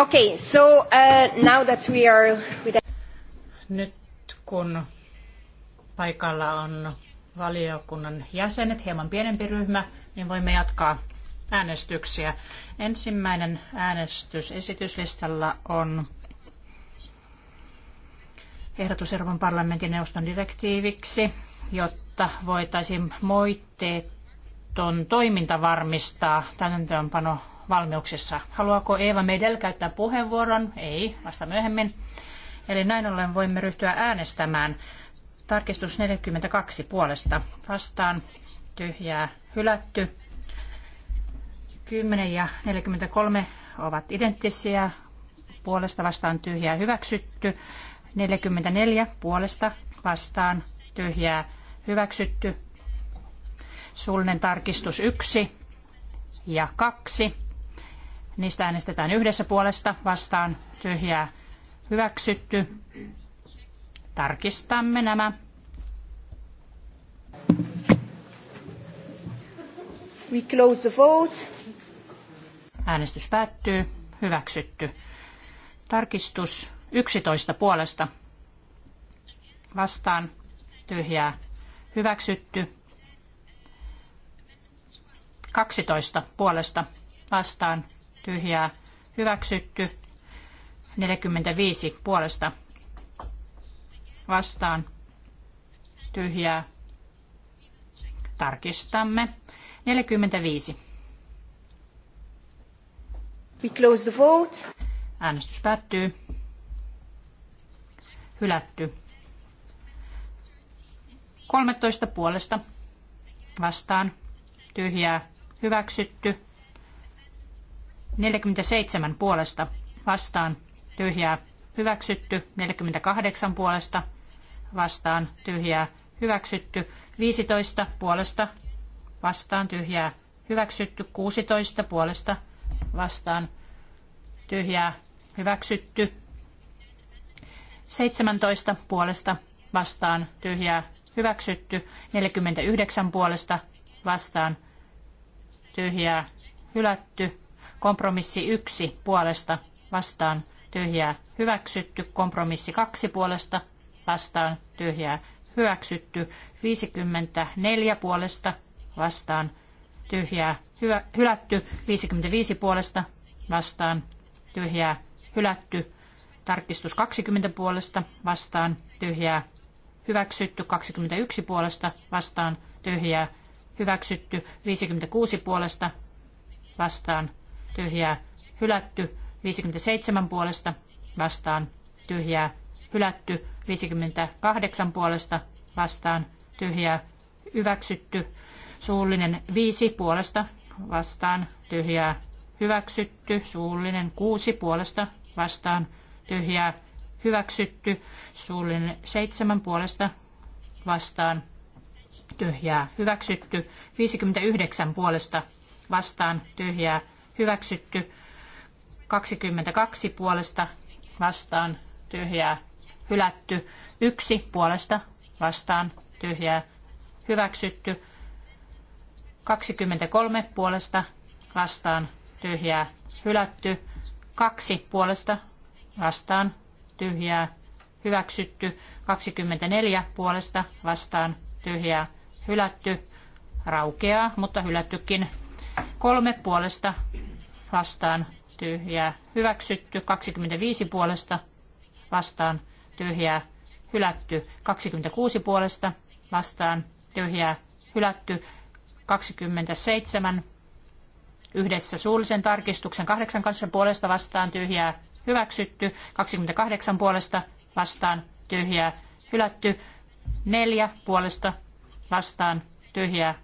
Okay, so uh, now that we are with... Nyt kun paikalla on valiokunnan jäsenet, hieman pienempi ryhmä, niin voimme jatkaa äänestyksiä. Ensimmäinen äänestys esityslistalla on ehdotus Euroopan parlamentin neuvoston direktiiviksi, jotta voitaisiin moitteeton toiminta varmistaa täytäntöönpano valmiuksissa. Haluaako Eeva Meidel käyttää puheenvuoron? Ei, vasta myöhemmin. Eli näin ollen voimme ryhtyä äänestämään. Tarkistus 42 puolesta. Vastaan tyhjää hylätty. 10 ja 43 ovat identtisiä. Puolesta vastaan tyhjää hyväksytty. 44 puolesta vastaan tyhjää hyväksytty. Sulnen tarkistus 1 ja 2 Niistä äänestetään yhdessä puolesta vastaan tyhjää hyväksytty. Tarkistamme nämä. We close the vote. Äänestys päättyy. Hyväksytty. Tarkistus 11 puolesta. Vastaan tyhjää. Hyväksytty. 12 puolesta vastaan tyhjää hyväksytty. 45 puolesta vastaan tyhjää. Tarkistamme. 45. We close the vote. Äänestys päättyy. Hylätty. 13 puolesta vastaan tyhjää hyväksytty. 47 puolesta vastaan tyhjää hyväksytty, 48 puolesta vastaan tyhjää hyväksytty, 15 puolesta vastaan tyhjää hyväksytty, 16 puolesta vastaan tyhjää hyväksytty, 17 puolesta vastaan tyhjää hyväksytty, 49 puolesta vastaan tyhjää hylätty, Kompromissi yksi puolesta vastaan tyhjää hyväksytty. Kompromissi kaksi puolesta vastaan tyhjää hyväksytty. 54 puolesta vastaan tyhjää hyvä, hylätty. 55 puolesta vastaan tyhjää hylätty. Tarkistus 20 puolesta vastaan tyhjää hyväksytty. 21 puolesta vastaan tyhjää hyväksytty. 56 puolesta vastaan tyhjää, hylätty. 57 puolesta vastaan, tyhjää, hylätty. 58 puolesta vastaan, tyhjää, hyväksytty. Suullinen 5 puolesta vastaan, tyhjää, hyväksytty. Suullinen 6 puolesta vastaan, tyhjää, hyväksytty. Suullinen 7 puolesta vastaan, tyhjää, hyväksytty. 59 puolesta vastaan, tyhjää, hyväksytty 22 puolesta vastaan tyhjää hylätty, yksi puolesta vastaan tyhjää hyväksytty, 23 puolesta vastaan tyhjää hylätty, kaksi puolesta vastaan tyhjää hyväksytty, 24 puolesta vastaan tyhjää hylätty, raukeaa, mutta hylättykin, kolme puolesta vastaan tyhjää hyväksytty, 25 puolesta vastaan tyhjää hylätty, 26 puolesta vastaan tyhjää hylätty, 27 yhdessä suullisen tarkistuksen kahdeksan kanssa puolesta vastaan tyhjää hyväksytty, 28 puolesta vastaan tyhjää hylätty, neljä puolesta vastaan tyhjää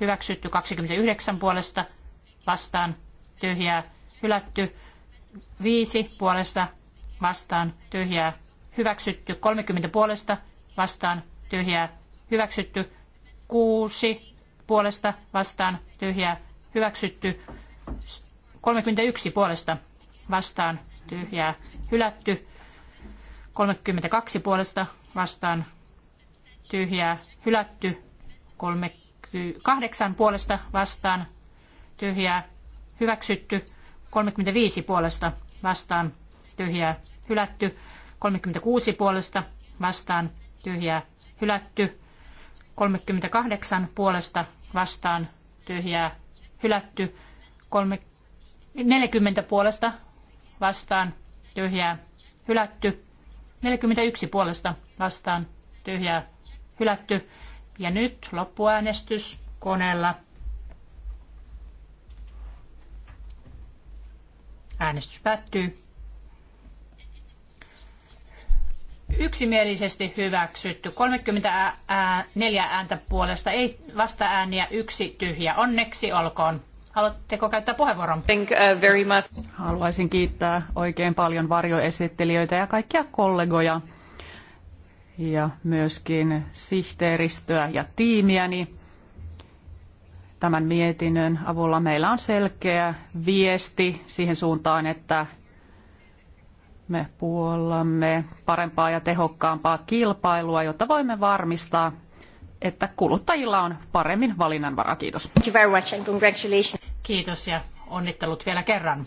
hyväksytty, 29 puolesta vastaan tyhjää, hylätty. viisi puolesta vastaan tyhjää, hyväksytty. 30 puolesta vastaan tyhjää, hyväksytty. kuusi puolesta vastaan tyhjää, hyväksytty. 31 puolesta vastaan tyhjää, hylätty. 32 puolesta vastaan tyhjää, hylätty. 38 puolesta vastaan tyhjää, hyväksytty, 35 puolesta vastaan tyhjää hylätty, 36 puolesta vastaan tyhjää hylätty, 38 puolesta vastaan tyhjää hylätty, 40 puolesta vastaan tyhjää hylätty, 41 puolesta vastaan tyhjää hylätty. Ja nyt loppuäänestys koneella. Äänestys päättyy. Yksimielisesti hyväksytty. 34 ääntä puolesta, ei vasta ääniä, yksi tyhjä. Onneksi olkoon. Haluatteko käyttää puheenvuoron? Thank, uh, very much. Haluaisin kiittää oikein paljon varjoesittelijöitä ja kaikkia kollegoja ja myöskin sihteeristöä ja tiimiäni tämän mietinnön avulla meillä on selkeä viesti siihen suuntaan, että me puollamme parempaa ja tehokkaampaa kilpailua, jotta voimme varmistaa, että kuluttajilla on paremmin valinnanvaraa. Kiitos. Thank you very much and congratulations. Kiitos ja onnittelut vielä kerran.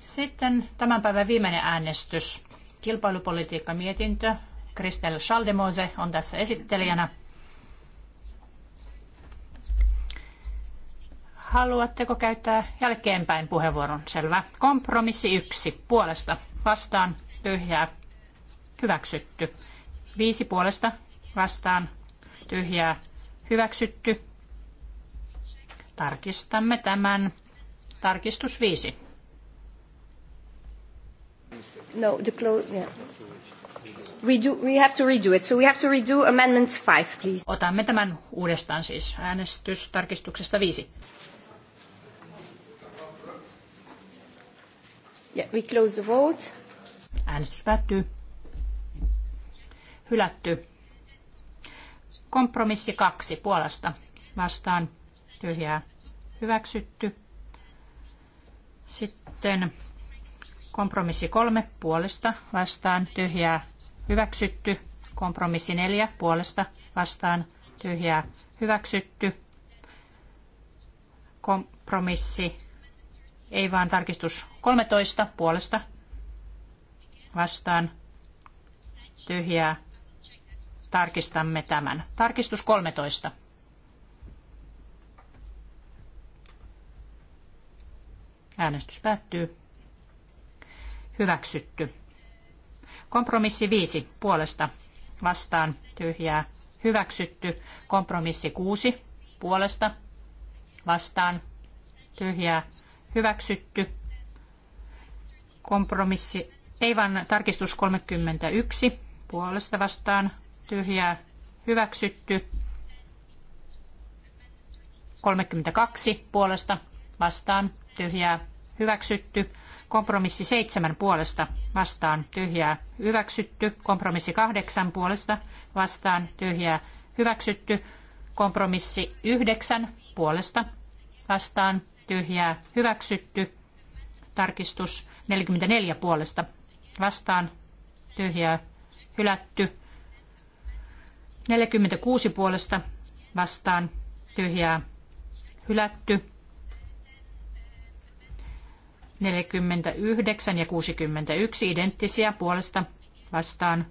Sitten tämän päivän viimeinen äänestys. Kilpailupolitiikka mietintö. Kristel Schaldemose on tässä esittelijänä. Haluatteko käyttää jälkeenpäin puheenvuoron? Selvä. Kompromissi yksi. Puolesta. Vastaan. Tyhjää. Hyväksytty. Viisi puolesta. Vastaan. Tyhjää. Hyväksytty. Tarkistamme tämän. Tarkistus viisi. No, the close, yeah. Redo, we have to redo it. So we have to redo amendment five, please. Otamme tämän uudestaan siis äänestystarkistuksesta viisi. Yeah, we close the vote. Äänestys päättyy. Hylätty. Kompromissi kaksi puolesta. Vastaan tyhjää. Hyväksytty. Sitten kompromissi kolme puolesta. Vastaan tyhjää. Hyväksytty. Kompromissi neljä puolesta. Vastaan tyhjää. Hyväksytty. Kompromissi ei vaan tarkistus 13 puolesta vastaan tyhjää. Tarkistamme tämän. Tarkistus 13. Äänestys päättyy. Hyväksytty. Kompromissi 5 puolesta vastaan tyhjää. Hyväksytty. Kompromissi 6 puolesta vastaan tyhjää hyväksytty. Kompromissi, ei vaan tarkistus 31, puolesta vastaan, tyhjää, hyväksytty. 32, puolesta vastaan, tyhjää, hyväksytty. Kompromissi 7 puolesta vastaan tyhjää hyväksytty. Kompromissi 8 puolesta vastaan tyhjää hyväksytty. Kompromissi 9 puolesta vastaan hylätty ja hyväksytty. Tarkistus 44 puolesta vastaan tyhjää hylätty. 46 puolesta vastaan tyhjää hylätty. 49 ja 61 identtisiä puolesta vastaan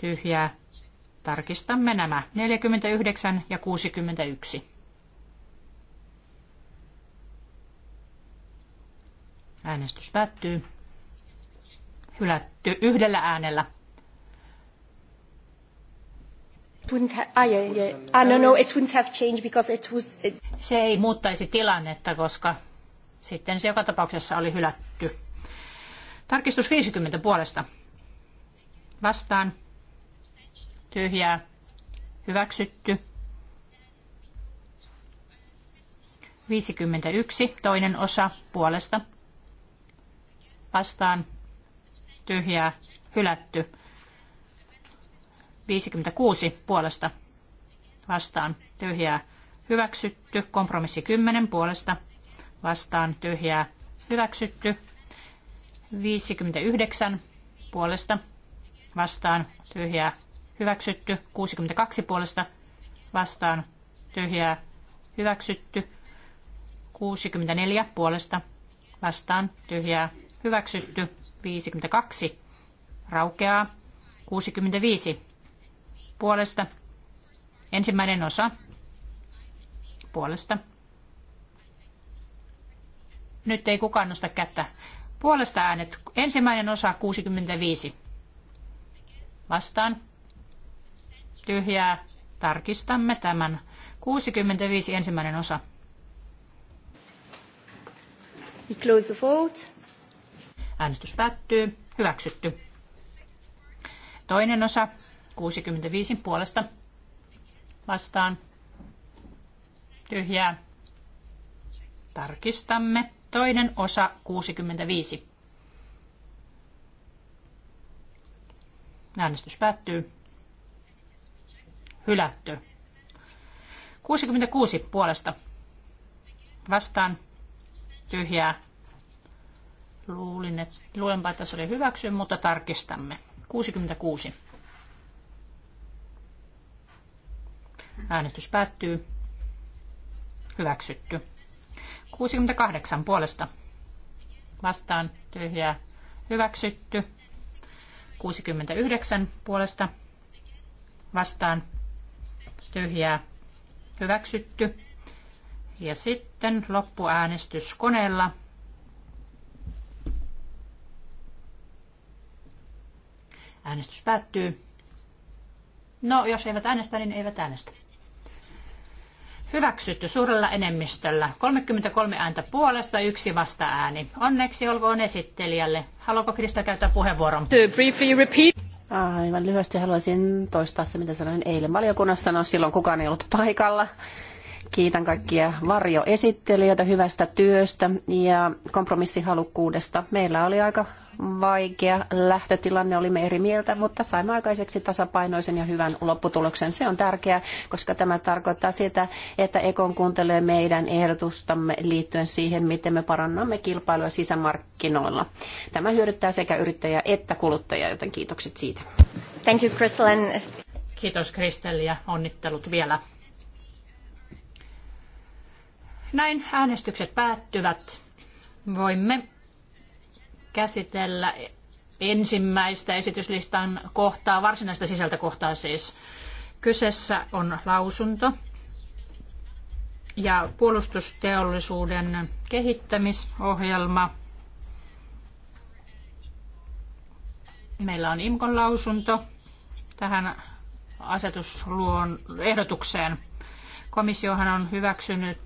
tyhjää. Tarkistamme nämä 49 ja 61. Äänestys päättyy. Hylätty yhdellä äänellä. Se ei muuttaisi tilannetta, koska sitten se joka tapauksessa oli hylätty. Tarkistus 50 puolesta. Vastaan. Tyhjää. Hyväksytty. 51. Toinen osa puolesta vastaan tyhjää hylätty. 56 puolesta vastaan tyhjää hyväksytty. Kompromissi 10 puolesta vastaan tyhjää hyväksytty. 59 puolesta vastaan tyhjää hyväksytty. 62 puolesta vastaan tyhjää hyväksytty. 64 puolesta vastaan tyhjää hyväksytty. 52 raukeaa. 65 puolesta. Ensimmäinen osa puolesta. Nyt ei kukaan nosta kättä. Puolesta äänet. Ensimmäinen osa 65. Vastaan. Tyhjää. Tarkistamme tämän. 65 ensimmäinen osa. We close the vote. Äänestys päättyy. Hyväksytty. Toinen osa 65 puolesta vastaan. Tyhjää. Tarkistamme. Toinen osa 65. Äänestys päättyy. Hylätty. 66 puolesta. Vastaan. Tyhjää. Luulin, että, luenpa, että se oli hyväksy, mutta tarkistamme. 66. Äänestys päättyy. Hyväksytty. 68 puolesta. Vastaan tyhjää. Hyväksytty. 69 puolesta. Vastaan tyhjää. Hyväksytty. Ja sitten loppuäänestys koneella. Äänestys päättyy. No, jos eivät äänestä, niin eivät äänestä. Hyväksytty suurella enemmistöllä. 33 ääntä puolesta, yksi vasta-ääni. Onneksi olkoon esittelijälle. Haluaako Krista käyttää puheenvuoron? To briefly repeat. Aivan lyhyesti haluaisin toistaa se, mitä sanoin eilen valiokunnassa. No silloin kukaan ei ollut paikalla. Kiitän kaikkia varjoesittelijöitä hyvästä työstä ja kompromissihalukkuudesta. Meillä oli aika vaikea lähtötilanne, olimme eri mieltä, mutta saimme aikaiseksi tasapainoisen ja hyvän lopputuloksen. Se on tärkeää, koska tämä tarkoittaa sitä, että Ekon kuuntelee meidän ehdotustamme liittyen siihen, miten me parannamme kilpailua sisämarkkinoilla. Tämä hyödyttää sekä yrittäjää että kuluttajaa, joten kiitokset siitä. Thank you, Crystal. Kiitos Kristel ja onnittelut vielä näin äänestykset päättyvät. Voimme käsitellä ensimmäistä esityslistan kohtaa, varsinaista sisältökohtaa siis. Kyseessä on lausunto ja puolustusteollisuuden kehittämisohjelma. Meillä on IMKon lausunto tähän asetusluon ehdotukseen. Komissiohan on hyväksynyt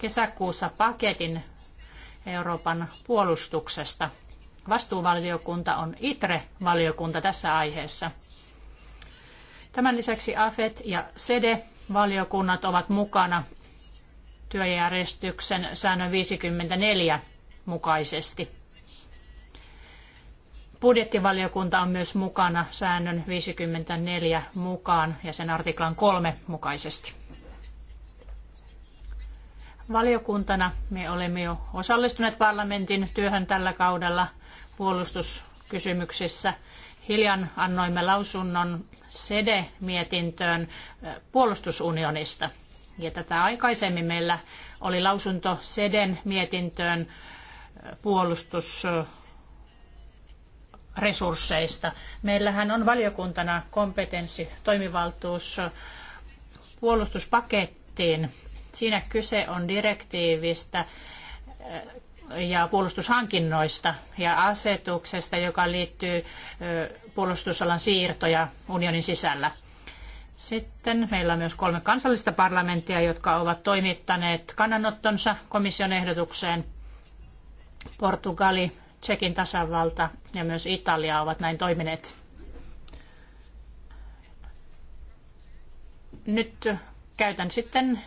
kesäkuussa paketin Euroopan puolustuksesta. Vastuuvaliokunta on ITRE-valiokunta tässä aiheessa. Tämän lisäksi AFET ja SEDE-valiokunnat ovat mukana työjärjestyksen säännön 54 mukaisesti. Budjettivaliokunta on myös mukana säännön 54 mukaan ja sen artiklan 3 mukaisesti. Valiokuntana me olemme jo osallistuneet parlamentin työhön tällä kaudella puolustuskysymyksissä. Hiljan annoimme lausunnon SEDE-mietintöön eh, puolustusunionista. Ja tätä aikaisemmin meillä oli lausunto SEDEn mietintöön eh, puolustusresursseista. Meillähän on valiokuntana kompetenssi, toimivaltuus eh, puolustuspakettiin Siinä kyse on direktiivistä eh, ja puolustushankinnoista ja asetuksesta, joka liittyy eh, puolustusalan siirtoja unionin sisällä. Sitten meillä on myös kolme kansallista parlamenttia, jotka ovat toimittaneet kannanottonsa komission ehdotukseen. Portugali, Tsekin tasavalta ja myös Italia ovat näin toimineet. Nyt käytän sitten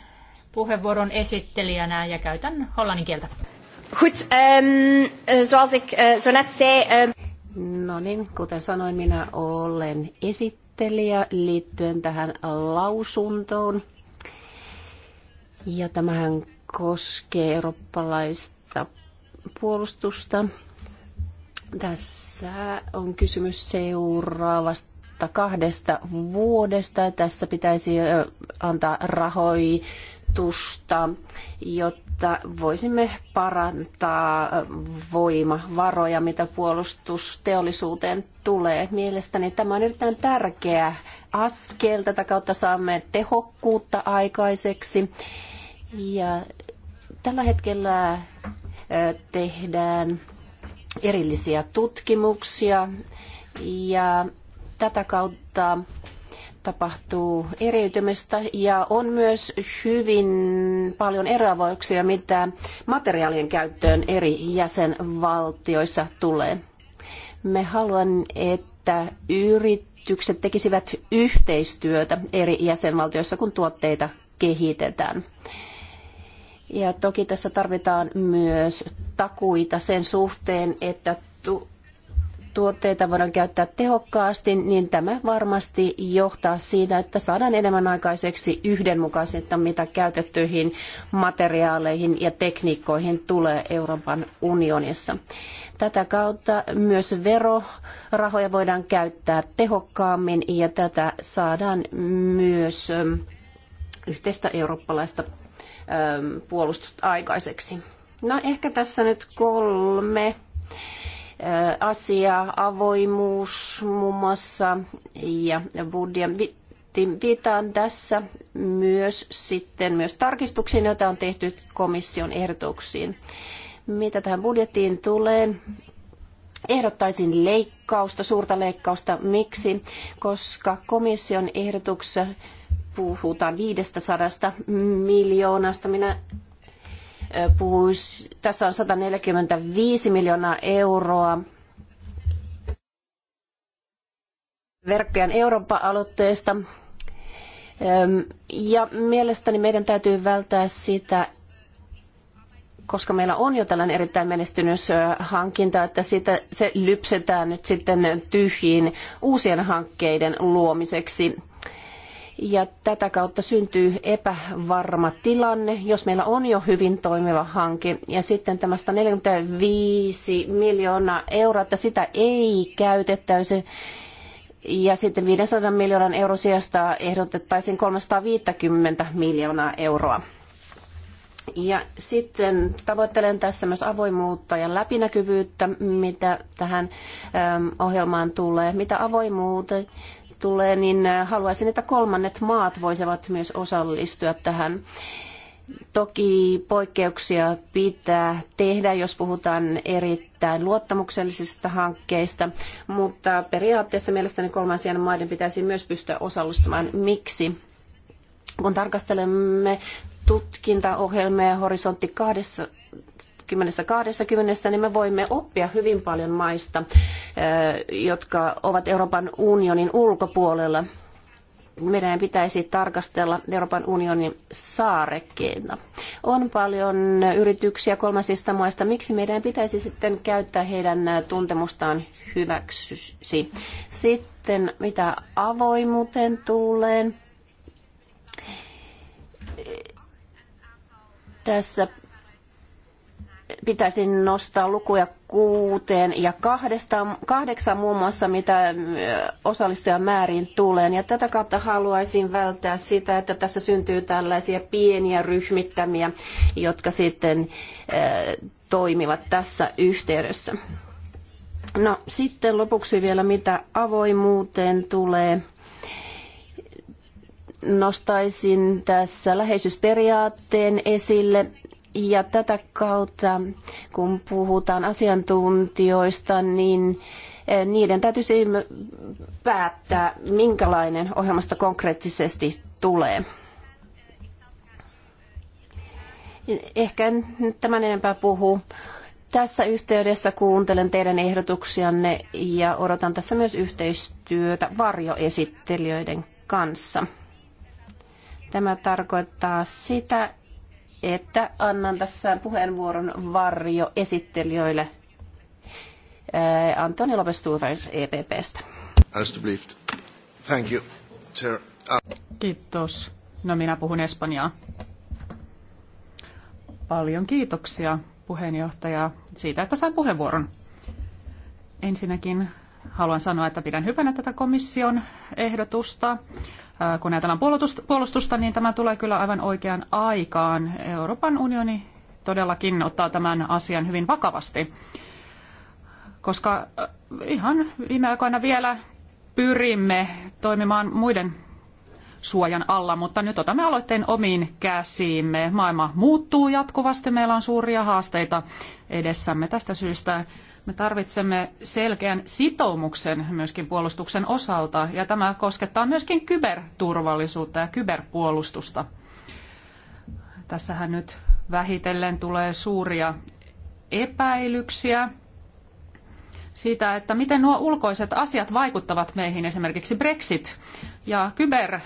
puheenvuoron esittelijänä ja käytän hollannin kieltä. Goed, um, zoals ik uh, zo net zei... Um... No niin, kuten sanoin, minä olen esittelijä liittyen tähän lausuntoon. Ja tämähän koskee eurooppalaista puolustusta. Tässä on kysymys seuraavasta kahdesta vuodesta. Tässä pitäisi eh, antaa rahoi rahoitusta, jotta voisimme parantaa voimavaroja, mitä puolustusteollisuuteen tulee. Mielestäni tämä on erittäin tärkeä askel. Tätä kautta saamme tehokkuutta aikaiseksi. Ja tällä hetkellä tehdään erillisiä tutkimuksia ja tätä kautta tapahtuu eriytymistä ja on myös hyvin paljon eroavauksia, mitä materiaalien käyttöön eri jäsenvaltioissa tulee. Me haluan, että yritykset tekisivät yhteistyötä eri jäsenvaltioissa, kun tuotteita kehitetään. Ja toki tässä tarvitaan myös takuita sen suhteen, että tu- tuotteita voidaan käyttää tehokkaasti, niin tämä varmasti johtaa siitä, että saadaan enemmän aikaiseksi yhdenmukaisuutta, mitä käytettyihin materiaaleihin ja tekniikkoihin tulee Euroopan unionissa. Tätä kautta myös verorahoja voidaan käyttää tehokkaammin ja tätä saadaan myös ähm, yhteistä eurooppalaista ähm, puolustusta aikaiseksi. No ehkä tässä nyt kolme asia, avoimuus muun muassa ja budjetin viittaan tässä myös sitten myös tarkistuksiin, joita on tehty komission ehdotuksiin. Mitä tähän budjettiin tulee, ehdottaisin leikkausta, suurta leikkausta. Miksi? Koska komission ehdotuksessa puhutaan 500 miljoonasta. Minä puhuisi, tässä on 145 miljoonaa euroa verkkojen Eurooppa-aloitteesta. Ja mielestäni meidän täytyy välttää sitä, koska meillä on jo tällainen erittäin menestynyt hankinta, että sitä se lypsetään nyt sitten tyhjiin uusien hankkeiden luomiseksi ja tätä kautta syntyy epävarma tilanne, jos meillä on jo hyvin toimiva hanke. Ja sitten tämä 145 miljoonaa euroa, että sitä ei käytettäisi. Ja sitten 500 miljoonan euron sijasta ehdotettaisiin 350 miljoonaa euroa. Ja sitten tavoittelen tässä myös avoimuutta ja läpinäkyvyyttä, mitä tähän ohjelmaan tulee. Mitä avoimuutta tulee, niin äh, haluaisin, että kolmannet maat voisivat myös osallistua tähän. Toki poikkeuksia pitää tehdä, jos puhutaan erittäin luottamuksellisista hankkeista, mutta periaatteessa mielestäni kolmansien maiden pitäisi myös pystyä osallistumaan. Miksi? Kun tarkastelemme tutkintaohjelmia horisontti 10-20, niin me voimme oppia hyvin paljon maista, eh, jotka ovat Euroopan unionin ulkopuolella. Meidän pitäisi tarkastella Euroopan unionin saarekkeena. On paljon yrityksiä kolmansista maista. Miksi meidän pitäisi sitten käyttää heidän tuntemustaan hyväksysi? Sitten mitä avoimuuteen tulee, tässä pitäisin nostaa lukuja kuuteen ja kahdesta, kahdeksan muun muassa, mitä osallistujamääriin tulee. Ja tätä kautta haluaisin välttää sitä, että tässä syntyy tällaisia pieniä ryhmittämiä, jotka sitten toimivat tässä yhteydessä. No sitten lopuksi vielä mitä avoimuuteen tulee nostaisin tässä läheisyysperiaatteen esille. Ja tätä kautta, kun puhutaan asiantuntijoista, niin eh, niiden täytyisi päättää, minkälainen ohjelmasta konkreettisesti tulee. Ehkä nyt tämän enempää puhu. Tässä yhteydessä kuuntelen teidän ehdotuksianne ja odotan tässä myös yhteistyötä varjoesittelijöiden kanssa. Tämä tarkoittaa sitä, että annan tässä puheenvuoron varjo esittelijöille. Eh, Antoni lopez EPPstä. E Thank you, sir. Kiitos. No minä puhun Espanjaa. Paljon kiitoksia puheenjohtaja siitä, että sain puheenvuoron. Ensinnäkin haluan sanoa, että pidän hyvänä tätä komission ehdotusta Äh, kun ajatellaan puolustusta, niin tämä tulee kyllä aivan oikeaan aikaan. Euroopan unioni todellakin ottaa tämän asian hyvin vakavasti, koska äh, ihan viime aikoina vielä pyrimme toimimaan muiden suojan alla, mutta nyt otamme aloitteen omiin käsiimme. Maailma muuttuu jatkuvasti, meillä on suuria haasteita edessämme. Tästä syystä me tarvitsemme selkeän sitoumuksen myöskin puolustuksen osalta, ja tämä koskettaa myöskin kyberturvallisuutta ja kyberpuolustusta. Tässähän nyt vähitellen tulee suuria epäilyksiä siitä, että miten nuo ulkoiset asiat vaikuttavat meihin, esimerkiksi Brexit ja kyber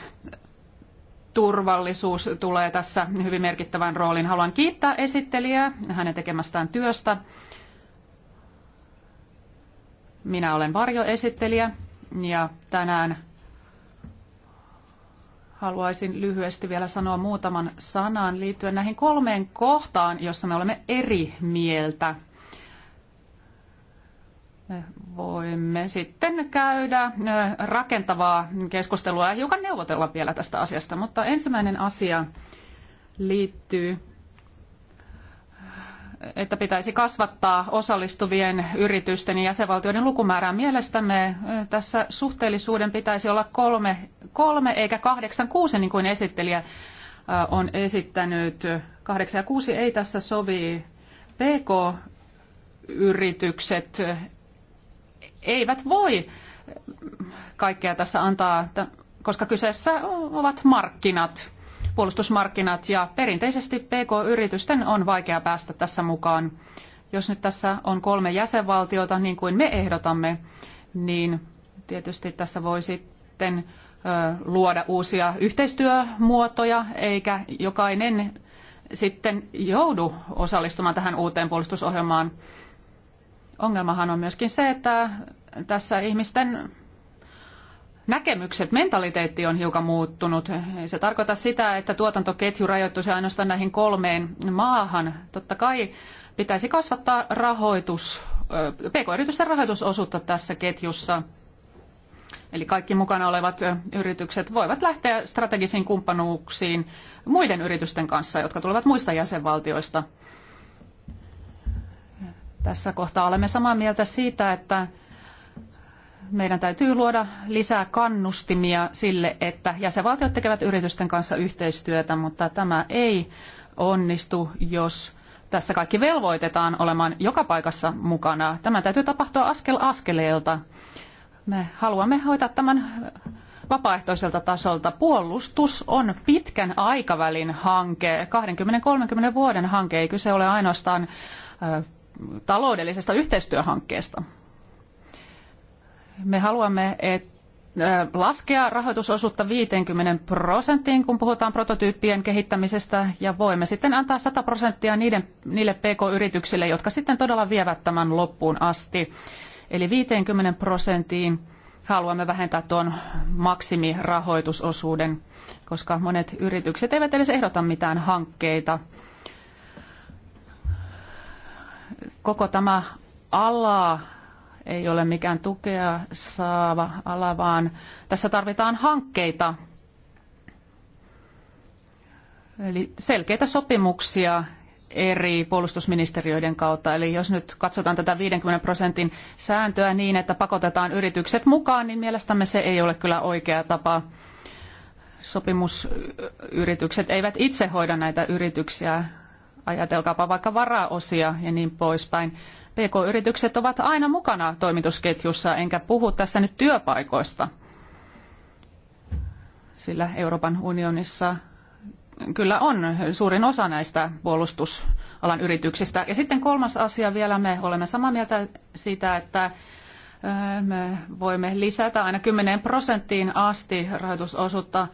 turvallisuus tulee tässä hyvin merkittävän roolin. Haluan kiittää esittelijää hänen tekemästään työstä minä olen varjoesittelijä ja tänään haluaisin lyhyesti vielä sanoa muutaman sanan liittyen näihin kolmeen kohtaan, jossa me olemme eri mieltä. Me voimme sitten käydä rakentavaa keskustelua ja hiukan neuvotella vielä tästä asiasta, mutta ensimmäinen asia liittyy että pitäisi kasvattaa osallistuvien yritysten ja jäsenvaltioiden lukumäärää. Mielestämme eh, tässä suhteellisuuden pitäisi olla kolme, kolme eikä kahdeksan kuusi, niin kuin esittelijä eh, on esittänyt. Kahdeksan ja kuusi ei tässä sovi. PK-yritykset eivät voi kaikkea tässä antaa, koska kyseessä ovat markkinat puolustusmarkkinat ja perinteisesti PK-yritysten on vaikea päästä tässä mukaan. Jos nyt tässä on kolme jäsenvaltiota, niin kuin me ehdotamme, niin tietysti tässä voi sitten luoda uusia yhteistyömuotoja, eikä jokainen sitten joudu osallistumaan tähän uuteen puolustusohjelmaan. Ongelmahan on myöskin se, että tässä ihmisten näkemykset, mentaliteetti on hiukan muuttunut. Se tarkoittaa sitä, että tuotantoketju rajoittuisi ainoastaan näihin kolmeen maahan. Totta kai pitäisi kasvattaa rahoitus, pk-yritysten rahoitusosuutta tässä ketjussa. Eli kaikki mukana olevat yritykset voivat lähteä strategisiin kumppanuuksiin muiden yritysten kanssa, jotka tulevat muista jäsenvaltioista. Tässä kohtaa olemme samaa mieltä siitä, että meidän täytyy luoda lisää kannustimia sille, että jäsenvaltiot tekevät yritysten kanssa yhteistyötä, mutta tämä ei onnistu, jos tässä kaikki velvoitetaan olemaan joka paikassa mukana. Tämä täytyy tapahtua askel askeleelta. Me haluamme hoitaa tämän vapaaehtoiselta tasolta. Puolustus on pitkän aikavälin hanke, 20-30 vuoden hanke. Ei kyse ole ainoastaan taloudellisesta yhteistyöhankkeesta me haluamme et, äh, laskea rahoitusosuutta 50 prosenttiin, kun puhutaan prototyyppien kehittämisestä, ja voimme sitten antaa 100 prosenttia niiden, niille pk-yrityksille, jotka sitten todella vievät tämän loppuun asti. Eli 50 prosenttiin haluamme vähentää tuon maksimirahoitusosuuden, koska monet yritykset eivät edes ehdota mitään hankkeita. Koko tämä ala ei ole mikään tukea saava ala, vaan tässä tarvitaan hankkeita. Eli selkeitä sopimuksia eri puolustusministeriöiden kautta. Eli jos nyt katsotaan tätä 50 prosentin sääntöä niin, että pakotetaan yritykset mukaan, niin mielestämme se ei ole kyllä oikea tapa. Sopimusyritykset eivät itse hoida näitä yrityksiä. Ajatelkaapa vaikka varaosia ja niin poispäin PK-yritykset ovat aina mukana toimitusketjussa, enkä puhu tässä nyt työpaikoista. Sillä Euroopan unionissa kyllä on suurin osa näistä puolustusalan yrityksistä. Ja sitten kolmas asia vielä, me olemme samaa mieltä siitä, että me voimme lisätä aina 10 prosenttiin asti rahoitusosuutta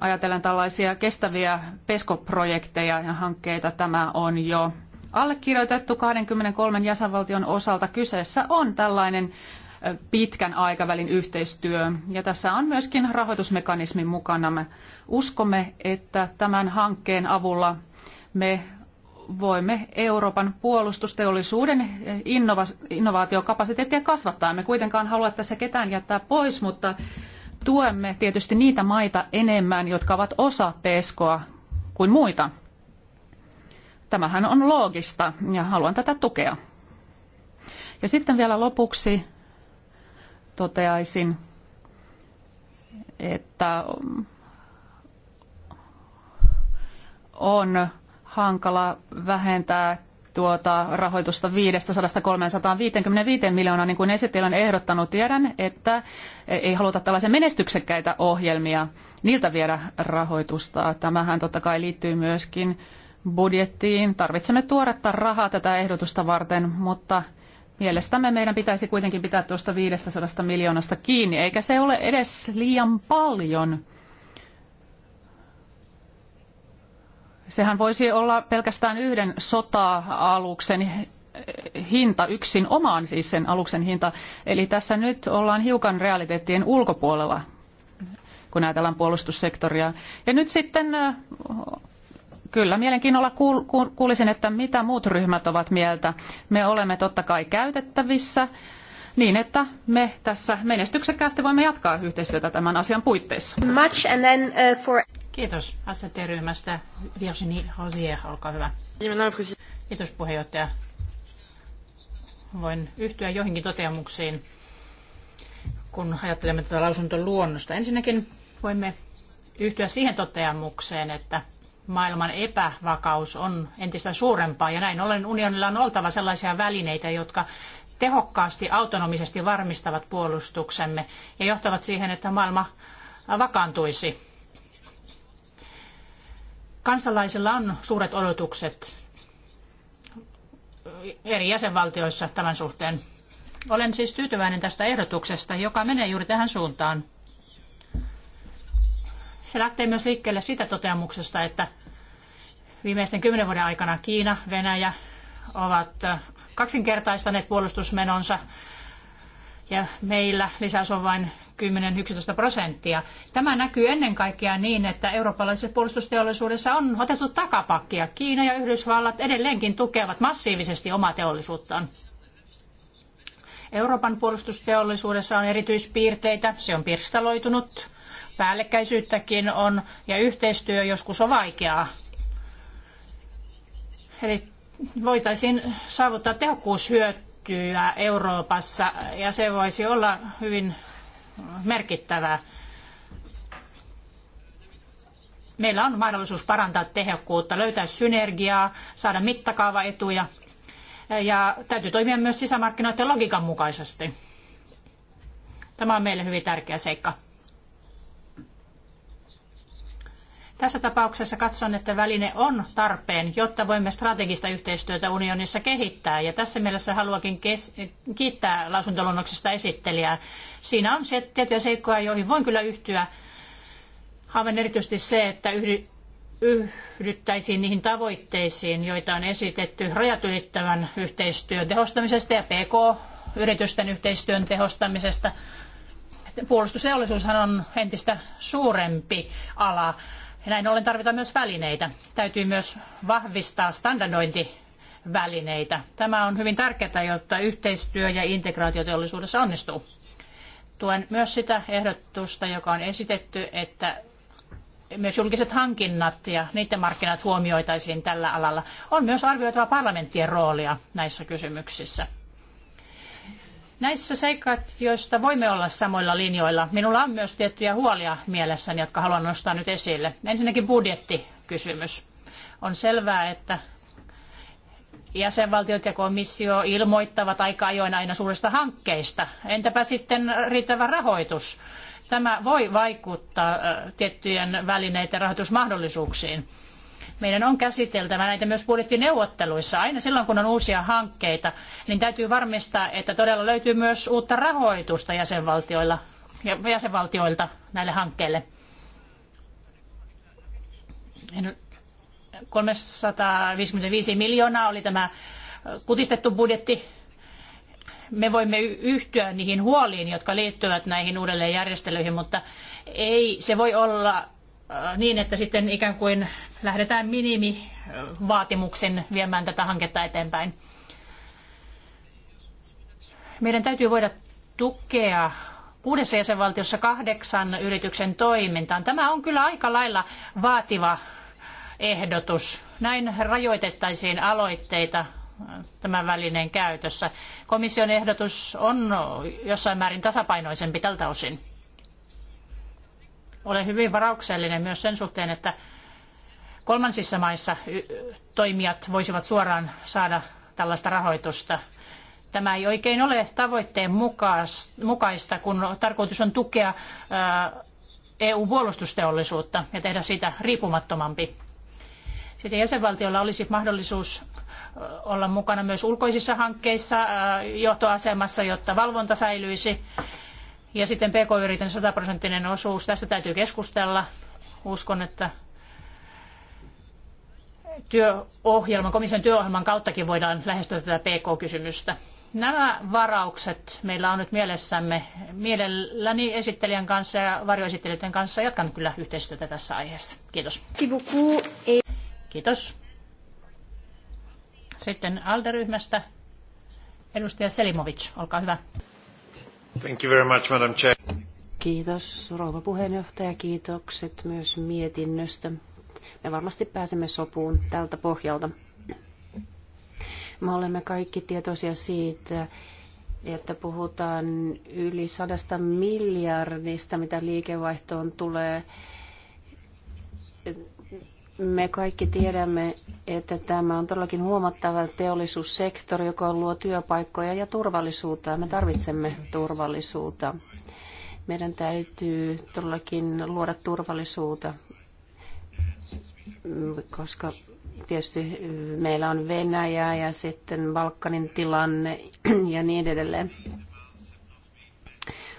ajatellen tällaisia kestäviä peskoprojekteja ja hankkeita. Tämä on jo allekirjoitettu 23 jäsenvaltion osalta. Kyseessä on tällainen pitkän aikavälin yhteistyö. Ja tässä on myöskin rahoitusmekanismi mukana. Me uskomme, että tämän hankkeen avulla me voimme Euroopan puolustusteollisuuden innova- innovaatiokapasiteettia kasvattaa. Me kuitenkaan halua tässä ketään jättää pois, mutta tuemme tietysti niitä maita enemmän, jotka ovat osa PESKOa kuin muita. Tämähän on loogista ja haluan tätä tukea. Ja sitten vielä lopuksi toteaisin, että on hankala vähentää tuota rahoitusta 500-355 miljoonaa, niin kuin esittelijä on ehdottanut. Tiedän, että ei haluta tällaisia menestyksekkäitä ohjelmia, niiltä viedä rahoitusta. Tämähän totta kai liittyy myöskin budjettiin. Tarvitsemme tuoretta rahaa tätä ehdotusta varten, mutta mielestämme meidän pitäisi kuitenkin pitää tuosta 500 miljoonasta kiinni, eikä se ole edes liian paljon. Sehän voisi olla pelkästään yhden sota-aluksen hinta yksin omaan, siis sen aluksen hinta. Eli tässä nyt ollaan hiukan realiteettien ulkopuolella, kun ajatellaan puolustussektoria. Ja nyt sitten kyllä mielenkiinnolla kuul- kuulisin, että mitä muut ryhmät ovat mieltä. Me olemme totta kai käytettävissä niin, että me tässä menestyksekkäästi voimme jatkaa yhteistyötä tämän asian puitteissa. Much and then, uh, for... Kiitos ST-ryhmästä. Virginie Rosier, olkaa hyvä. Kiitos puheenjohtaja. Voin yhtyä joihinkin toteamuksiin, kun ajattelemme tätä lausuntoluonnosta. Ensinnäkin voimme yhtyä siihen toteamukseen, että maailman epävakaus on entistä suurempaa ja näin ollen unionilla on oltava sellaisia välineitä, jotka tehokkaasti autonomisesti varmistavat puolustuksemme ja johtavat siihen, että maailma vakaantuisi. Kansalaisilla on suuret odotukset eri jäsenvaltioissa tämän suhteen. Olen siis tyytyväinen tästä ehdotuksesta, joka menee juuri tähän suuntaan. Se lähtee myös liikkeelle siitä toteamuksesta, että viimeisten kymmenen vuoden aikana Kiina, Venäjä ovat äh, kaksinkertaistaneet puolustusmenonsa ja meillä lisäys on vain 10-11 prosenttia. Tämä näkyy ennen kaikkea niin, että eurooppalaisessa puolustusteollisuudessa on otettu takapakkia. Kiina ja Yhdysvallat edelleenkin tukevat massiivisesti omaa teollisuuttaan. Euroopan puolustusteollisuudessa on erityispiirteitä. Se on pirstaloitunut päällekkäisyyttäkin on ja yhteistyö joskus on vaikeaa. Eli voitaisiin saavuttaa tehokkuushyötyä Euroopassa ja se voisi olla hyvin merkittävää. Meillä on mahdollisuus parantaa tehokkuutta, löytää synergiaa, saada mittakaavaetuja ja täytyy toimia myös sisämarkkinoiden logiikan mukaisesti. Tämä on meille hyvin tärkeä seikka. Tässä tapauksessa katson, että väline on tarpeen, jotta voimme strategista yhteistyötä unionissa kehittää. Ja tässä mielessä haluakin kiittää lausuntoluonnoksesta esittelijää. Siinä on se, tiettyjä seikkoja, joihin voin kyllä yhtyä. Haluan erityisesti se, että yhdy, yhdyttäisiin niihin tavoitteisiin, joita on esitetty rajat ylittävän yhteistyön tehostamisesta ja PK-yritysten yhteistyön tehostamisesta. Puolustusteollisuushan on entistä suurempi ala ja näin ollen tarvitaan myös välineitä. Täytyy myös vahvistaa standardointivälineitä. Tämä on hyvin tärkeää, jotta yhteistyö ja integraatio teollisuudessa onnistuu. Tuen myös sitä ehdotusta, joka on esitetty, että myös julkiset hankinnat ja niiden markkinat huomioitaisiin tällä alalla. On myös arvioitava parlamenttien roolia näissä kysymyksissä. Näissä seikat, joista voimme olla samoilla linjoilla, minulla on myös tiettyjä huolia mielessäni, jotka haluan nostaa nyt esille. Ensinnäkin budjettikysymys. On selvää, että jäsenvaltiot ja komissio ilmoittavat aika ajoin aina suurista hankkeista. Entäpä sitten riittävä rahoitus? Tämä voi vaikuttaa tiettyjen välineiden rahoitusmahdollisuuksiin meidän on käsiteltävä näitä myös budjettineuvotteluissa. Aina silloin, kun on uusia hankkeita, niin täytyy varmistaa, että todella löytyy myös uutta rahoitusta jäsenvaltioilla, jäsenvaltioilta näille hankkeille. 355 miljoonaa oli tämä kutistettu budjetti. Me voimme yhtyä niihin huoliin, jotka liittyvät näihin uudelleenjärjestelyihin, mutta ei se voi olla Äh, niin, että sitten ikään kuin lähdetään minimivaatimuksen viemään tätä hanketta eteenpäin. Meidän täytyy voida tukea kuudessa jäsenvaltiossa kahdeksan yrityksen toimintaan. Tämä on kyllä aika lailla vaativa ehdotus. Näin rajoitettaisiin aloitteita äh, tämän välineen käytössä. Komission ehdotus on jossain määrin tasapainoisempi tältä osin. Olen hyvin varauksellinen myös sen suhteen, että kolmansissa maissa toimijat voisivat suoraan saada tällaista rahoitusta. Tämä ei oikein ole tavoitteen mukaista, kun tarkoitus on tukea EU-puolustusteollisuutta ja tehdä siitä riippumattomampi. Sitten jäsenvaltiolla olisi mahdollisuus olla mukana myös ulkoisissa hankkeissa johtoasemassa, jotta valvonta säilyisi. Ja sitten PK-yritin 100 prosenttinen osuus. Tästä täytyy keskustella. Uskon, että työohjelman, komission työohjelman kauttakin voidaan lähestyä tätä PK-kysymystä. Nämä varaukset meillä on nyt mielessämme. Mielelläni esittelijän kanssa ja varjoesittelijöiden kanssa jatkan kyllä yhteistyötä tässä aiheessa. Kiitos. Kiitos. Sitten Alderyhmästä edustaja Selimovic, olkaa hyvä. Thank you very much, Madam Chair. Kiitos rouva puheenjohtaja, kiitokset myös mietinnöstä. Me varmasti pääsemme sopuun tältä pohjalta. Me olemme kaikki tietoisia siitä, että puhutaan yli sadasta miljardista, mitä liikevaihtoon tulee me kaikki tiedämme, että tämä on todellakin huomattava teollisuussektori, joka luo työpaikkoja ja turvallisuutta. Me tarvitsemme turvallisuutta. Meidän täytyy todellakin luoda turvallisuutta, koska tietysti meillä on Venäjä ja sitten Balkanin tilanne ja niin edelleen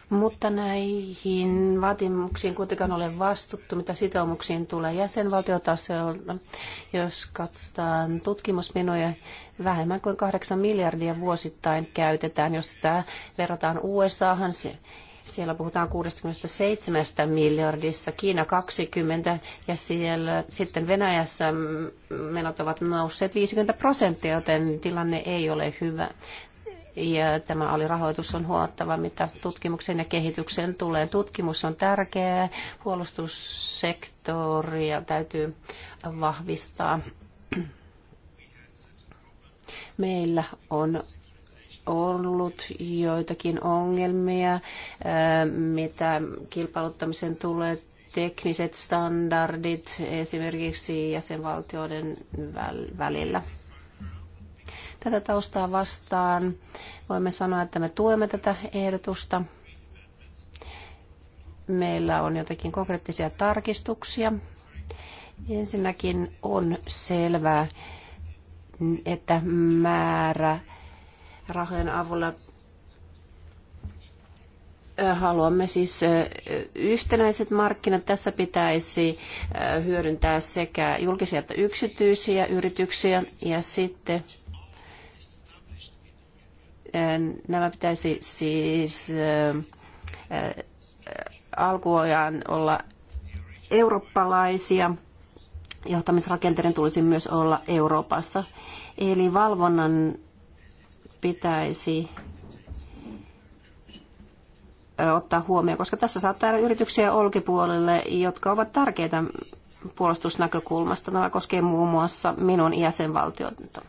mutta näihin vaatimuksiin kuitenkaan ole vastuttu, mitä sitoumuksiin tulee jäsenvaltiotasolla. Jos katsotaan tutkimusmenoja, vähemmän kuin 8 miljardia vuosittain käytetään. Jos tätä verrataan USAhan, siellä puhutaan 67 miljardissa, Kiina 20 ja siellä sitten Venäjässä menot ovat nousseet 50 prosenttia, joten tilanne ei ole hyvä ja tämä alirahoitus on huomattava, mitä tutkimuksen ja kehityksen tulee. Tutkimus on tärkeää, puolustussektoria täytyy vahvistaa. Meillä on ollut joitakin ongelmia, äh, mitä kilpailuttamisen tulee tekniset standardit esimerkiksi jäsenvaltioiden välillä. Tätä taustaa vastaan voimme sanoa, että me tuemme tätä ehdotusta. Meillä on jotakin konkreettisia tarkistuksia. Ensinnäkin on selvää, että määrä rahojen avulla haluamme siis yhtenäiset markkinat. Tässä pitäisi hyödyntää sekä julkisia että yksityisiä yrityksiä ja sitten Nämä pitäisi siis alkuajan olla eurooppalaisia. Johtamisrakenteiden tulisi myös olla Euroopassa. Eli valvonnan pitäisi ottaa huomioon, koska tässä saattaa olla yrityksiä olkipuolelle, jotka ovat tärkeitä puolustusnäkökulmasta. Nämä koskee muun muassa minun jäsenvaltiota.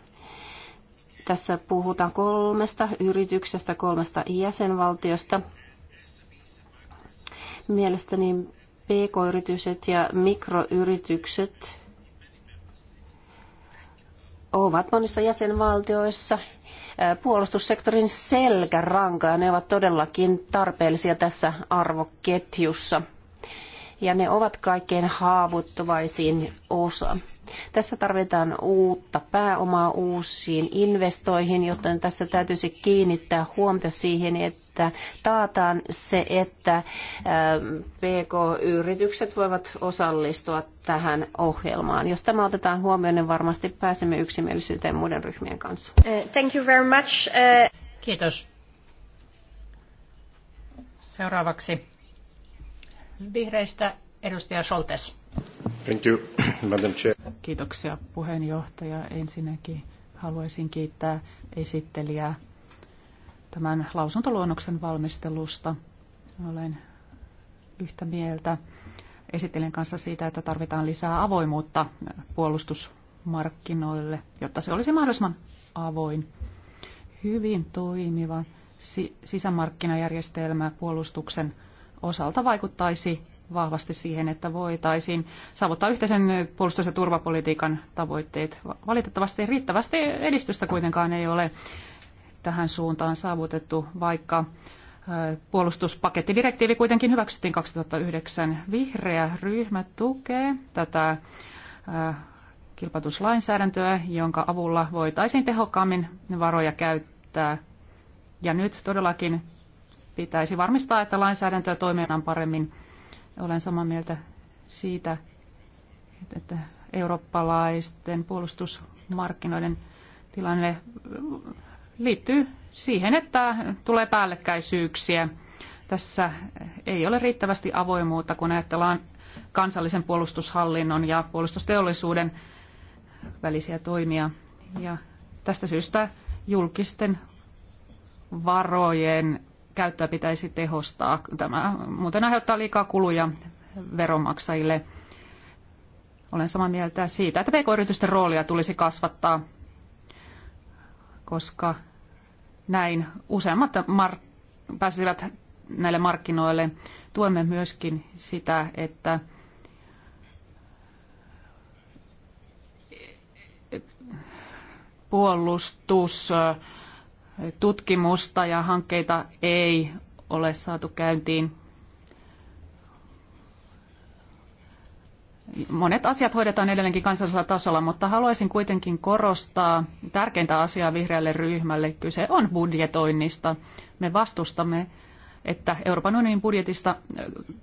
Tässä puhutaan kolmesta yrityksestä, kolmesta jäsenvaltiosta. Mielestäni pk-yritykset ja mikroyritykset ovat monissa jäsenvaltioissa puolustussektorin selkäranka ja ne ovat todellakin tarpeellisia tässä arvoketjussa. Ja ne ovat kaikkein haavoittuvaisiin osa. Tässä tarvitaan uutta pääomaa uusiin investoihin, joten tässä täytyisi kiinnittää huomiota siihen, että taataan se, että PK-yritykset voivat osallistua tähän ohjelmaan. Jos tämä otetaan huomioon, niin varmasti pääsemme yksimielisyyteen muiden ryhmien kanssa. Eh, thank you very much. Eh, Kiitos. Seuraavaksi vihreistä edustaja Scholtes. Thank you, Madam Chair. Kiitoksia puheenjohtaja. Ensinnäkin haluaisin kiittää esittelijää tämän lausuntoluonnoksen valmistelusta. Olen yhtä mieltä esittelijän kanssa siitä, että tarvitaan lisää avoimuutta puolustusmarkkinoille, jotta se olisi mahdollisimman avoin. Hyvin toimiva sisämarkkinajärjestelmä puolustuksen osalta vaikuttaisi vahvasti siihen, että voitaisiin saavuttaa yhteisen puolustus- ja turvapolitiikan tavoitteet. Valitettavasti riittävästi edistystä kuitenkaan ei ole tähän suuntaan saavutettu, vaikka puolustuspakettidirektiivi kuitenkin hyväksyttiin 2009. Vihreä ryhmä tukee tätä kilpailutuslainsäädäntöä, jonka avulla voitaisiin tehokkaammin varoja käyttää. Ja nyt todellakin pitäisi varmistaa, että lainsäädäntöä toimitaan paremmin olen samaa mieltä siitä, että eurooppalaisten puolustusmarkkinoiden tilanne liittyy siihen, että tulee päällekkäisyyksiä. Tässä ei ole riittävästi avoimuutta, kun ajatellaan kansallisen puolustushallinnon ja puolustusteollisuuden välisiä toimia. Ja tästä syystä julkisten varojen käyttöä pitäisi tehostaa. Tämä muuten aiheuttaa liikaa kuluja veronmaksajille. Olen samaa mieltä siitä, että pk-yritysten roolia tulisi kasvattaa, koska näin useammat mar- pääsisivät näille markkinoille. Tuemme myöskin sitä, että puolustus tutkimusta ja hankkeita ei ole saatu käyntiin. Monet asiat hoidetaan edelleenkin kansallisella tasolla, mutta haluaisin kuitenkin korostaa tärkeintä asiaa vihreälle ryhmälle. Kyse on budjetoinnista. Me vastustamme, että Euroopan unionin budjetista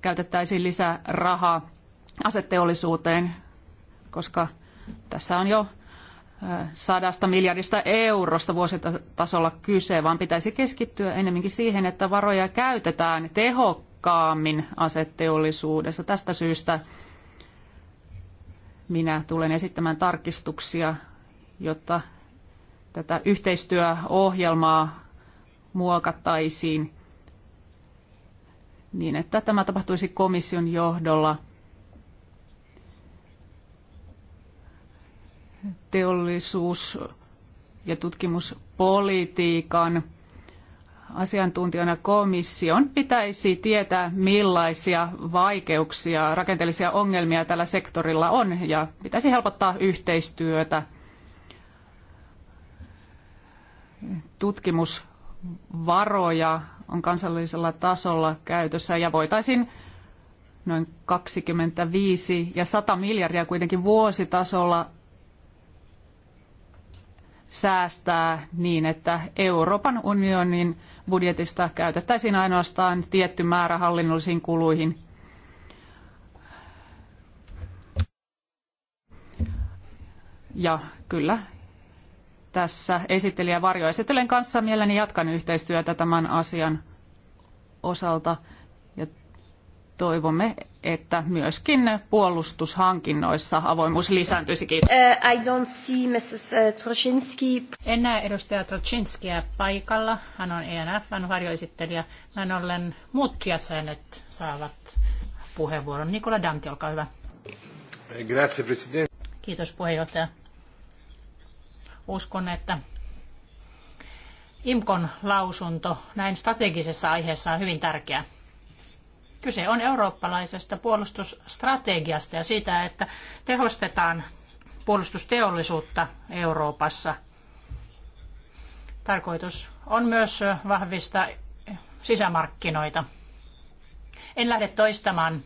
käytettäisiin lisää rahaa aseteollisuuteen, koska tässä on jo sadasta miljardista eurosta vuositasolla kyse, vaan pitäisi keskittyä enemmänkin siihen, että varoja käytetään tehokkaammin aseteollisuudessa. Tästä syystä minä tulen esittämään tarkistuksia, jotta tätä yhteistyöohjelmaa muokattaisiin niin, että tämä tapahtuisi komission johdolla teollisuus- ja tutkimuspolitiikan asiantuntijana komission pitäisi tietää, millaisia vaikeuksia, rakenteellisia ongelmia tällä sektorilla on ja pitäisi helpottaa yhteistyötä tutkimusvaroja on kansallisella tasolla käytössä ja voitaisiin noin 25 ja 100 miljardia kuitenkin vuositasolla säästää niin, että Euroopan unionin budjetista käytettäisiin ainoastaan tietty määrä hallinnollisiin kuluihin. Ja kyllä, tässä esittelijä Varjo esittelen kanssa mielelläni jatkan yhteistyötä tämän asian osalta ja toivomme, että myöskin puolustushankinnoissa avoimuus lisääntyisi. Uh, I don't see Mrs. Äh, Trosinski. En näe edustaja Trosinskiä paikalla. Hän on ENFn varjoesittelijä. Näin ollen muut jäsenet saavat puheenvuoron. Nikola Danti, olkaa hyvä. Grazie, Presidente. Kiitos puheenjohtaja. Uskon, että IMKON lausunto näin strategisessa aiheessa on hyvin tärkeä. Kyse on eurooppalaisesta puolustusstrategiasta ja siitä, että tehostetaan puolustusteollisuutta Euroopassa. Tarkoitus on myös vahvistaa sisämarkkinoita. En lähde toistamaan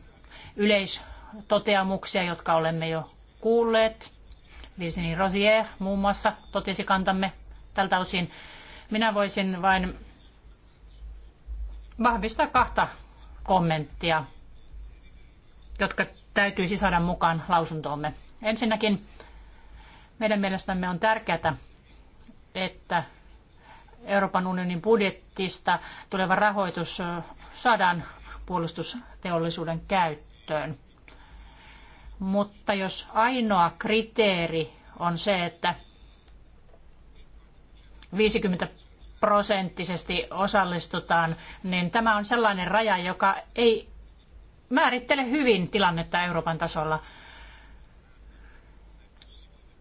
yleistoteamuksia, jotka olemme jo kuulleet. Virginie Rosier muun muassa totesi kantamme tältä osin. Minä voisin vain vahvistaa kahta kommenttia, jotka täytyisi saada mukaan lausuntoomme. Ensinnäkin meidän mielestämme on tärkeää, että Euroopan unionin budjettista tuleva rahoitus saadaan puolustusteollisuuden käyttöön. Mutta jos ainoa kriteeri on se, että 50 prosenttisesti osallistutaan, niin tämä on sellainen raja, joka ei määrittele hyvin tilannetta Euroopan tasolla.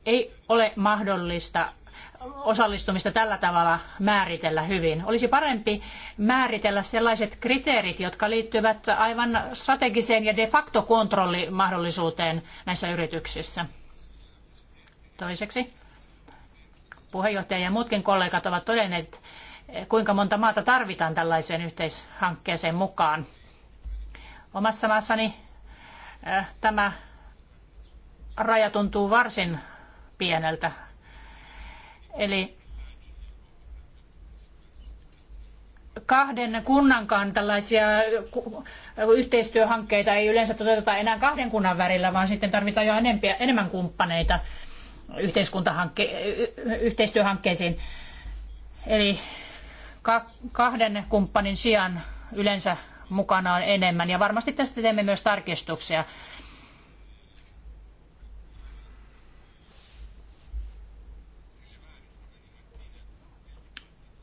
Ei ole mahdollista osallistumista tällä tavalla määritellä hyvin. Olisi parempi määritellä sellaiset kriteerit, jotka liittyvät aivan strategiseen ja de facto kontrollimahdollisuuteen näissä yrityksissä. Toiseksi puheenjohtaja ja muutkin kollegat ovat todenneet, kuinka monta maata tarvitaan tällaiseen yhteishankkeeseen mukaan. Omassa maassani tämä raja tuntuu varsin pieneltä. Eli kahden kunnankaan tällaisia yhteistyöhankkeita ei yleensä toteuteta enää kahden kunnan välillä, vaan sitten tarvitaan jo enemmän kumppaneita yhteistyöhankkeisiin. Eli kahden kumppanin sijaan yleensä mukana on enemmän ja varmasti tästä teemme myös tarkistuksia.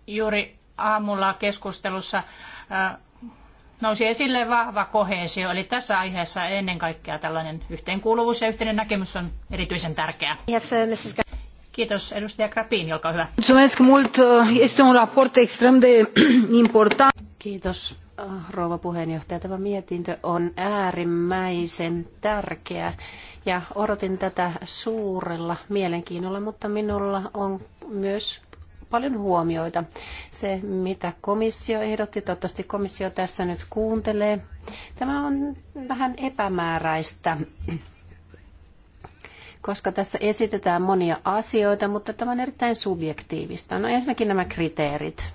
Juuri aamulla keskustelussa äh, nousi esille vahva kohesio, eli tässä aiheessa ennen kaikkea tällainen yhteenkuuluvuus ja yhteinen näkemys on erityisen tärkeää. Kiitos. Edustaja Krapin, olkaa hyvä. Mulțumesc mult. Este un raport extrem de important. Kiitos rouva puheenjohtaja. Tämä mietintö on äärimmäisen tärkeä ja odotin tätä suurella mielenkiinnolla, mutta minulla on myös paljon huomioita. Se, mitä komissio ehdotti, toivottavasti komissio tässä nyt kuuntelee. Tämä on vähän epämääräistä, koska tässä esitetään monia asioita, mutta tämä on erittäin subjektiivista. No ensinnäkin nämä kriteerit.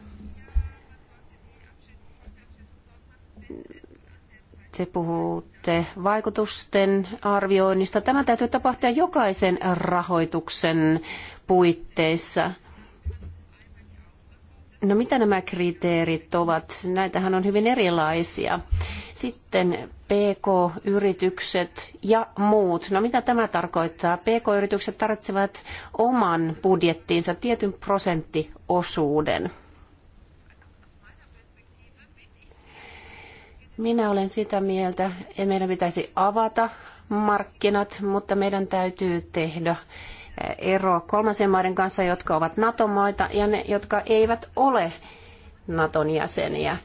te puhutte vaikutusten arvioinnista. Tämä täytyy tapahtua jokaisen rahoituksen puitteissa. No mitä nämä kriteerit ovat? Näitähän on hyvin erilaisia. Sitten PK-yritykset ja muut. No mitä tämä tarkoittaa? PK-yritykset tarvitsevat oman budjettiinsa tietyn prosenttiosuuden. Minä olen sitä mieltä, että meidän pitäisi avata markkinat, mutta meidän täytyy tehdä ero kolmansien maiden kanssa, jotka ovat NATO-maita ja ne, jotka eivät ole Naton jäseniä.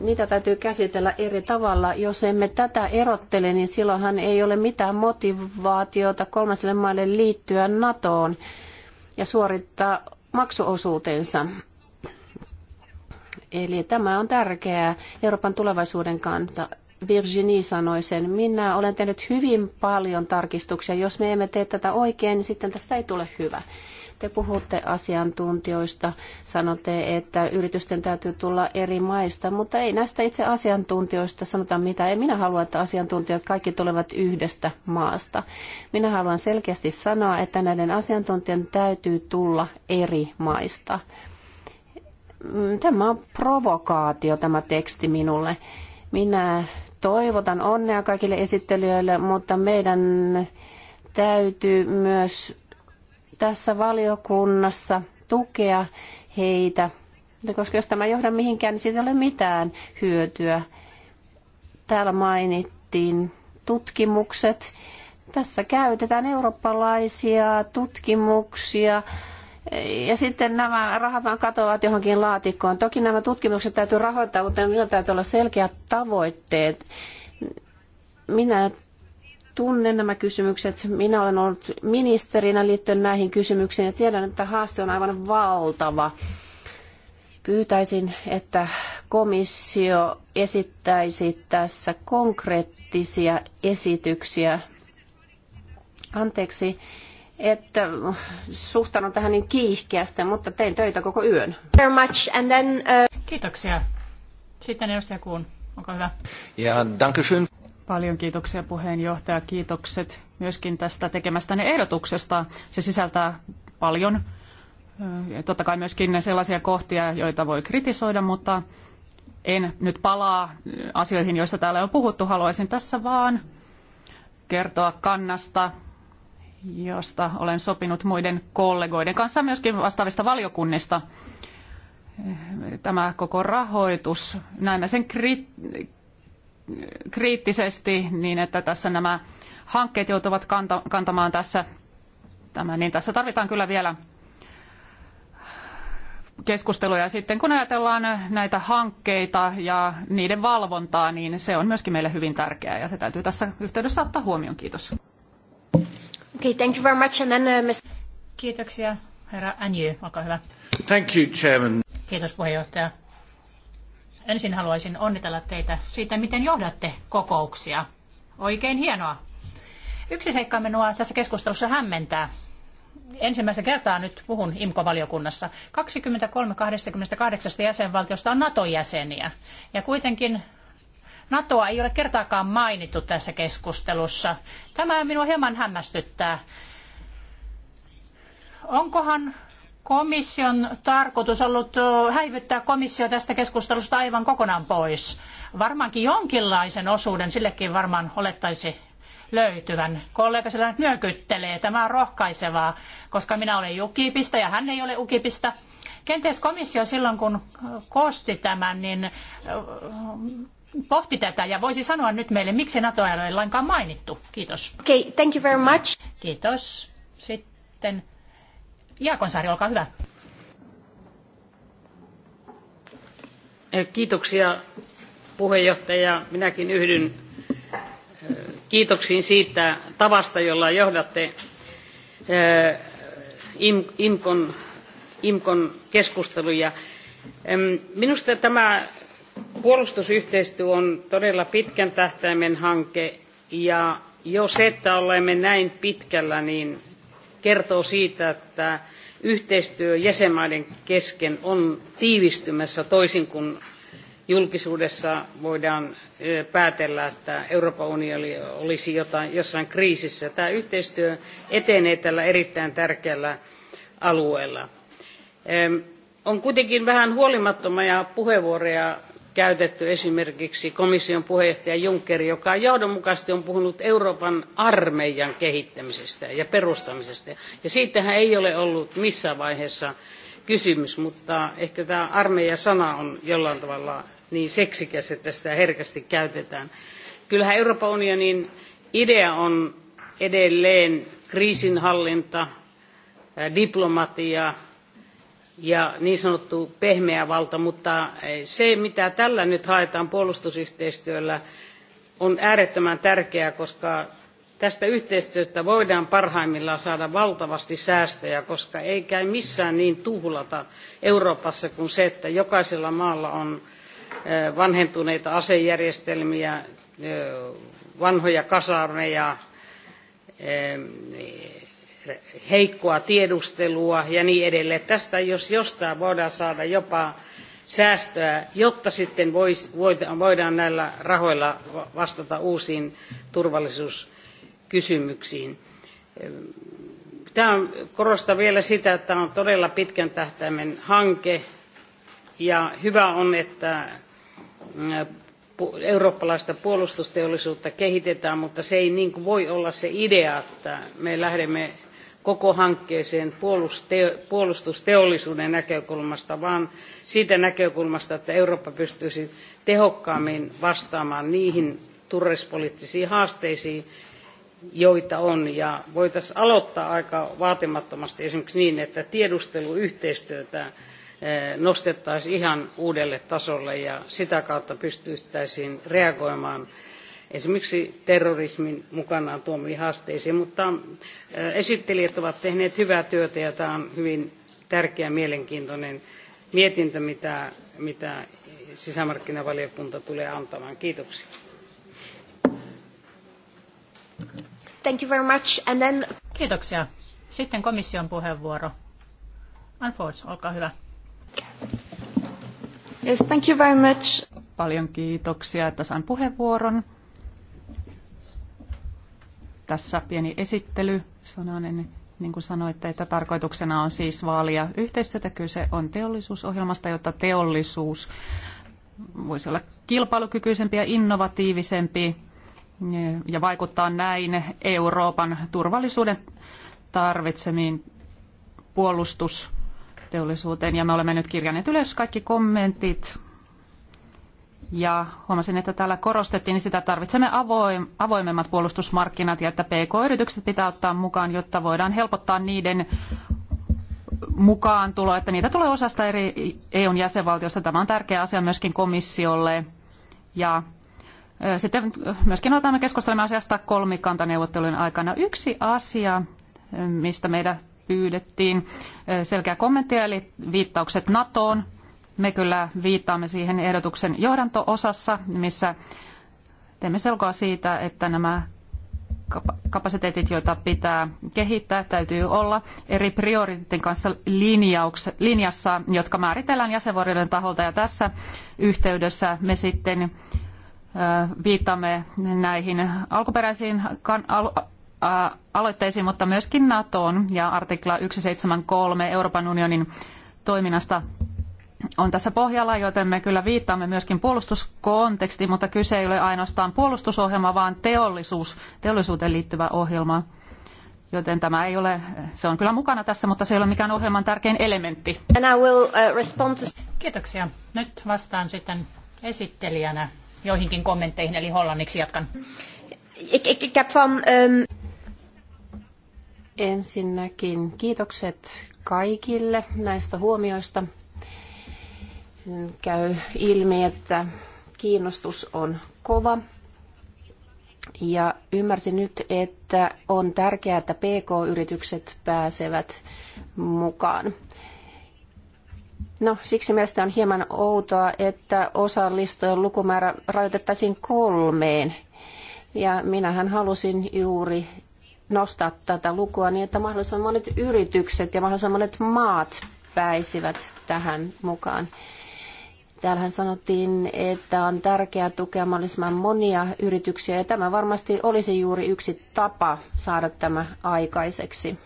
Niitä täytyy käsitellä eri tavalla. Jos emme tätä erottele, niin silloinhan ei ole mitään motivaatiota kolmansille maille liittyä NATOon ja suorittaa maksuosuutensa. Eli tämä on tärkeää Euroopan tulevaisuuden kanssa. Virginie sanoi sen. Minä olen tehnyt hyvin paljon tarkistuksia. Jos me emme tee tätä oikein, niin sitten tästä ei tule hyvä. Te puhutte asiantuntijoista, sanotte, että yritysten täytyy tulla eri maista, mutta ei näistä itse asiantuntijoista sanota mitä. En minä halua, että asiantuntijat kaikki tulevat yhdestä maasta. Minä haluan selkeästi sanoa, että näiden asiantuntijan täytyy tulla eri maista. Tämä on provokaatio tämä teksti minulle. Minä Toivotan onnea kaikille esittelijöille, mutta meidän täytyy myös tässä valiokunnassa tukea heitä, koska jos tämä ei johda mihinkään, niin siitä ei ole mitään hyötyä. Täällä mainittiin tutkimukset. Tässä käytetään eurooppalaisia tutkimuksia ja sitten nämä rahat vaan katoavat johonkin laatikkoon. Toki nämä tutkimukset täytyy rahoittaa, mutta niillä täytyy olla selkeät tavoitteet. Minä tunnen nämä kysymykset. Minä olen ollut ministerinä liittyen näihin kysymyksiin ja tiedän, että haaste on aivan valtava. Pyytäisin, että komissio esittäisi tässä konkreettisia esityksiä. Anteeksi, että suhtaudun tähän niin kiihkeästi, mutta tein töitä koko yön. Very much, and then, uh... Kiitoksia. Sitten edustaja Kuun, onko hyvä. Ja dankeschön. Paljon kiitoksia puheenjohtaja. Kiitokset myöskin tästä tekemästäne ehdotuksesta. Se sisältää paljon Totta kai myöskin sellaisia kohtia, joita voi kritisoida, mutta en nyt palaa asioihin, joista täällä on puhuttu. Haluaisin tässä vaan kertoa kannasta, josta olen sopinut muiden kollegoiden kanssa myöskin vastaavista valiokunnista. Tämä koko rahoitus, näemme sen kriittisesti niin, että tässä nämä hankkeet joutuvat kanta- kantamaan tässä tämä, niin tässä tarvitaan kyllä vielä keskusteluja. Sitten kun ajatellaan näitä hankkeita ja niiden valvontaa, niin se on myöskin meille hyvin tärkeää ja se täytyy tässä yhteydessä ottaa huomioon. Kiitos. Okay, thank you very much. And then, uh, Kiitoksia. Herra olkaa hyvä. Thank you, Chairman. Kiitos puheenjohtaja. Ensin haluaisin onnitella teitä siitä, miten johdatte kokouksia. Oikein hienoa. Yksi seikka minua tässä keskustelussa hämmentää. Ensimmäistä kertaa nyt puhun IMKO-valiokunnassa. 23-28 jäsenvaltiosta on NATO-jäseniä. Ja kuitenkin NATOa ei ole kertaakaan mainittu tässä keskustelussa. Tämä minua hieman hämmästyttää. Onkohan komission tarkoitus ollut häivyttää komissio tästä keskustelusta aivan kokonaan pois? Varmaankin jonkinlaisen osuuden sillekin varmaan olettaisi löytyvän. Kollega siellä nyökyttelee. Tämä on rohkaisevaa, koska minä olen ukipista ja hän ei ole ukipista. Kenties komissio silloin, kun koosti tämän, niin pohti tätä ja voisi sanoa nyt meille, miksi NATO ei ole lainkaan mainittu. Kiitos. Okay, thank you very much. Kiitos. Sitten Jaakonsaari, olkaa hyvä. Kiitoksia puheenjohtaja. Minäkin yhdyn eh, kiitoksiin siitä tavasta, jolla johdatte eh, IMKON, IMKON keskusteluja. Minusta tämä Puolustusyhteistyö on todella pitkän tähtäimen hanke ja jo se, että olemme näin pitkällä, niin kertoo siitä, että yhteistyö jäsenmaiden kesken on tiivistymässä toisin kuin julkisuudessa voidaan päätellä, että Euroopan unioni olisi jotain, jossain kriisissä. Tämä yhteistyö etenee tällä erittäin tärkeällä alueella. On kuitenkin vähän huolimattomia puheenvuoroja käytetty esimerkiksi komission puheenjohtaja Juncker, joka johdonmukaisesti on puhunut Euroopan armeijan kehittämisestä ja perustamisesta. Ja siitähän ei ole ollut missään vaiheessa kysymys, mutta ehkä tämä armeija-sana on jollain tavalla niin seksikäs, että sitä herkästi käytetään. Kyllähän Euroopan unionin idea on edelleen kriisinhallinta, diplomatia, ja niin sanottu pehmeä valta, mutta eh, se, mitä tällä nyt haetaan puolustusyhteistyöllä, on äärettömän tärkeää, koska tästä yhteistyöstä voidaan parhaimmillaan saada valtavasti säästöjä, koska ei käy missään niin tuhlata Euroopassa kuin se, että jokaisella maalla on eh, vanhentuneita asejärjestelmiä, eh, vanhoja kasarmeja, heikkoa tiedustelua ja niin edelleen. Tästä jos jostain voidaan saada jopa säästöä, jotta sitten vois, voidaan näillä rahoilla vastata uusiin turvallisuuskysymyksiin. Tämä korostaa vielä sitä, että tämä on todella pitkän tähtäimen hanke ja hyvä on, että mm, eurooppalaista puolustusteollisuutta kehitetään, mutta se ei niin voi olla se idea, että me lähdemme koko hankkeeseen puolustusteollisuuden näkökulmasta, vaan siitä näkökulmasta, että Eurooppa pystyisi tehokkaammin vastaamaan niihin turvallisuuspoliittisiin haasteisiin, joita on. Ja voitaisiin aloittaa aika vaatimattomasti esimerkiksi niin, että tiedusteluyhteistyötä eh, nostettaisiin ihan uudelle tasolle ja sitä kautta pystyttäisiin reagoimaan esimerkiksi terrorismin mukanaan tuomiin haasteisiin. Mutta esittelijät ovat tehneet hyvää työtä ja tämä on hyvin tärkeä mielenkiintoinen mietintö, mitä, mitä sisämarkkinavaliokunta tulee antamaan. Kiitoksia. Thank you very much. And then... Kiitoksia. Sitten komission puheenvuoro. Unford, olkaa hyvä. Yes, thank you very much. Paljon kiitoksia, että sain puheenvuoron. Tässä pieni esittely sananen. Niin kuin sanoitte, että tarkoituksena on siis vaalia yhteistyötä. Kyse on teollisuusohjelmasta, jotta teollisuus voisi olla kilpailukykyisempi ja innovatiivisempi ja vaikuttaa näin Euroopan turvallisuuden tarvitsemiin puolustusteollisuuteen. Ja me olemme nyt kirjanneet ylös kaikki kommentit ja huomasin, että täällä korostettiin, sitä, sitä tarvitsemme avoim, avoimemmat puolustusmarkkinat ja että PK-yritykset pitää ottaa mukaan, jotta voidaan helpottaa niiden mukaan tuloa, että niitä tulee osasta eri EUn jäsenvaltiosta. Tämä on tärkeä asia myöskin komissiolle. Ja sitten myöskin otamme keskustelemaan asiasta kolmikantaneuvottelujen aikana. Yksi asia, mistä meidän pyydettiin selkeä kommenttia, eli viittaukset NATOon me kyllä viittaamme siihen ehdotuksen johdanto-osassa, missä teemme selkoa siitä, että nämä kapasiteetit, joita pitää kehittää, täytyy olla eri prioriteetin kanssa linjassa, jotka määritellään jäsenvaltioiden taholta. Ja tässä yhteydessä me sitten viittaamme näihin alkuperäisiin aloitteisiin, mutta myöskin NATOon ja artikla 173 Euroopan unionin toiminnasta on tässä pohjalla, joten me kyllä viittaamme myöskin puolustuskontekstiin, mutta kyse ei ole ainoastaan puolustusohjelma, vaan teollisuus, teollisuuteen liittyvä ohjelma. Joten tämä ei ole, se on kyllä mukana tässä, mutta se ei ole mikään ohjelman tärkein elementti. Uh, Kiitoksia. Nyt vastaan sitten esittelijänä joihinkin kommentteihin, eli hollanniksi jatkan. Um- Ensinnäkin kiitokset kaikille näistä huomioista käy ilmi, että kiinnostus on kova. Ja ymmärsin nyt, että on tärkeää, että PK-yritykset pääsevät mukaan. No, siksi mielestä on hieman outoa, että osallistujen lukumäärä rajoitettaisiin kolmeen. Ja minähän halusin juuri nostaa tätä lukua niin, että mahdollisimman monet yritykset ja mahdollisimman monet maat pääsivät tähän mukaan. Täällähän sanottiin, että on tärkeää tukea mahdollisimman monia yrityksiä ja tämä varmasti olisi juuri yksi tapa saada tämä aikaiseksi.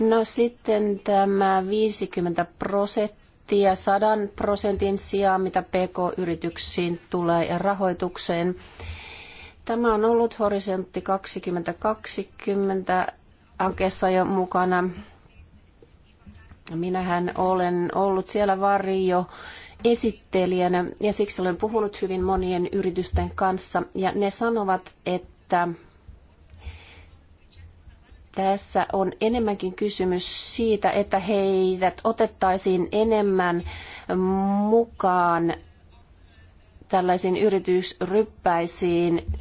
No sitten tämä 50 prosenttia 100 prosentin sijaan, mitä PK-yrityksiin tulee ja rahoitukseen. Tämä on ollut horisontti 2020 hankkeessa jo mukana. Minähän olen ollut siellä varjo esittelijänä ja siksi olen puhunut hyvin monien yritysten kanssa ja ne sanovat, että tässä on enemmänkin kysymys siitä, että heidät otettaisiin enemmän mukaan tällaisiin yritysryppäisiin,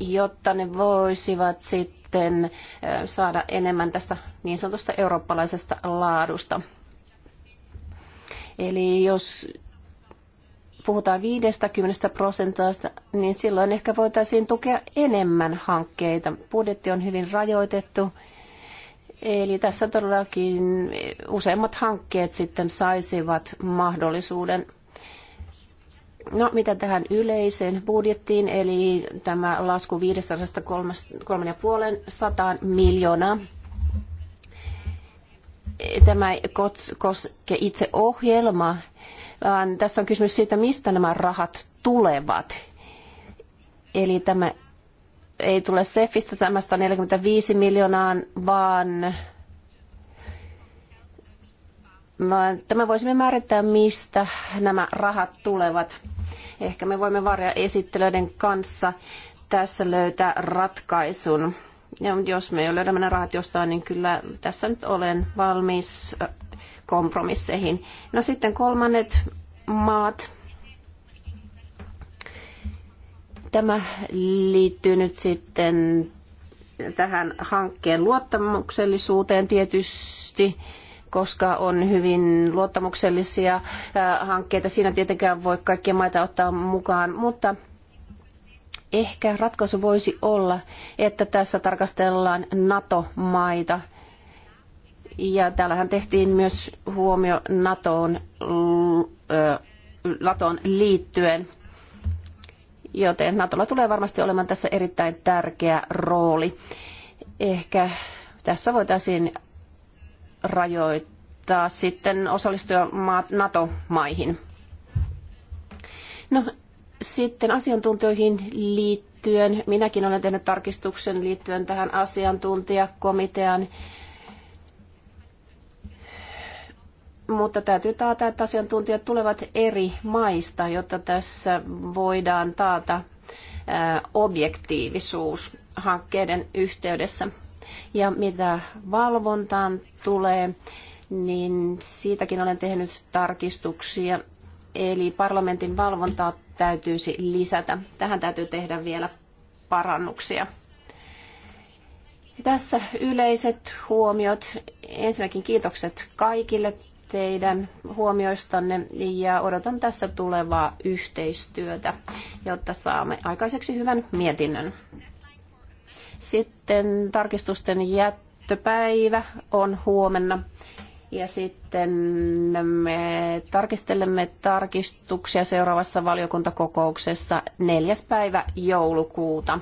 jotta ne voisivat sitten saada enemmän tästä niin sanotusta eurooppalaisesta laadusta. Eli jos puhutaan 50 prosentista, niin silloin ehkä voitaisiin tukea enemmän hankkeita. Budjetti on hyvin rajoitettu, eli tässä todellakin useimmat hankkeet sitten saisivat mahdollisuuden. No, mitä tähän yleiseen budjettiin, eli tämä lasku 503,5 miljoonaa. Tämä ei koske itse ohjelmaa vaan ähm, tässä on kysymys siitä, mistä nämä rahat tulevat. Eli tämä ei tule SEFistä tämä 145 miljoonaan, vaan tämä voisimme määrittää, mistä nämä rahat tulevat. Ehkä me voimme varja esittelöiden kanssa tässä löytää ratkaisun. Ja jos me löydämme nämä rahat jostain, niin kyllä tässä nyt olen valmis kompromisseihin. No sitten kolmannet maat. Tämä liittyy nyt sitten tähän hankkeen luottamuksellisuuteen tietysti, koska on hyvin luottamuksellisia hankkeita. Siinä tietenkään voi kaikkia maita ottaa mukaan, mutta ehkä ratkaisu voisi olla, että tässä tarkastellaan NATO-maita – ja täällähän tehtiin myös huomio NATOon, NATOon liittyen, joten NATOlla tulee varmasti olemaan tässä erittäin tärkeä rooli. Ehkä tässä voitaisiin rajoittaa sitten osallistuja NATO-maihin. No, sitten asiantuntijoihin liittyen. Minäkin olen tehnyt tarkistuksen liittyen tähän asiantuntijakomitean mutta täytyy taata, että asiantuntijat tulevat eri maista, jotta tässä voidaan taata objektiivisuus hankkeiden yhteydessä. Ja mitä valvontaan tulee, niin siitäkin olen tehnyt tarkistuksia. Eli parlamentin valvontaa täytyisi lisätä. Tähän täytyy tehdä vielä parannuksia. Tässä yleiset huomiot. Ensinnäkin kiitokset kaikille teidän huomioistanne ja odotan tässä tulevaa yhteistyötä, jotta saamme aikaiseksi hyvän mietinnön. Sitten tarkistusten jättöpäivä on huomenna. Ja sitten me tarkistelemme tarkistuksia seuraavassa valiokuntakokouksessa neljäs päivä joulukuuta.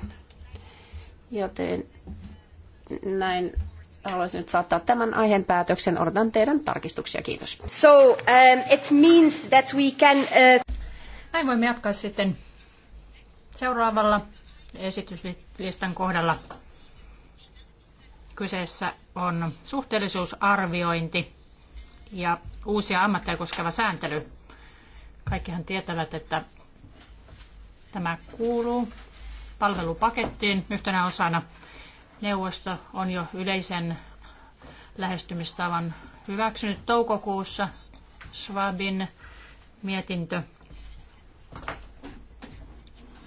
Joten näin haluaisin nyt saattaa tämän aiheen päätöksen. Odotan teidän tarkistuksia. Kiitos. So, um, it means that we can... Uh... Näin voimme jatkaa sitten seuraavalla esityslistan kohdalla. Kyseessä on suhteellisuusarviointi ja uusia ammatteja koskeva sääntely. Kaikkihan tietävät, että tämä kuuluu palvelupakettiin yhtenä osana – neuvosto on jo yleisen lähestymistavan hyväksynyt toukokuussa Schwabin mietintö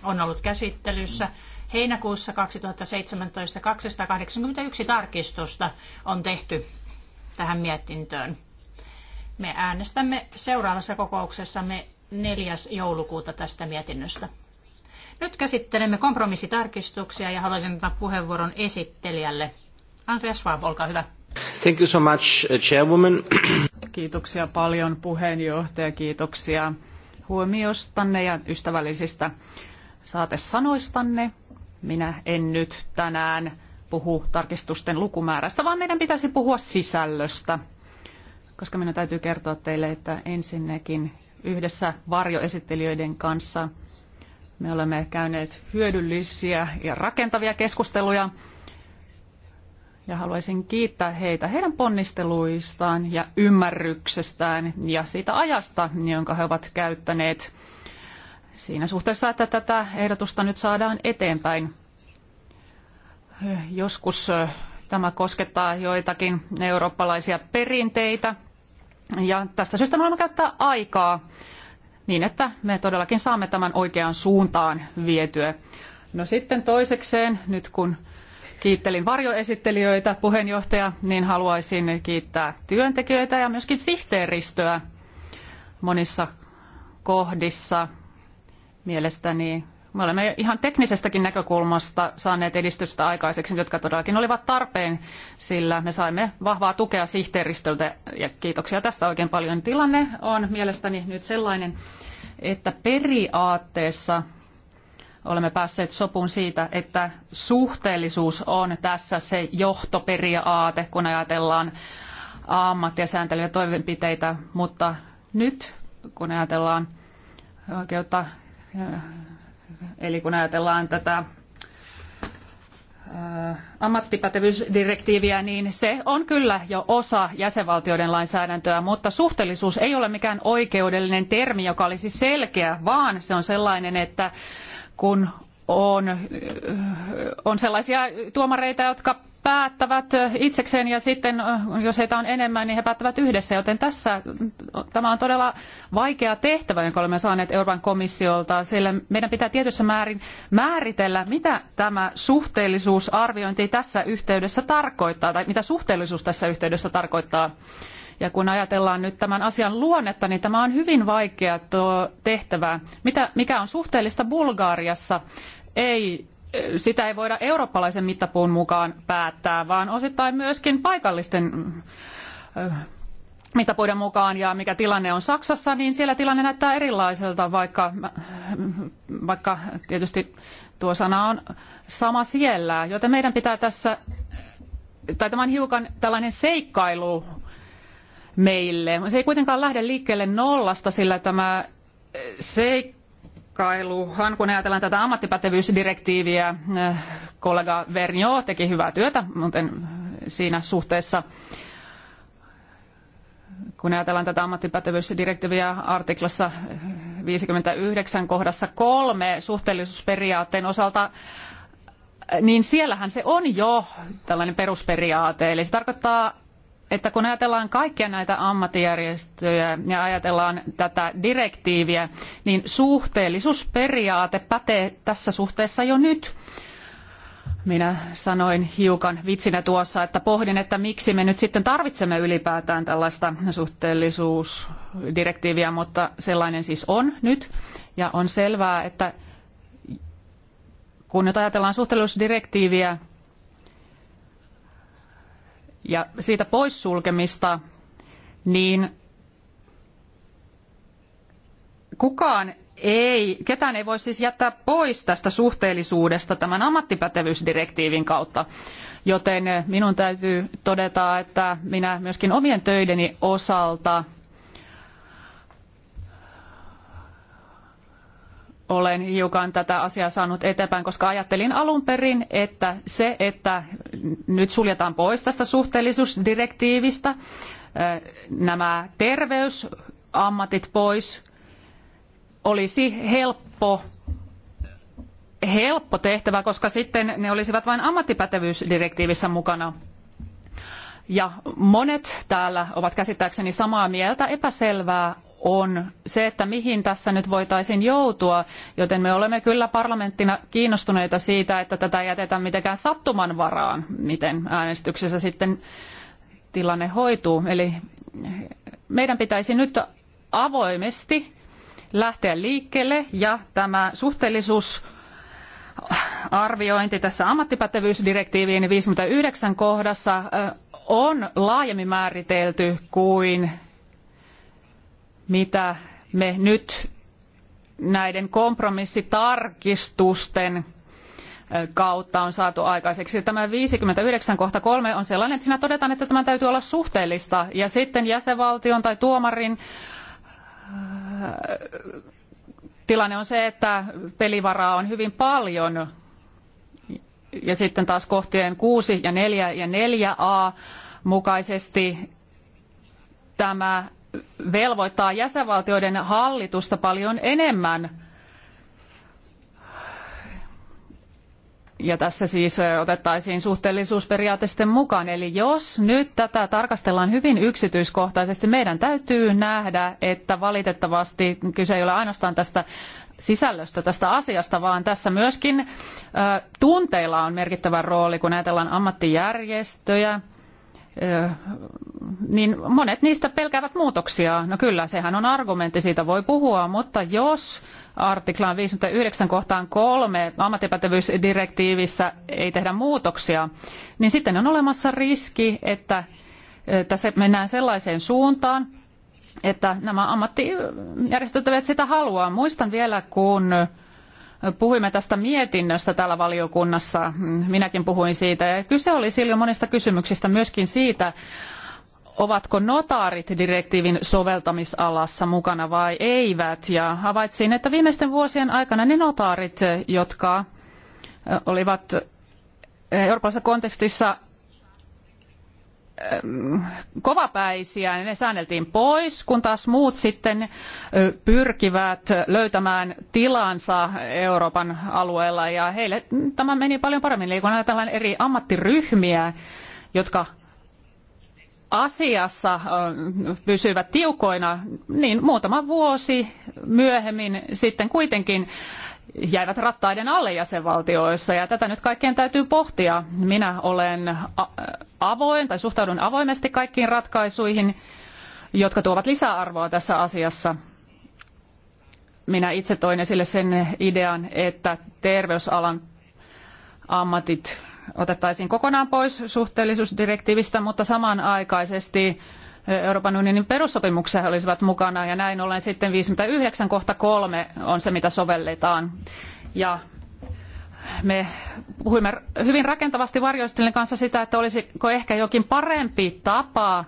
on ollut käsittelyssä. Heinäkuussa 2017 281 tarkistusta on tehty tähän mietintöön. Me äänestämme seuraavassa kokouksessamme 4. joulukuuta tästä mietinnöstä. Nyt käsittelemme kompromissitarkistuksia ja haluaisin ottaa puheenvuoron esittelijälle. Andreas Schwab, olkaa hyvä. Thank you so much, uh, chairwoman. Kiitoksia paljon puheenjohtaja, kiitoksia huomiostanne ja ystävällisistä saatesanoistanne. Minä en nyt tänään puhu tarkistusten lukumäärästä, vaan meidän pitäisi puhua sisällöstä, koska minun täytyy kertoa teille, että ensinnäkin yhdessä varjoesittelijöiden kanssa – me olemme käyneet hyödyllisiä ja rakentavia keskusteluja ja haluaisin kiittää heitä heidän ponnisteluistaan ja ymmärryksestään ja siitä ajasta, jonka he ovat käyttäneet siinä suhteessa, että tätä ehdotusta nyt saadaan eteenpäin. Joskus tämä koskettaa joitakin eurooppalaisia perinteitä ja tästä syystä me haluamme käyttää aikaa niin, että me todellakin saamme tämän oikeaan suuntaan vietyä. No sitten toisekseen, nyt kun kiittelin varjoesittelijöitä, puheenjohtaja, niin haluaisin kiittää työntekijöitä ja myöskin sihteeristöä monissa kohdissa. Mielestäni me olemme ihan teknisestäkin näkökulmasta saaneet edistystä aikaiseksi, jotka todellakin olivat tarpeen, sillä me saimme vahvaa tukea sihteeristöltä ja kiitoksia tästä oikein paljon. Tilanne on mielestäni nyt sellainen, että periaatteessa olemme päässeet sopuun siitä, että suhteellisuus on tässä se johtoperiaate, kun ajatellaan ammattia, sääntelyä ja toimenpiteitä, mutta nyt kun ajatellaan oikeutta Eli kun ajatellaan tätä ammattipätevyysdirektiiviä, niin se on kyllä jo osa jäsenvaltioiden lainsäädäntöä, mutta suhteellisuus ei ole mikään oikeudellinen termi, joka olisi selkeä, vaan se on sellainen, että kun on, on sellaisia tuomareita, jotka päättävät itsekseen ja sitten, jos heitä on enemmän, niin he päättävät yhdessä. Joten tässä tämä on todella vaikea tehtävä, jonka olemme saaneet Euroopan komissiolta, sillä meidän pitää tietyssä määrin määritellä, mitä tämä suhteellisuusarviointi tässä yhteydessä tarkoittaa, tai mitä suhteellisuus tässä yhteydessä tarkoittaa. Ja kun ajatellaan nyt tämän asian luonnetta, niin tämä on hyvin vaikea tuo tehtävä. Mitä, mikä on suhteellista Bulgaariassa? Ei sitä ei voida eurooppalaisen mittapuun mukaan päättää, vaan osittain myöskin paikallisten mittapuiden mukaan ja mikä tilanne on Saksassa, niin siellä tilanne näyttää erilaiselta, vaikka, vaikka tietysti tuo sana on sama siellä. Joten meidän pitää tässä, tai tämä on hiukan tällainen seikkailu meille. Se ei kuitenkaan lähde liikkeelle nollasta, sillä tämä seik tarkkailuhan, kun ajatellaan tätä ammattipätevyysdirektiiviä, eh, kollega Vernio teki hyvää työtä, muuten siinä suhteessa kun ajatellaan tätä ammattipätevyysdirektiiviä artiklassa 59 kohdassa kolme suhteellisuusperiaatteen osalta, eh, niin siellähän se on jo tällainen perusperiaate. Eli se tarkoittaa että kun ajatellaan kaikkia näitä ammattijärjestöjä ja ajatellaan tätä direktiiviä, niin suhteellisuusperiaate pätee tässä suhteessa jo nyt. Minä sanoin hiukan vitsinä tuossa, että pohdin, että miksi me nyt sitten tarvitsemme ylipäätään tällaista suhteellisuusdirektiiviä, mutta sellainen siis on nyt. Ja on selvää, että kun nyt ajatellaan suhteellisuusdirektiiviä, ja siitä poissulkemista, niin kukaan ei, ketään ei voi siis jättää pois tästä suhteellisuudesta tämän ammattipätevyysdirektiivin kautta. Joten minun täytyy todeta, että minä myöskin omien töideni osalta – olen hiukan tätä asiaa saanut eteenpäin, koska ajattelin alun perin, että se, että nyt suljetaan pois tästä suhteellisuusdirektiivistä nämä terveysammatit pois, olisi helppo helppo tehtävä, koska sitten ne olisivat vain ammattipätevyysdirektiivissä mukana. Ja monet täällä ovat käsittääkseni samaa mieltä. Epäselvää on se, että mihin tässä nyt voitaisiin joutua, joten me olemme kyllä parlamenttina kiinnostuneita siitä, että tätä ei jätetä mitenkään sattuman varaan, miten äänestyksessä sitten tilanne hoituu. Eli meidän pitäisi nyt avoimesti lähteä liikkeelle ja tämä suhteellisuus arviointi tässä ammattipätevyysdirektiivin 59 kohdassa on laajemmin määritelty kuin mitä me nyt näiden kompromissitarkistusten kautta on saatu aikaiseksi. Tämä 59 kohta 3 on sellainen, että siinä todetaan, että tämä täytyy olla suhteellista ja sitten jäsenvaltion tai tuomarin tilanne on se, että pelivaraa on hyvin paljon ja sitten taas kohtien 6 ja 4 ja 4a mukaisesti tämä velvoittaa jäsenvaltioiden hallitusta paljon enemmän. Ja tässä siis otettaisiin suhteellisuusperiaate sitten mukaan. Eli jos nyt tätä tarkastellaan hyvin yksityiskohtaisesti, meidän täytyy nähdä, että valitettavasti kyse ei ole ainoastaan tästä sisällöstä tästä asiasta, vaan tässä myöskin tunteilla on merkittävä rooli, kun ajatellaan ammattijärjestöjä, niin monet niistä pelkäävät muutoksia. No kyllä, sehän on argumentti, siitä voi puhua, mutta jos artiklaan 59 kohtaan 3 ammattipätevyysdirektiivissä ei tehdä muutoksia, niin sitten on olemassa riski, että tässä mennään sellaiseen suuntaan, että nämä ammattijärjestöt eivät sitä halua. Muistan vielä, kun puhuimme tästä mietinnöstä täällä valiokunnassa. Minäkin puhuin siitä. Ja kyse oli silloin monista kysymyksistä myöskin siitä, ovatko notaarit direktiivin soveltamisalassa mukana vai eivät. Ja havaitsin, että viimeisten vuosien aikana ne notaarit, jotka olivat eurooppalaisessa kontekstissa kovapäisiä, niin ne säänneltiin pois, kun taas muut sitten pyrkivät löytämään tilansa Euroopan alueella ja heille tämä meni paljon paremmin. Eli kun ajatellaan eri ammattiryhmiä, jotka asiassa pysyvät tiukoina, niin muutama vuosi myöhemmin sitten kuitenkin jäivät rattaiden alle jäsenvaltioissa ja tätä nyt kaikkien täytyy pohtia. Minä olen avoin tai suhtaudun avoimesti kaikkiin ratkaisuihin, jotka tuovat lisäarvoa tässä asiassa. Minä itse toin esille sen idean, että terveysalan ammatit otettaisiin kokonaan pois suhteellisuusdirektiivistä, mutta samanaikaisesti Euroopan unionin perussopimuksia olisivat mukana ja näin ollen sitten 59 kohta 3 on se, mitä sovelletaan. Ja me puhuimme hyvin rakentavasti varjoistelijan kanssa sitä, että olisiko ehkä jokin parempi tapa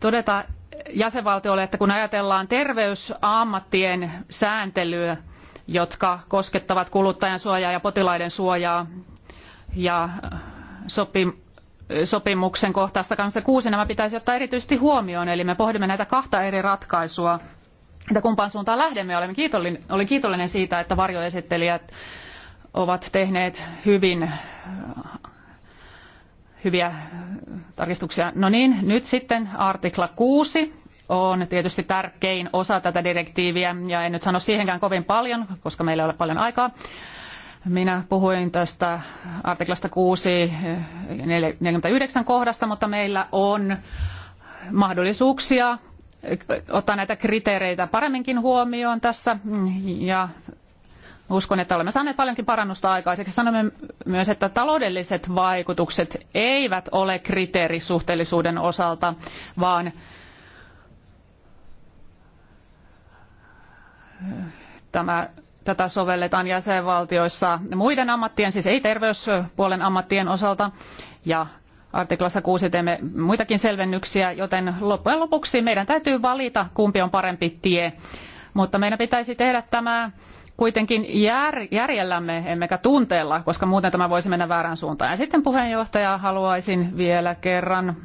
todeta jäsenvaltioille, että kun ajatellaan terveysammattien sääntelyä, jotka koskettavat kuluttajan suojaa ja potilaiden suojaa ja sopimuksia, sopimuksen kohtaasta kuusi nämä pitäisi ottaa erityisesti huomioon. Eli me pohdimme näitä kahta eri ratkaisua, että kumpaan suuntaan lähdemme. Olemme kiitollinen, olen kiitollinen siitä, että varjoesittelijät ovat tehneet hyvin äh, hyviä äh, tarkistuksia. No niin, nyt sitten artikla 6 on tietysti tärkein osa tätä direktiiviä ja en nyt sano siihenkään kovin paljon, koska meillä ei ole paljon aikaa. Minä puhuin tästä artiklasta 6, 49 kohdasta, mutta meillä on mahdollisuuksia ottaa näitä kriteereitä paremminkin huomioon tässä ja uskon, että olemme saaneet paljonkin parannusta aikaiseksi. Sanomme myös, että taloudelliset vaikutukset eivät ole kriteeri suhteellisuuden osalta, vaan tämä tätä sovelletaan jäsenvaltioissa muiden ammattien, siis ei terveyspuolen ammattien osalta. Ja artiklassa 6 teemme muitakin selvennyksiä, joten loppujen lopuksi meidän täytyy valita, kumpi on parempi tie. Mutta meidän pitäisi tehdä tämä kuitenkin jär, järjellämme, emmekä tunteella, koska muuten tämä voisi mennä väärään suuntaan. Ja sitten puheenjohtaja haluaisin vielä kerran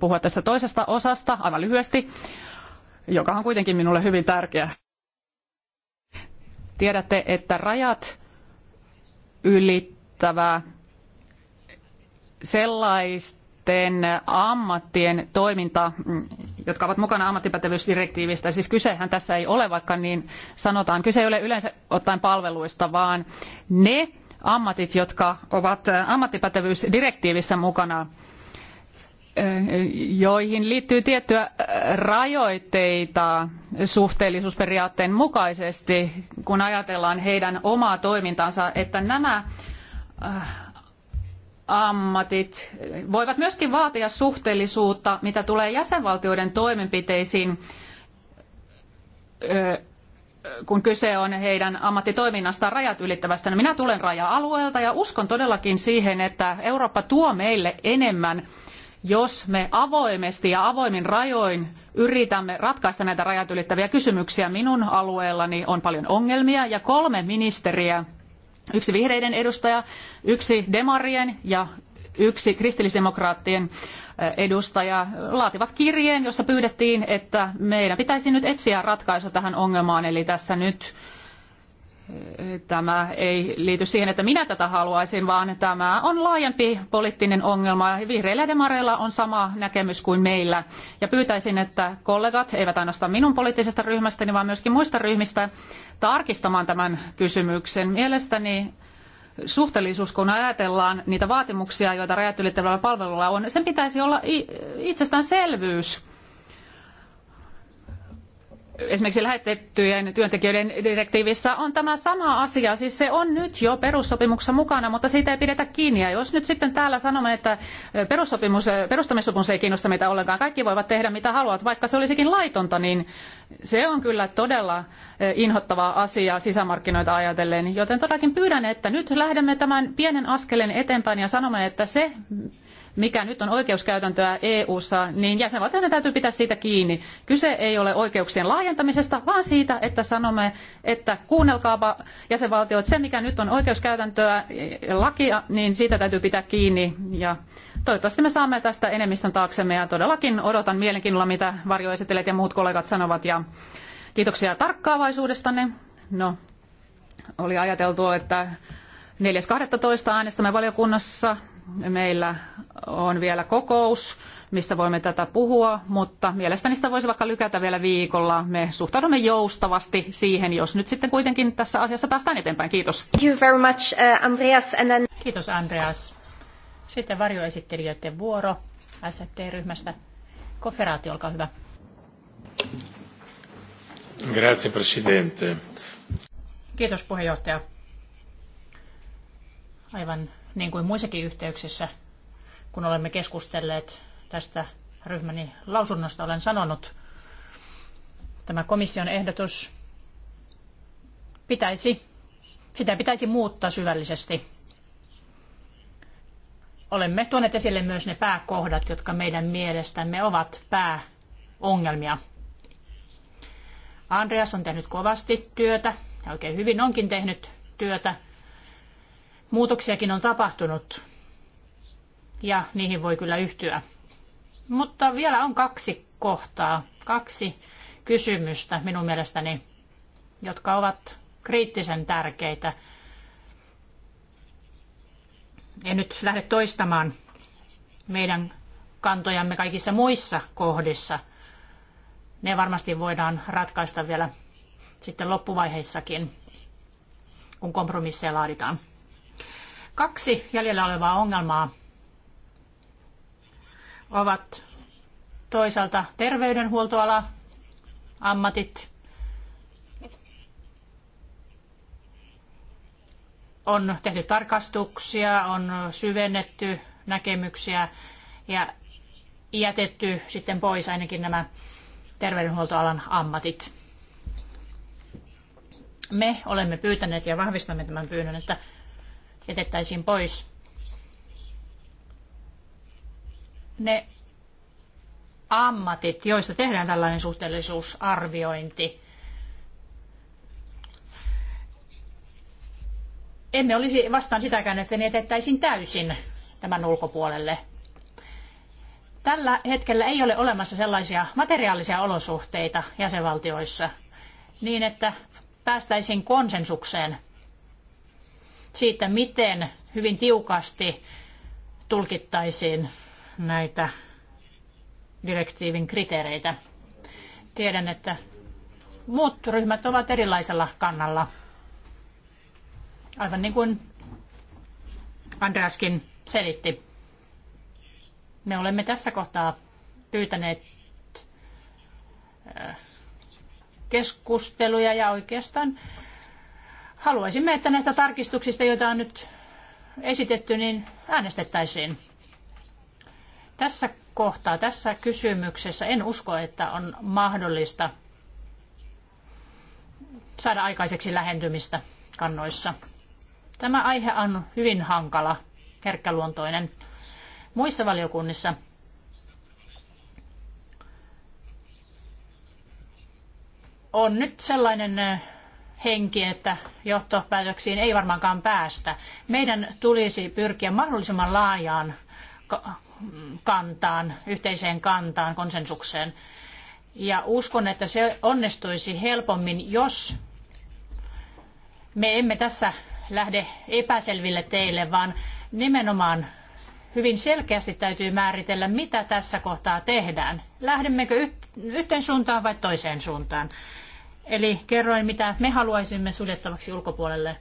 puhua tästä toisesta osasta aivan lyhyesti, joka on kuitenkin minulle hyvin tärkeä. Tiedätte, että rajat ylittävä sellaisten ammattien toiminta, jotka ovat mukana ammattipätevyysdirektiivistä. Siis kysehän tässä ei ole, vaikka niin sanotaan. Kyse ei ole yleensä ottaen palveluista, vaan ne ammatit, jotka ovat ammattipätevyysdirektiivissä mukana – joihin liittyy tiettyjä äh, rajoitteita suhteellisuusperiaatteen mukaisesti, kun ajatellaan heidän omaa toimintansa, että nämä äh, ammatit voivat myöskin vaatia suhteellisuutta, mitä tulee jäsenvaltioiden toimenpiteisiin, äh, kun kyse on heidän ammattitoiminnastaan rajat ylittävästä. No minä tulen raja-alueelta ja uskon todellakin siihen, että Eurooppa tuo meille enemmän jos me avoimesti ja avoimin rajoin yritämme ratkaista näitä rajat ylittäviä kysymyksiä. Minun alueellani on paljon ongelmia ja kolme ministeriä, yksi vihreiden edustaja, yksi demarien ja yksi kristillisdemokraattien eh, edustaja laativat kirjeen, jossa pyydettiin, että meidän pitäisi nyt etsiä ratkaisu tähän ongelmaan. Eli tässä nyt tämä ei liity siihen, että minä tätä haluaisin, vaan tämä on laajempi poliittinen ongelma. Vihreillä ja demareilla on sama näkemys kuin meillä. Ja pyytäisin, että kollegat, eivät ainoastaan minun poliittisesta ryhmästäni, vaan myöskin muista ryhmistä, tarkistamaan tämän kysymyksen. Mielestäni suhteellisuus, kun ajatellaan niitä vaatimuksia, joita rajat ylittävällä palvelulla on, sen pitäisi olla itsestäänselvyys esimerkiksi lähetettyjen työntekijöiden direktiivissä on tämä sama asia. Siis se on nyt jo perussopimuksessa mukana, mutta siitä ei pidetä kiinni. Ja jos nyt sitten täällä sanomme, että perussopimus, perustamissopimus ei kiinnosta meitä ollenkaan, kaikki voivat tehdä mitä haluavat, vaikka se olisikin laitonta, niin se on kyllä todella eh, inhottava asia sisämarkkinoita ajatellen. Joten todellakin pyydän, että nyt lähdemme tämän pienen askeleen eteenpäin ja sanomme, että se mikä nyt on oikeuskäytäntöä EU-ssa, niin jäsenvaltioiden täytyy pitää siitä kiinni. Kyse ei ole oikeuksien laajentamisesta, vaan siitä, että sanomme, että kuunnelkaapa jäsenvaltiot, se mikä nyt on oikeuskäytäntöä eh, lakia, niin siitä täytyy pitää kiinni. Ja toivottavasti me saamme tästä enemmistön taaksemme ja todellakin odotan mielenkiinnolla, mitä varjoesittelijät ja muut kollegat sanovat. Ja kiitoksia tarkkaavaisuudestanne. No, oli ajateltu, että 4.12. äänestämme valiokunnassa meillä on vielä kokous, missä voimme tätä puhua, mutta mielestäni sitä voisi vaikka lykätä vielä viikolla. Me suhtaudumme joustavasti siihen, jos nyt sitten kuitenkin tässä asiassa päästään eteenpäin. Kiitos. Thank you very much, uh, Andreas. and Then... Kiitos Andreas. Sitten varjoesittelijöiden vuoro SFD-ryhmästä. Konferaati, olkaa hyvä. Grazie, Presidente. Kiitos puheenjohtaja. Aivan niin kuin muissakin yhteyksissä, kun olemme keskustelleet tästä ryhmäni lausunnosta, olen sanonut, tämä komission ehdotus pitäisi, sitä pitäisi muuttaa syvällisesti. Olemme tuoneet esille myös ne pääkohdat, jotka meidän mielestämme ovat pääongelmia. Andreas on tehnyt kovasti työtä ja oikein hyvin onkin tehnyt työtä Muutoksiakin on tapahtunut ja niihin voi kyllä yhtyä. Mutta vielä on kaksi kohtaa, kaksi kysymystä minun mielestäni, jotka ovat kriittisen tärkeitä. En nyt lähde toistamaan meidän kantojamme kaikissa muissa kohdissa. Ne varmasti voidaan ratkaista vielä sitten loppuvaiheissakin, kun kompromisseja laaditaan. Kaksi jäljellä olevaa ongelmaa ovat toisaalta terveydenhuoltoala, ammatit, on tehty tarkastuksia, on syvennetty näkemyksiä ja jätetty sitten pois ainakin nämä terveydenhuoltoalan ammatit. Me olemme pyytäneet ja vahvistamme tämän pyynnön, että jätettäisiin pois. Ne ammatit, joista tehdään tällainen suhteellisuusarviointi, emme olisi vastaan sitäkään, että ne jätettäisiin täysin tämän ulkopuolelle. Tällä hetkellä ei ole olemassa sellaisia materiaalisia olosuhteita jäsenvaltioissa niin, että päästäisiin konsensukseen siitä, miten hyvin tiukasti tulkittaisiin näitä direktiivin kriteereitä. Tiedän, että muut ryhmät ovat erilaisella kannalla. Aivan niin kuin Andreaskin selitti. Me olemme tässä kohtaa pyytäneet äh, keskusteluja ja oikeastaan haluaisimme, että näistä tarkistuksista, joita on nyt esitetty, niin äänestettäisiin. Tässä kohtaa, tässä kysymyksessä en usko, että on mahdollista saada aikaiseksi lähentymistä kannoissa. Tämä aihe on hyvin hankala, herkkäluontoinen. Muissa valiokunnissa on nyt sellainen henki, että johtopäätöksiin ei varmaankaan päästä. Meidän tulisi pyrkiä mahdollisimman laajaan kantaan, yhteiseen kantaan, konsensukseen. Ja uskon, että se onnistuisi helpommin, jos me emme tässä lähde epäselville teille, vaan nimenomaan hyvin selkeästi täytyy määritellä, mitä tässä kohtaa tehdään. Lähdemmekö yhteen suuntaan vai toiseen suuntaan? Eli kerroin, mitä me haluaisimme suljettavaksi ulkopuolelle.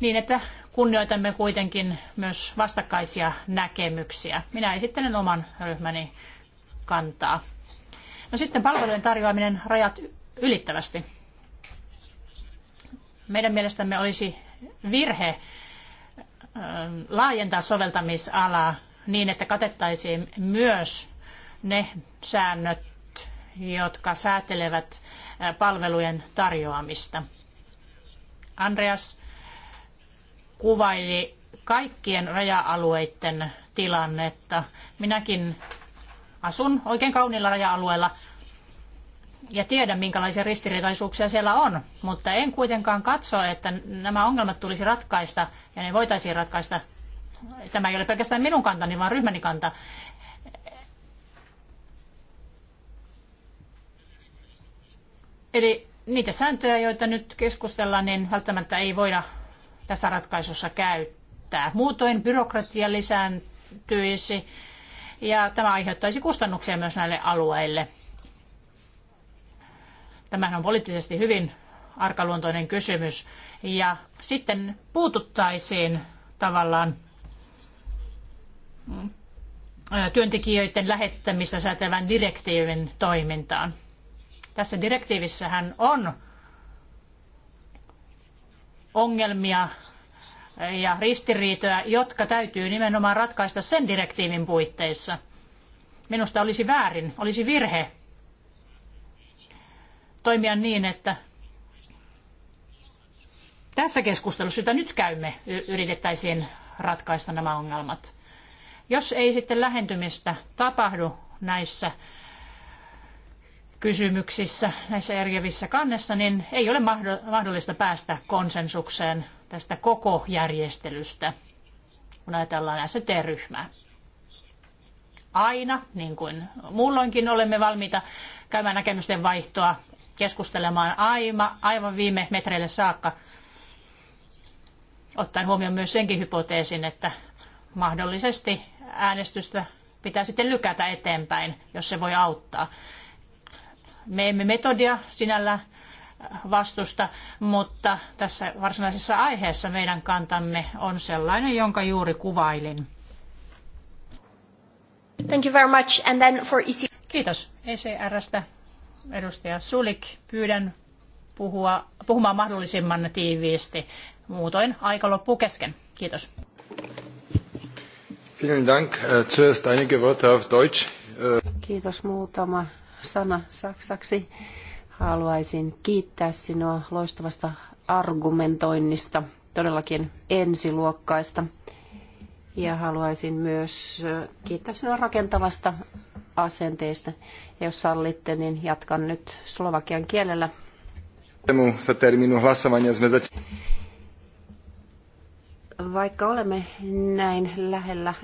Niin, että kunnioitamme kuitenkin myös vastakkaisia näkemyksiä. Minä esittelen oman ryhmäni kantaa. No sitten palvelujen tarjoaminen rajat ylittävästi. Meidän mielestämme olisi virhe laajentaa soveltamisalaa niin, että katettaisiin myös ne säännöt, jotka säätelevät palvelujen tarjoamista. Andreas kuvaili kaikkien raja-alueiden tilannetta. Minäkin asun oikein kauniilla raja-alueella ja tiedän, minkälaisia ristiriitaisuuksia siellä on, mutta en kuitenkaan katso, että nämä ongelmat tulisi ratkaista ja ne voitaisiin ratkaista. Tämä ei ole pelkästään minun kantani, vaan ryhmäni kanta. Eli niitä sääntöjä, joita nyt keskustellaan, niin välttämättä ei voida tässä ratkaisussa käyttää. Muutoin byrokratia lisääntyisi ja tämä aiheuttaisi kustannuksia myös näille alueille. Tämähän on poliittisesti hyvin arkaluontoinen kysymys. Ja sitten puututtaisiin tavallaan työntekijöiden lähettämistä säätävän direktiivin toimintaan. Tässä direktiivissähän on ongelmia ja ristiriitoja, jotka täytyy nimenomaan ratkaista sen direktiivin puitteissa. Minusta olisi väärin, olisi virhe toimia niin, että tässä keskustelussa, jota nyt käymme, yritettäisiin ratkaista nämä ongelmat. Jos ei sitten lähentymistä tapahdu näissä kysymyksissä, näissä eriävissä kannessa, niin ei ole mahdollista päästä konsensukseen tästä koko järjestelystä, kun ajatellaan ST-ryhmää. Aina, niin kuin muulloinkin, olemme valmiita käymään näkemysten vaihtoa, keskustelemaan aivan, aivan viime metreille saakka, ottaen huomioon myös senkin hypoteesin, että mahdollisesti äänestystä pitää sitten lykätä eteenpäin, jos se voi auttaa. Me emme metodia sinällä vastusta, mutta tässä varsinaisessa aiheessa meidän kantamme on sellainen, jonka juuri kuvailin. Thank you very much. And then for EC... Kiitos ECRstä. Edustaja Sulik, pyydän puhua, puhumaan mahdollisimman tiiviisti. Muutoin aika loppuu kesken. Kiitos. Vielen Dank. Äh, zuerst einige Worte auf Deutsch. Äh, Kiitos muutama sana saksaksi. Haluaisin kiittää sinua loistavasta argumentoinnista, todellakin ensiluokkaista. Ja haluaisin myös kiittää sinua rakentavasta asenteesta. Ja jos sallitte, niin jatkan nyt slovakian kielellä. Vaikka olemme näin lähellä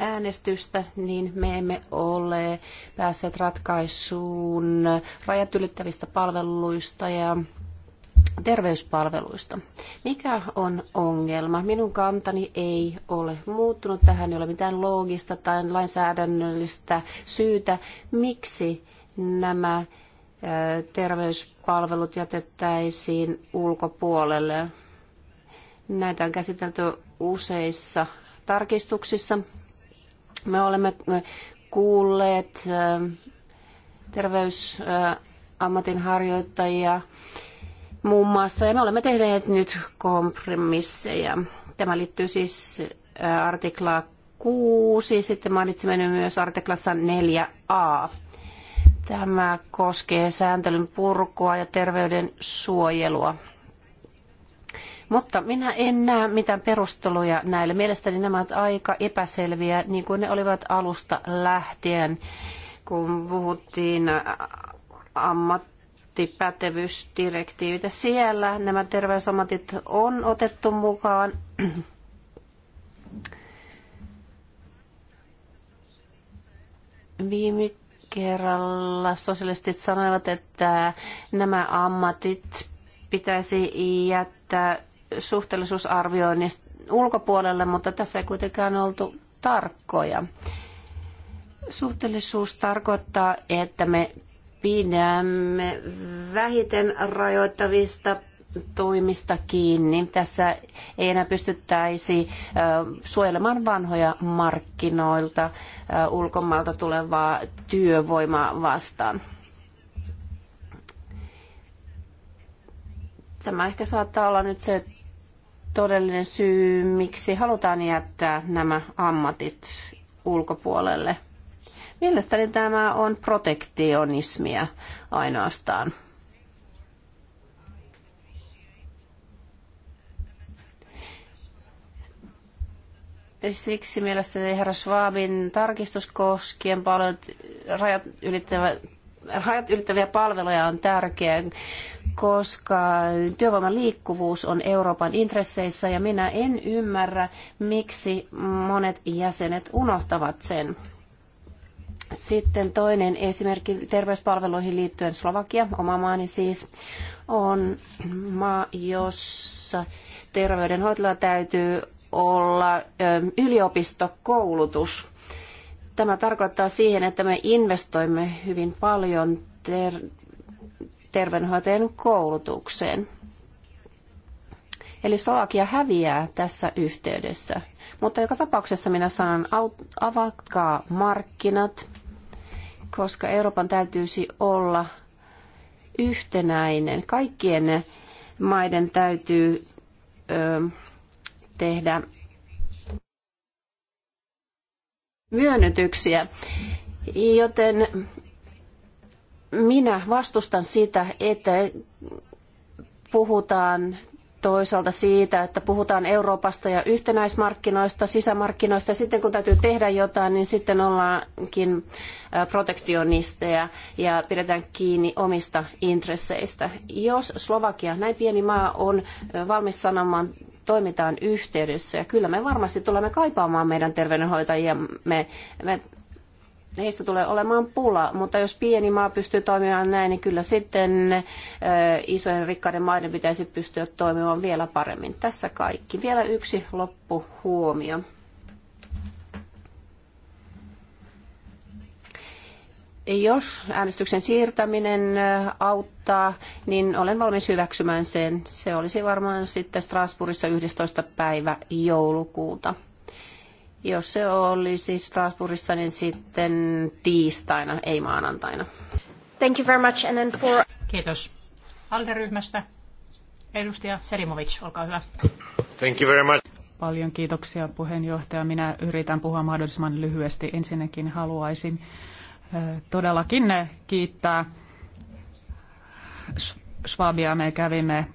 äänestystä, niin me emme ole päässeet ratkaisuun rajat ylittävistä palveluista ja terveyspalveluista. Mikä on ongelma? Minun kantani ei ole muuttunut. Tähän ei ole mitään loogista tai lainsäädännöllistä syytä. Miksi nämä terveyspalvelut jätettäisiin ulkopuolelle? Näitä on käsitelty useissa tarkistuksissa me olemme äh, kuulleet äh, terveysammatin äh, harjoittajia muun muassa, ja me olemme tehneet nyt kompromisseja. Tämä liittyy siis artiklaa 6, sitten mainitsimme myös artiklassa 4a. Tämä koskee sääntelyn purkua ja terveyden suojelua. Mutta minä en näe mitään perusteluja näille. Mielestäni nämä ovat aika epäselviä, niin kuin ne olivat alusta lähtien, kun puhuttiin ammattipätevyysdirektiivistä. Siellä nämä terveysammatit on otettu mukaan. Viime kerralla sosialistit sanoivat, että nämä ammatit pitäisi jättää suhteellisuusarvioinnin ulkopuolelle, mutta tässä ei kuitenkaan oltu tarkkoja. Suhteellisuus tarkoittaa, että me pidämme vähiten rajoittavista toimista kiinni. Tässä ei enää pystyttäisi suojelemaan vanhoja markkinoilta ulkomailta tulevaa työvoimaa vastaan. Tämä ehkä saattaa olla nyt se todellinen syy, miksi halutaan jättää nämä ammatit ulkopuolelle. Mielestäni tämä on protektionismia ainoastaan. Siksi mielestäni herra Schwabin tarkistus koskien paljon rajat, rajat ylittäviä palveluja on tärkeä, koska työvoiman liikkuvuus on Euroopan intresseissä ja minä en ymmärrä, miksi monet jäsenet unohtavat sen. Sitten toinen esimerkki terveyspalveluihin liittyen Slovakia, oma maani siis, on maa, jossa terveydenhoitajalla täytyy olla yliopistokoulutus. Tämä tarkoittaa siihen, että me investoimme hyvin paljon ter- terveydenhoitajan koulutukseen. Eli Slovakia häviää tässä yhteydessä. Mutta joka tapauksessa minä sanon, avatkaa markkinat, koska Euroopan täytyisi olla yhtenäinen. Kaikkien maiden täytyy ö, tehdä myönnytyksiä, joten minä vastustan sitä, että puhutaan toisaalta siitä, että puhutaan Euroopasta ja yhtenäismarkkinoista, sisämarkkinoista, ja sitten kun täytyy tehdä jotain, niin sitten ollaankin protektionisteja ja pidetään kiinni omista intresseistä. Jos Slovakia, näin pieni maa, on valmis sanomaan toimitaan yhteydessä, ja kyllä me varmasti tulemme kaipaamaan meidän terveydenhoitajia, me, me heistä tulee olemaan pula, mutta jos pieni maa pystyy toimimaan näin, niin kyllä sitten isojen rikkaiden maiden pitäisi pystyä toimimaan vielä paremmin. Tässä kaikki. Vielä yksi loppuhuomio. Jos äänestyksen siirtäminen auttaa, niin olen valmis hyväksymään sen. Se olisi varmaan sitten Strasbourgissa 11. päivä joulukuuta. Jos se olisi Strasbourgissa, niin sitten tiistaina, ei maanantaina. Thank you very much. And then for... Kiitos. Alderyhmästä edustaja Selimovic, olkaa hyvä. Thank you very much. Paljon kiitoksia puheenjohtaja. Minä yritän puhua mahdollisimman lyhyesti. Ensinnäkin haluaisin todellakin kiittää Schwabia. Me kävimme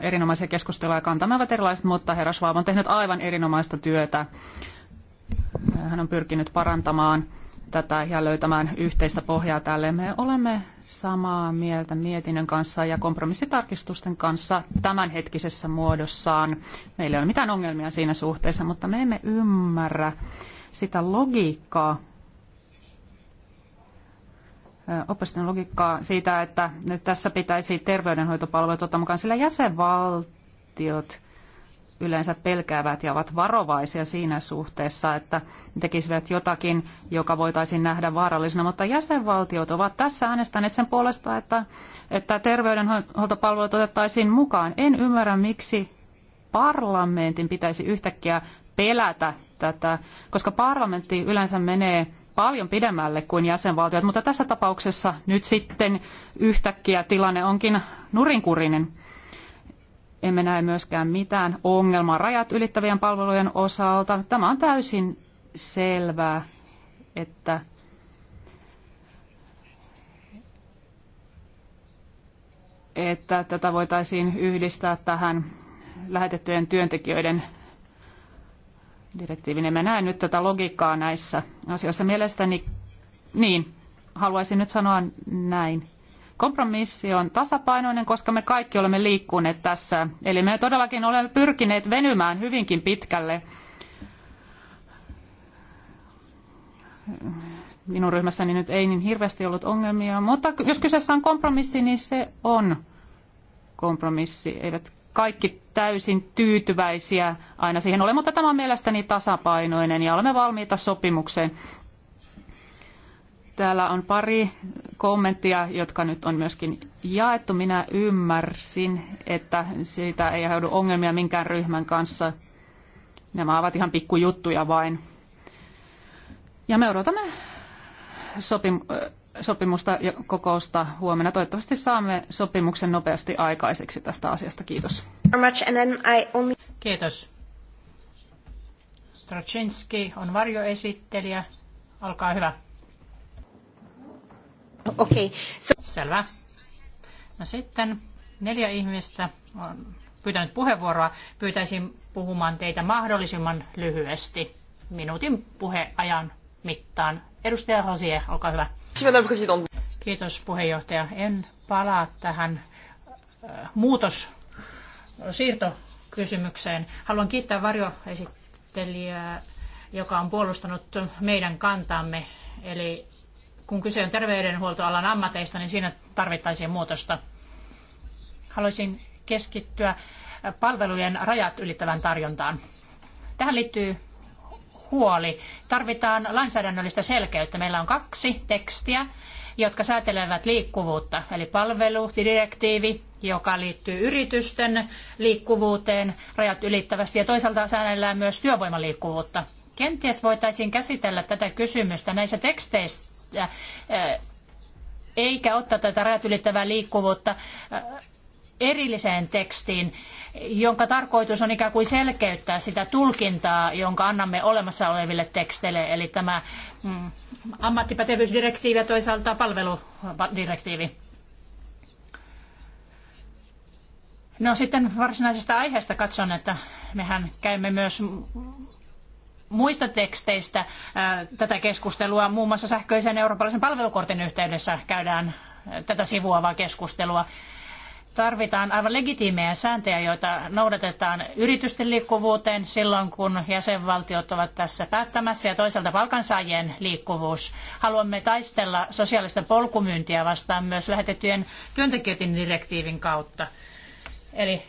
erinomaisia keskusteluja kantamme ovat erilaiset, mutta herra Schwab on tehnyt aivan erinomaista työtä hän on pyrkinyt parantamaan tätä ja löytämään yhteistä pohjaa tälle. Me olemme samaa mieltä mietinnön kanssa ja kompromissitarkistusten kanssa tämänhetkisessä muodossaan. Meillä ei ole mitään ongelmia siinä suhteessa, mutta me emme ymmärrä sitä logiikkaa, opposition logiikkaa siitä, että nyt tässä pitäisi terveydenhoitopalvelut ottaa mukaan, sillä jäsenvaltiot yleensä pelkäävät ja ovat varovaisia siinä suhteessa, että tekisivät jotakin, joka voitaisiin nähdä vaarallisena, mutta jäsenvaltiot ovat tässä äänestäneet sen puolesta, että, että terveydenhuoltopalvelut otettaisiin mukaan. En ymmärrä, miksi parlamentin pitäisi yhtäkkiä pelätä tätä, koska parlamentti yleensä menee paljon pidemmälle kuin jäsenvaltiot, mutta tässä tapauksessa nyt sitten yhtäkkiä tilanne onkin nurinkurinen. Emme näe myöskään mitään ongelmaa rajat ylittävien palvelujen osalta. Tämä on täysin selvää, että että tätä voitaisiin yhdistää tähän lähetettyjen työntekijöiden direktiivin. Mä näen nyt tätä logiikkaa näissä asioissa. Mielestäni, niin, haluaisin nyt sanoa näin. Kompromissi on tasapainoinen, koska me kaikki olemme liikkuneet tässä. Eli me todellakin olemme pyrkineet venymään hyvinkin pitkälle. Minun ryhmässäni nyt ei niin hirveästi ollut ongelmia, mutta jos kyseessä on kompromissi, niin se on kompromissi. Eivät kaikki täysin tyytyväisiä aina siihen ole, mutta tämä on mielestäni tasapainoinen ja olemme valmiita sopimukseen. Täällä on pari kommenttia, jotka nyt on myöskin jaettu. Minä ymmärsin, että siitä ei haudu ongelmia minkään ryhmän kanssa. Nämä ovat ihan pikkujuttuja vain. Ja me odotamme sopim- sopimusta ja kokousta huomenna. Toivottavasti saamme sopimuksen nopeasti aikaiseksi tästä asiasta. Kiitos. Kiitos. Troczynski on varjoesittelijä. Olkaa hyvä. Okei. Okay. So... Selvä. No sitten neljä ihmistä on pyytänyt puheenvuoroa. Pyytäisin puhumaan teitä mahdollisimman lyhyesti minuutin puheajan mittaan. Edustaja Rosier, olkaa hyvä. Kiitos puheenjohtaja. En palaa tähän äh, muutos siirtokysymykseen. Haluan kiittää varjoesittelijää, joka on puolustanut meidän kantaamme, eli kun kyse on terveydenhuoltoalan ammateista, niin siinä tarvittaisiin muutosta. Haluaisin keskittyä palvelujen rajat ylittävän tarjontaan. Tähän liittyy huoli. Tarvitaan lainsäädännöllistä selkeyttä. Meillä on kaksi tekstiä, jotka säätelevät liikkuvuutta, eli palveludirektiivi, joka liittyy yritysten liikkuvuuteen rajat ylittävästi, ja toisaalta säännellään myös työvoimaliikkuvuutta. Kenties voitaisiin käsitellä tätä kysymystä näissä teksteissä Äh, eikä ottaa tätä rajat ylittävää liikkuvuutta äh, erilliseen tekstiin, jonka tarkoitus on ikään kuin selkeyttää sitä tulkintaa, jonka annamme olemassa oleville teksteille, eli tämä mm, ammattipätevyysdirektiivi ja toisaalta palveludirektiivi. No sitten varsinaisesta aiheesta katson, että mehän käymme myös muista teksteistä äh, tätä keskustelua. Muun muassa sähköisen eurooppalaisen palvelukortin yhteydessä käydään äh, tätä sivuavaa keskustelua. Tarvitaan aivan legitiimejä sääntöjä, joita noudatetaan yritysten liikkuvuuteen silloin, kun jäsenvaltiot ovat tässä päättämässä ja toisaalta palkansaajien liikkuvuus. Haluamme taistella sosiaalista polkumyyntiä vastaan myös lähetettyjen työntekijöiden direktiivin kautta. Eli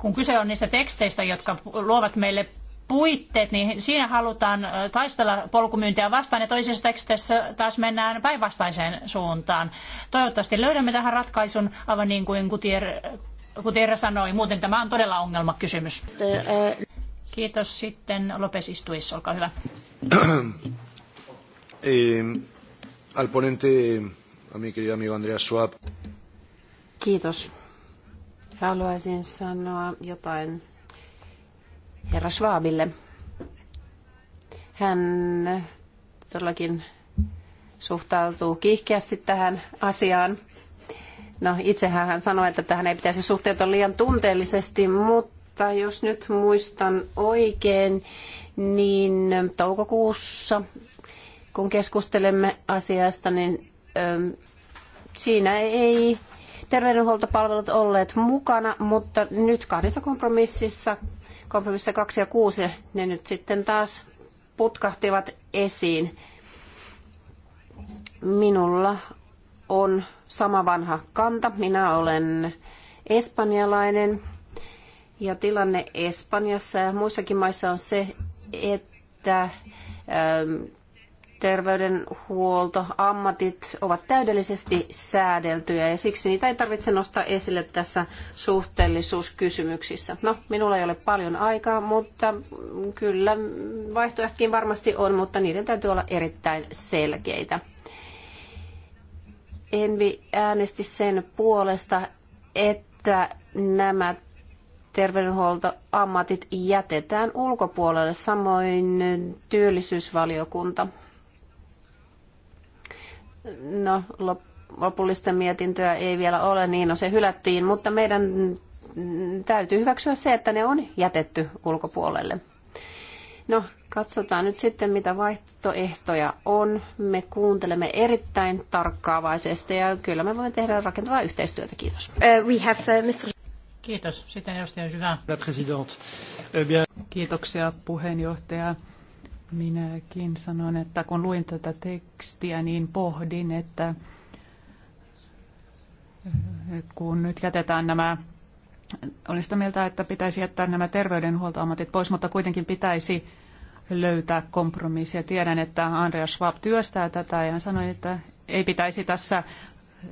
kun kyse on niistä teksteistä, jotka luovat meille puitteet, niin siinä halutaan taistella polkumyyntiä vastaan ja toisessa tekstissä taas mennään päinvastaiseen suuntaan. Toivottavasti löydämme tähän ratkaisun, aivan niin kuin Gutier, sanoi. Muuten tämä on todella ongelmakysymys. Kiitos sitten Lopes Istuis, olkaa hyvä. Eh, al ponente, a mi querido amigo Andreas Schwab. Kiitos Haluaisin sanoa jotain herra Schwabille. Hän todellakin suhtautuu kiihkeästi tähän asiaan. No itsehän hän sanoi, että tähän ei pitäisi suhteutua liian tunteellisesti, mutta jos nyt muistan oikein, niin toukokuussa, kun keskustelemme asiasta, niin ö, siinä ei terveydenhuoltopalvelut olleet mukana, mutta nyt kahdessa kompromississa, kompromississa 2 ja 6, ne nyt sitten taas putkahtivat esiin. Minulla on sama vanha kanta. Minä olen espanjalainen ja tilanne Espanjassa ja muissakin maissa on se, että terveydenhuolto, ammatit ovat täydellisesti säädeltyjä ja siksi niitä ei tarvitse nostaa esille tässä suhteellisuuskysymyksissä. No, minulla ei ole paljon aikaa, mutta kyllä vaihtoehtokin varmasti on, mutta niiden täytyy olla erittäin selkeitä. Envi äänesti sen puolesta, että nämä terveydenhuoltoammatit jätetään ulkopuolelle, samoin työllisyysvaliokunta – No, lopullista mietintöä ei vielä ole, niin no se hylättiin, mutta meidän täytyy hyväksyä se, että ne on jätetty ulkopuolelle. No, katsotaan nyt sitten, mitä vaihtoehtoja on. Me kuuntelemme erittäin tarkkaavaisesti ja kyllä me voimme tehdä rakentavaa yhteistyötä. Kiitos. Uh, we have, uh, Mr. Kiitos. Sitten edustaja Syvä. Eh Kiitoksia puheenjohtaja. Minäkin sanon, että kun luin tätä tekstiä, niin pohdin, että kun nyt jätetään nämä, olen sitä mieltä, että pitäisi jättää nämä terveydenhuoltoammatit pois, mutta kuitenkin pitäisi löytää kompromissia. Tiedän, että Andreas Schwab työstää tätä ja hän sanoi, että ei pitäisi tässä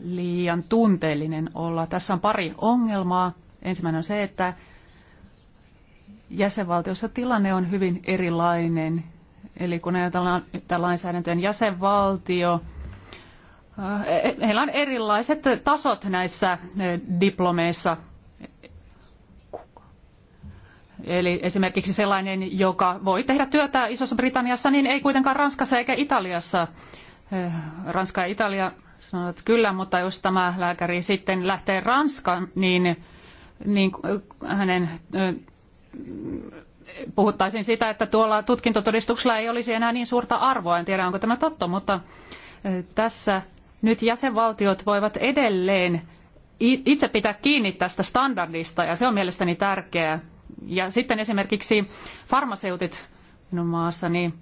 liian tunteellinen olla. Tässä on pari ongelmaa. Ensimmäinen on se, että jäsenvaltiossa tilanne on hyvin erilainen Eli kun ajatellaan lainsäädäntöjen jäsenvaltio, eh, heillä on erilaiset tasot näissä eh, diplomeissa. Eli esimerkiksi sellainen, joka voi tehdä työtä Isossa Britanniassa, niin ei kuitenkaan Ranskassa eikä Italiassa. Eh, Ranska ja Italia sanovat kyllä, mutta jos tämä lääkäri sitten lähtee Ranskaan, niin, niin hänen puhuttaisiin sitä, että tuolla tutkintotodistuksella ei olisi enää niin suurta arvoa. En tiedä, onko tämä totta, mutta tässä nyt jäsenvaltiot voivat edelleen itse pitää kiinni tästä standardista ja se on mielestäni tärkeää. Ja sitten esimerkiksi farmaseutit minun maassani,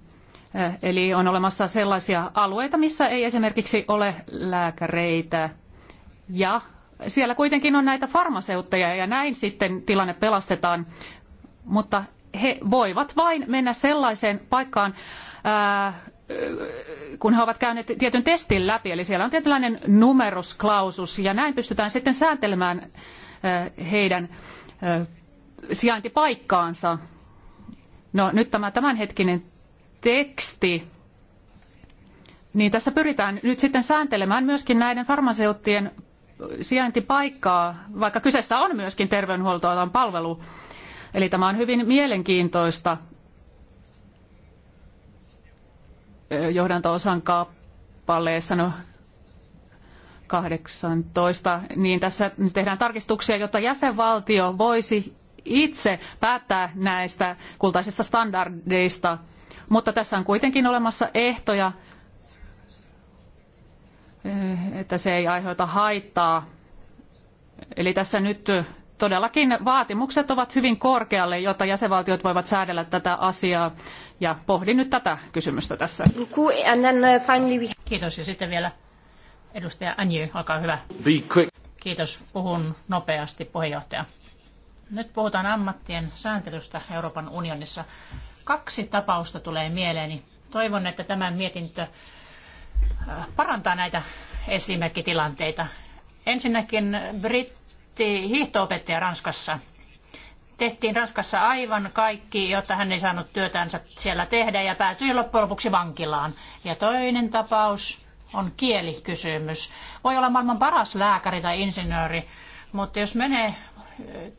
eli on olemassa sellaisia alueita, missä ei esimerkiksi ole lääkäreitä. Ja siellä kuitenkin on näitä farmaseutteja ja näin sitten tilanne pelastetaan. Mutta he voivat vain mennä sellaiseen paikkaan, kun he ovat käyneet tietyn testin läpi, eli siellä on tietynlainen numerusklausus, ja näin pystytään sitten sääntelemään heidän sijaintipaikkaansa. No nyt tämä tämänhetkinen teksti, niin tässä pyritään nyt sitten sääntelemään myöskin näiden farmaseuttien sijaintipaikkaa, vaikka kyseessä on myöskin terveydenhuoltoalan palvelu. Eli tämä on hyvin mielenkiintoista johdanto-osan kappaleessa no 18, niin tässä tehdään tarkistuksia, jotta jäsenvaltio voisi itse päättää näistä kultaisista standardeista, mutta tässä on kuitenkin olemassa ehtoja, että se ei aiheuta haittaa. Eli tässä nyt todellakin vaatimukset ovat hyvin korkealle, jotta jäsenvaltiot voivat säädellä tätä asiaa. Ja pohdin nyt tätä kysymystä tässä. Kiitos. Ja sitten vielä edustaja Anjy, olkaa hyvä. Kiitos. Puhun nopeasti, puheenjohtaja. Nyt puhutaan ammattien sääntelystä Euroopan unionissa. Kaksi tapausta tulee mieleeni. Toivon, että tämä mietintö äh, parantaa näitä esimerkkitilanteita. Ensinnäkin Brit hiihto-opettaja Ranskassa. Tehtiin Ranskassa aivan kaikki, jotta hän ei saanut työtänsä siellä tehdä ja päätyi loppujen lopuksi vankilaan. Ja toinen tapaus on kielikysymys. Voi olla maailman paras lääkäri tai insinööri, mutta jos menee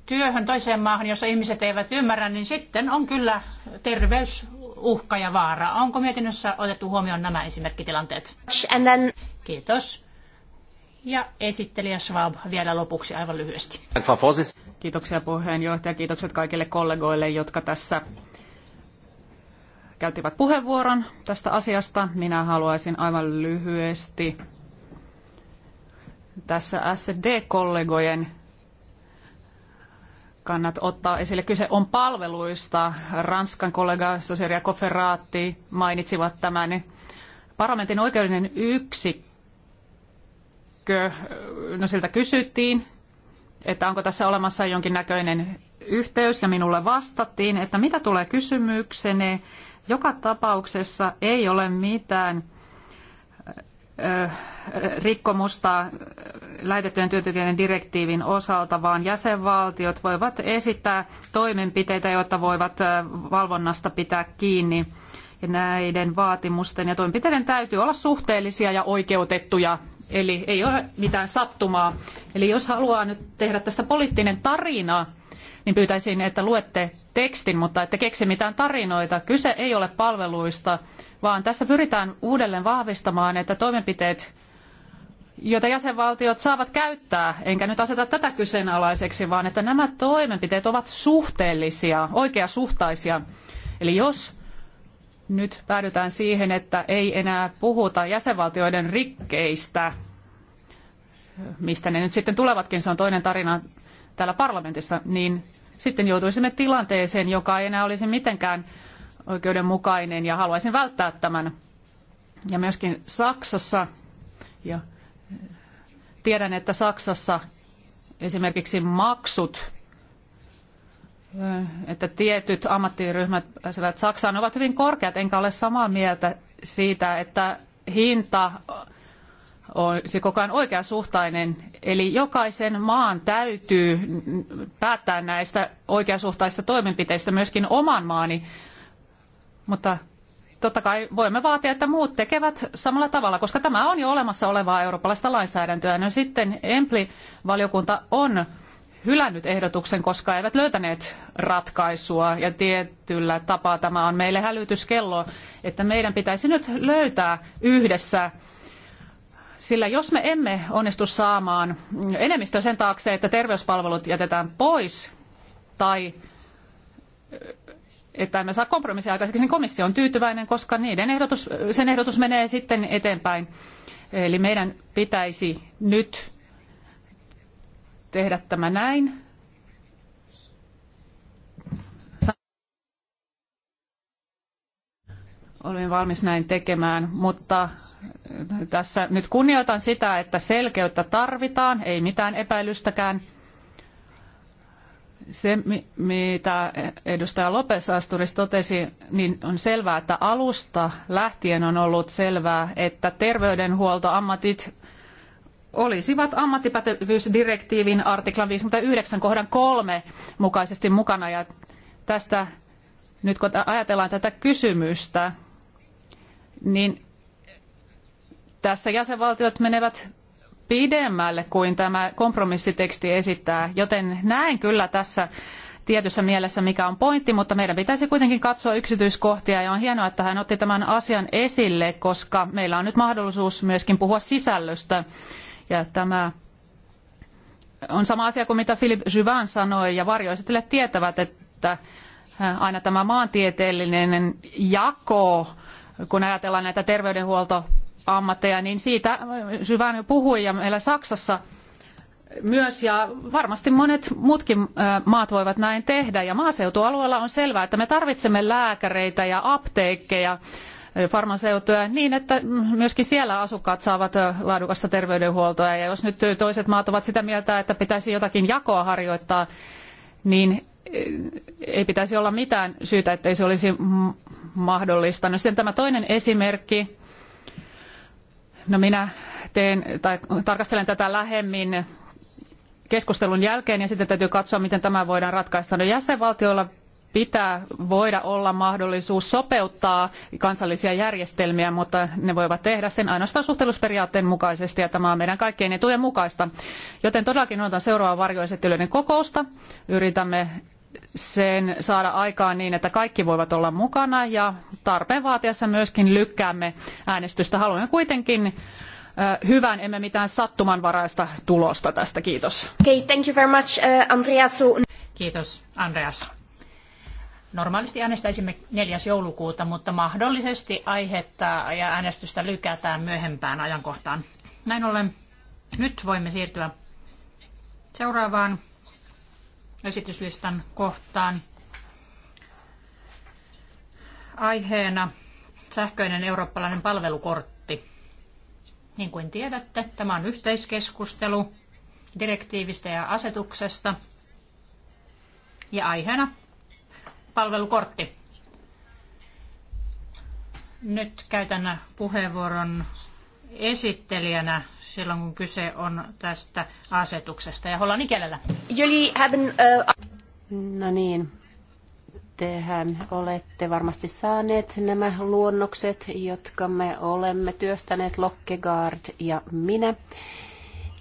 työhön toiseen maahan, jossa ihmiset eivät ymmärrä, niin sitten on kyllä terveysuhka ja vaara. Onko mietinnössä otettu huomioon nämä esimerkkitilanteet? Kiitos. Ja esittelijä Schwab vielä lopuksi aivan lyhyesti. Kiitoksia puheenjohtaja, kiitokset kaikille kollegoille, jotka tässä käyttivät puheenvuoron tästä asiasta. Minä haluaisin aivan lyhyesti tässä SD-kollegojen kannat ottaa esille. Kyse on palveluista. Ranskan kollega Soseria Koferaatti mainitsivat tämän. Parlamentin oikeudellinen yksikkö pitäisikö, no siltä kysyttiin, että onko tässä olemassa jonkinnäköinen yhteys ja minulle vastattiin, että mitä tulee kysymyksenne, joka tapauksessa ei ole mitään rikkomusta lähetettyjen työntekijöiden direktiivin osalta, vaan jäsenvaltiot voivat esittää toimenpiteitä, joita voivat valvonnasta pitää kiinni. Ja näiden vaatimusten ja toimenpiteiden täytyy olla suhteellisia ja oikeutettuja Eli ei ole mitään sattumaa. Eli jos haluaa nyt tehdä tästä poliittinen tarina, niin pyytäisin, että luette tekstin, mutta ette keksi mitään tarinoita. Kyse ei ole palveluista, vaan tässä pyritään uudelleen vahvistamaan, että toimenpiteet, joita jäsenvaltiot saavat käyttää, enkä nyt aseta tätä kyseenalaiseksi, vaan että nämä toimenpiteet ovat suhteellisia, oikeasuhtaisia. Eli jos nyt päädytään siihen, että ei enää puhuta jäsenvaltioiden rikkeistä, mistä ne nyt sitten tulevatkin, se on toinen tarina täällä parlamentissa, niin sitten joutuisimme tilanteeseen, joka ei enää olisi mitenkään oikeudenmukainen ja haluaisin välttää tämän. Ja myöskin Saksassa, ja tiedän, että Saksassa esimerkiksi maksut että tietyt ammattiryhmät pääsevät Saksaan, ovat hyvin korkeat, enkä ole samaa mieltä siitä, että hinta olisi koko ajan oikeasuhtainen. Eli jokaisen maan täytyy päättää näistä oikeasuhtaisista toimenpiteistä myöskin oman maani. Mutta totta kai voimme vaatia, että muut tekevät samalla tavalla, koska tämä on jo olemassa olevaa eurooppalaista lainsäädäntöä. No sitten Empli-valiokunta on hylännyt ehdotuksen, koska eivät löytäneet ratkaisua. Ja tietyllä tapaa tämä on meille hälytyskello, että meidän pitäisi nyt löytää yhdessä sillä jos me emme onnistu saamaan enemmistöä sen taakse, että terveyspalvelut jätetään pois tai että emme saa kompromissia aikaiseksi, niin komissio on tyytyväinen, koska niiden ehdotus, sen ehdotus menee sitten eteenpäin. Eli meidän pitäisi nyt tehdä tämä näin. Olin valmis näin tekemään, mutta tässä nyt kunnioitan sitä, että selkeyttä tarvitaan, ei mitään epäilystäkään se, mitä edustaja Lopes Asturis totesi, niin on selvää, että alusta lähtien on ollut selvää, että terveydenhuoltoammatit olisivat ammattipätevyysdirektiivin artiklan 59 kohdan 3 mukaisesti mukana. Ja tästä nyt kun ajatellaan tätä kysymystä, niin tässä jäsenvaltiot menevät pidemmälle kuin tämä kompromissiteksti esittää, joten näen kyllä tässä tietyssä mielessä, mikä on pointti, mutta meidän pitäisi kuitenkin katsoa yksityiskohtia ja on hienoa, että hän otti tämän asian esille, koska meillä on nyt mahdollisuus myöskin puhua sisällöstä ja tämä on sama asia kuin mitä Philip Juvan sanoi, ja varjoisetille tietävät, että äh, aina tämä maantieteellinen jako, kun ajatellaan näitä terveydenhuoltoammatteja, niin siitä äh, Juvan jo puhui, ja meillä Saksassa myös ja varmasti monet muutkin äh, maat voivat näin tehdä ja maaseutualueella on selvää, että me tarvitsemme lääkäreitä ja apteekkeja farmaseutuja niin, että myöskin siellä asukkaat saavat laadukasta terveydenhuoltoa. Ja jos nyt toiset maat ovat sitä mieltä, että pitäisi jotakin jakoa harjoittaa, niin ei pitäisi olla mitään syytä, ettei se olisi mahdollista. No sitten tämä toinen esimerkki. No minä teen tai tarkastelen tätä lähemmin keskustelun jälkeen ja sitten täytyy katsoa, miten tämä voidaan ratkaista. No jäsenvaltioilla pitää voida olla mahdollisuus sopeuttaa kansallisia järjestelmiä, mutta ne voivat tehdä sen ainoastaan suhteellisuusperiaatteen mukaisesti ja tämä on meidän kaikkien etujen mukaista. Joten todellakin odotan seuraavaa varjoesittelyiden kokousta. Yritämme sen saada aikaan niin, että kaikki voivat olla mukana ja tarpeen vaatiessa myöskin lykkäämme äänestystä. Haluamme kuitenkin hyvän, emme mitään sattumanvaraista tulosta tästä. Kiitos. Okay, thank you very much, Andreas. Kiitos, Andreas. Normaalisti äänestäisimme 4. joulukuuta, mutta mahdollisesti aihetta ja äänestystä lykätään myöhempään ajankohtaan. Näin ollen nyt voimme siirtyä seuraavaan esityslistan kohtaan. Aiheena sähköinen eurooppalainen palvelukortti. Niin kuin tiedätte, tämä on yhteiskeskustelu direktiivistä ja asetuksesta. Ja aiheena palvelukortti. Nyt käytän puheenvuoron esittelijänä silloin, kun kyse on tästä asetuksesta. Ja ollaan kielellä. Uh... No niin, tehän olette varmasti saaneet nämä luonnokset, jotka me olemme työstäneet Lokkegaard ja minä.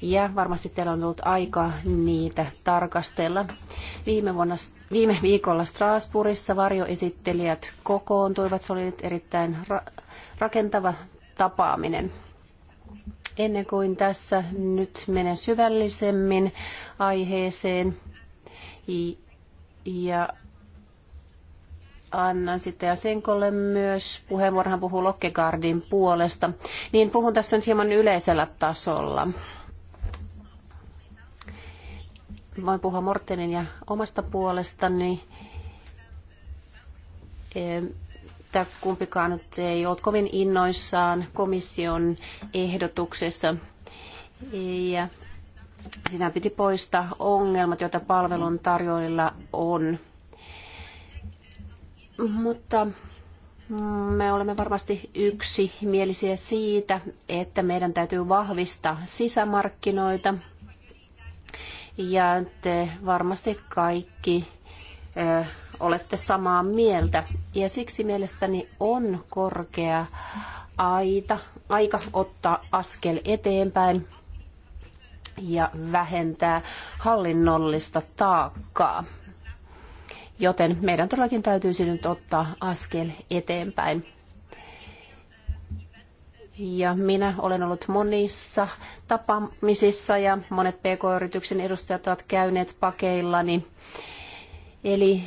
Ja varmasti teillä on ollut aika niitä tarkastella. Viime vuonna Viime viikolla Strasbourgissa varjoesittelijät kokoontuivat. Se oli nyt erittäin ra- rakentava tapaaminen. Ennen kuin tässä nyt menen syvällisemmin aiheeseen ja annan sitten Asenkolle myös puheenvuoron, hän puhuu Lokkegaardin puolesta, niin puhun tässä nyt hieman yleisellä tasolla voin puhua Mortenin ja omasta puolestani. Tämä kumpikaan nyt ei ollut kovin innoissaan komission ehdotuksessa. Ja siinä piti poistaa ongelmat, joita palvelun tarjoajilla on. Mutta me olemme varmasti yksimielisiä siitä, että meidän täytyy vahvistaa sisämarkkinoita – ja te varmasti kaikki ö, olette samaa mieltä. Ja siksi mielestäni on korkea aita, aika ottaa askel eteenpäin ja vähentää hallinnollista taakkaa. Joten meidän todellakin täytyisi nyt ottaa askel eteenpäin ja minä olen ollut monissa tapaamisissa ja monet PK-yrityksen edustajat ovat käyneet pakeillani. Eli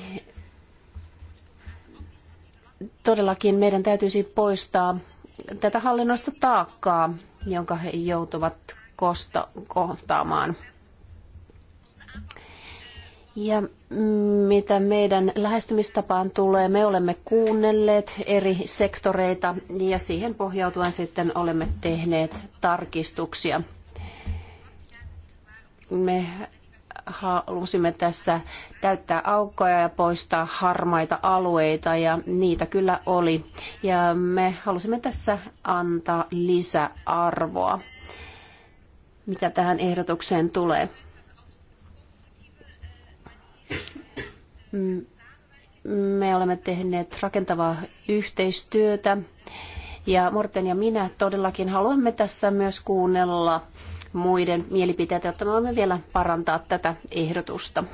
todellakin meidän täytyisi poistaa tätä hallinnosta taakkaa, jonka he joutuvat kohtaamaan. Ja mitä meidän lähestymistapaan tulee, me olemme kuunnelleet eri sektoreita ja siihen pohjautuen sitten olemme tehneet tarkistuksia. Me halusimme tässä täyttää aukkoja ja poistaa harmaita alueita ja niitä kyllä oli. Ja me halusimme tässä antaa lisäarvoa, mitä tähän ehdotukseen tulee. Me olemme tehneet rakentavaa yhteistyötä ja Morten ja minä todellakin haluamme tässä myös kuunnella muiden mielipiteitä, jotta me voimme vielä parantaa tätä ehdotusta.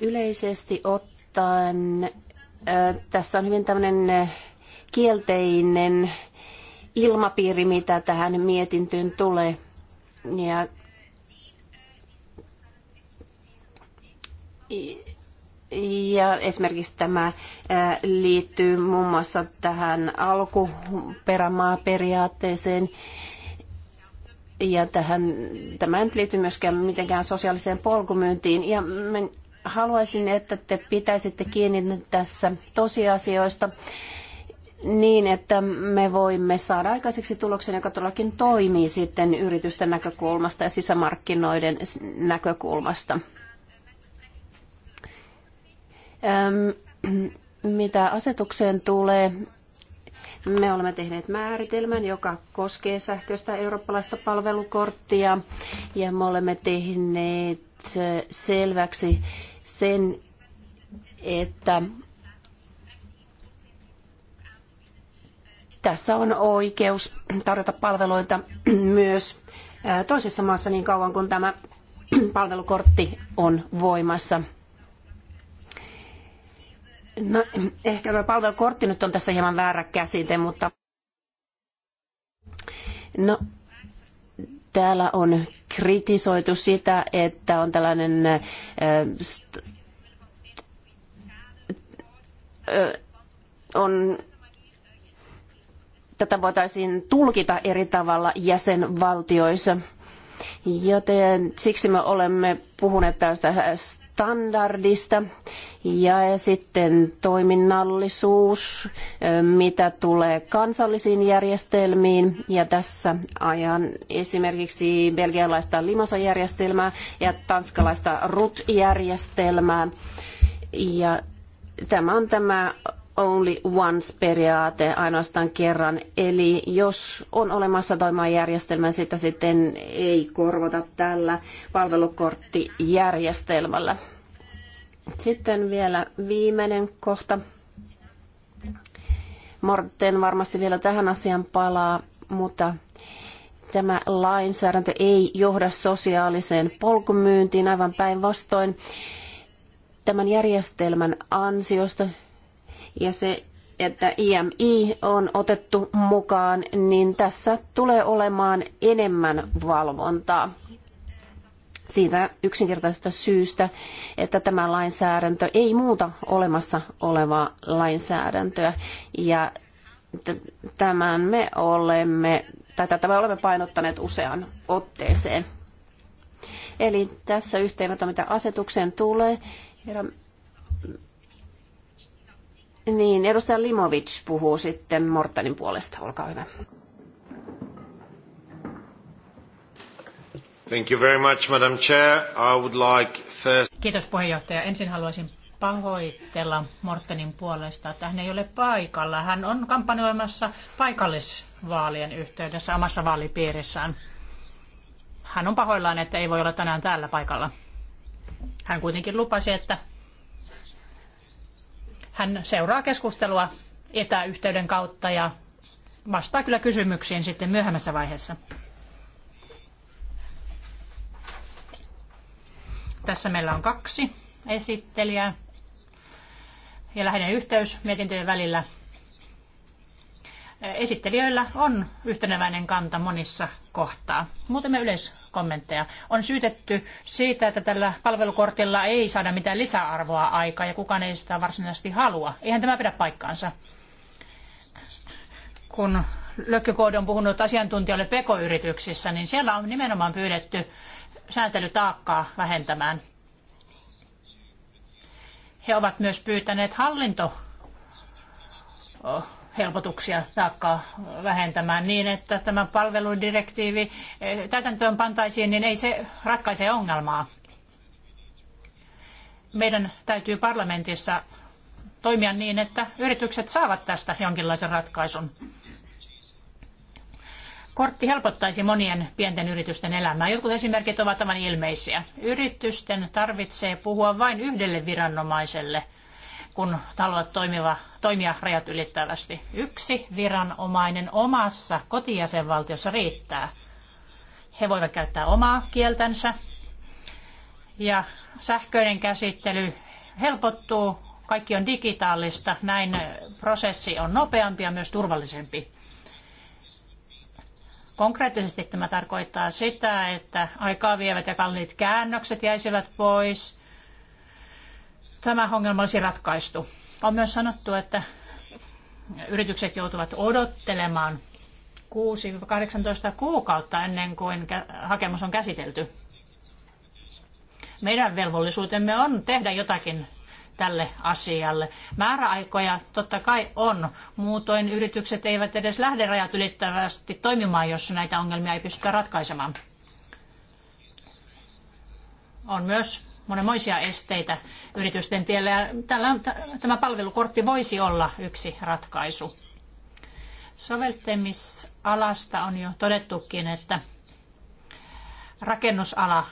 Yleisesti ottaen tässä on hyvin tämmöinen kielteinen ilmapiiri, mitä tähän mietintyyn tulee. Ja Ja esimerkiksi tämä liittyy muun mm. muassa tähän alkuperämaaperiaatteeseen. Ja tähän, tämä ei liity myöskään mitenkään sosiaaliseen polkumyyntiin. Ja haluaisin, että te pitäisitte kiinni nyt tässä tosiasioista niin, että me voimme saada aikaiseksi tuloksen, joka todellakin toimii sitten yritysten näkökulmasta ja sisämarkkinoiden näkökulmasta. Mitä asetukseen tulee, me olemme tehneet määritelmän, joka koskee sähköistä eurooppalaista palvelukorttia ja me olemme tehneet äh, selväksi sen, että tässä on oikeus tarjota palveluita myös äh, toisessa maassa niin kauan kuin tämä palvelukortti on voimassa. No, ehkä tuo palvelukortti nyt on tässä hieman väärä käsite, mutta no, täällä on kritisoitu sitä, että on tällainen äh, on tätä voitaisiin tulkita eri tavalla jäsenvaltioissa. Joten siksi me olemme puhuneet tästä standardista ja sitten toiminnallisuus, mitä tulee kansallisiin järjestelmiin ja tässä ajan esimerkiksi belgialaista Limosa-järjestelmää ja tanskalaista RUT-järjestelmää ja tämä on tämä only once periaate ainoastaan kerran. Eli jos on olemassa järjestelmä, sitä sitten ei korvata tällä palvelukorttijärjestelmällä. Sitten vielä viimeinen kohta. Morten varmasti vielä tähän asiaan palaa, mutta tämä lainsäädäntö ei johda sosiaaliseen polkumyyntiin aivan päinvastoin. Tämän järjestelmän ansiosta ja se, että IMI on otettu mukaan, niin tässä tulee olemaan enemmän valvontaa. Siitä yksinkertaisesta syystä, että tämä lainsäädäntö ei muuta olemassa olevaa lainsäädäntöä. Ja tämän me olemme, tai tätä me olemme painottaneet useaan otteeseen. Eli tässä yhteenveto, mitä asetukseen tulee, herra niin, edustaja Limovic puhuu sitten Mortanin puolesta. Olkaa hyvä. Thank you very much, Madam Chair. I would like first... Kiitos puheenjohtaja. Ensin haluaisin pahoitella Mortenin puolesta, että hän ei ole paikalla. Hän on kampanjoimassa paikallisvaalien yhteydessä omassa vaalipiirissään. Hän on pahoillaan, että ei voi olla tänään täällä paikalla. Hän kuitenkin lupasi, että hän seuraa keskustelua etäyhteyden kautta ja vastaa kyllä kysymyksiin sitten myöhemmässä vaiheessa. Tässä meillä on kaksi esittelijää ja läheinen yhteys mietintöjen välillä – Esittelijöillä on yhteneväinen kanta monissa kohtaa. Muutamia yleiskommentteja. On syytetty siitä, että tällä palvelukortilla ei saada mitään lisäarvoa aikaa ja kukaan ei sitä varsinaisesti halua. Eihän tämä pidä paikkaansa. Kun Lökkökoodi on puhunut asiantuntijoille pekoyrityksissä, niin siellä on nimenomaan pyydetty sääntelytaakkaa vähentämään. He ovat myös pyytäneet hallinto helpotuksia taakkaa vähentämään niin, että tämä palveludirektiivi eh, täytäntöön pantaisiin, niin ei se ratkaise ongelmaa. Meidän täytyy parlamentissa toimia niin, että yritykset saavat tästä jonkinlaisen ratkaisun. Kortti helpottaisi monien pienten yritysten elämää. Jotkut esimerkit ovat aivan ilmeisiä. Yritysten tarvitsee puhua vain yhdelle viranomaiselle, kun haluat toimiva toimia rajat ylittävästi. Yksi viranomainen omassa kotijäsenvaltiossa riittää. He voivat käyttää omaa kieltänsä ja sähköinen käsittely helpottuu, kaikki on digitaalista, näin prosessi on nopeampi ja myös turvallisempi. Konkreettisesti tämä tarkoittaa sitä, että aikaa vievät ja kalliit käännökset jäisivät pois. Tämä ongelma olisi ratkaistu. On myös sanottu, että yritykset joutuvat odottelemaan 6-18 kuukautta ennen kuin hakemus on käsitelty. Meidän velvollisuutemme on tehdä jotakin tälle asialle. Määräaikoja totta kai on, muutoin yritykset eivät edes lähde rajat ylittävästi toimimaan, jos näitä ongelmia ei pystytä ratkaisemaan. On myös monenmoisia esteitä yritysten tiellä. Ja tällä, tämä palvelukortti voisi olla yksi ratkaisu. Soveltamisalasta on jo todettukin, että rakennusala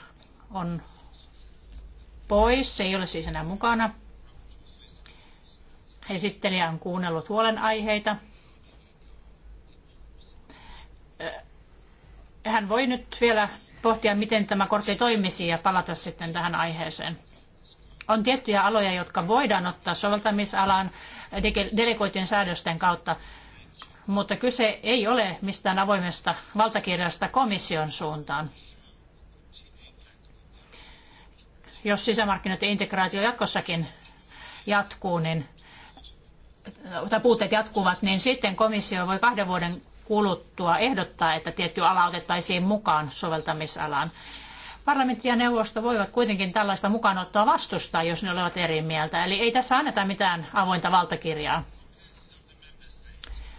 on pois, se ei ole siis enää mukana. Esittelijä on kuunnellut huolenaiheita. Hän voi nyt vielä pohtia, miten tämä kortti toimisi ja palata sitten tähän aiheeseen. On tiettyjä aloja, jotka voidaan ottaa soveltamisalan delegoitujen säädösten kautta, mutta kyse ei ole mistään avoimesta valtakirjasta komission suuntaan. Jos sisämarkkinoiden integraatio jatkossakin jatkuu, niin, tai puutteet jatkuvat, niin sitten komissio voi kahden vuoden kuluttua ehdottaa, että tietty ala otettaisiin mukaan soveltamisalaan. Parlamentti ja neuvosto voivat kuitenkin tällaista mukaanottoa vastustaa, jos ne ovat eri mieltä. Eli ei tässä anneta mitään avointa valtakirjaa.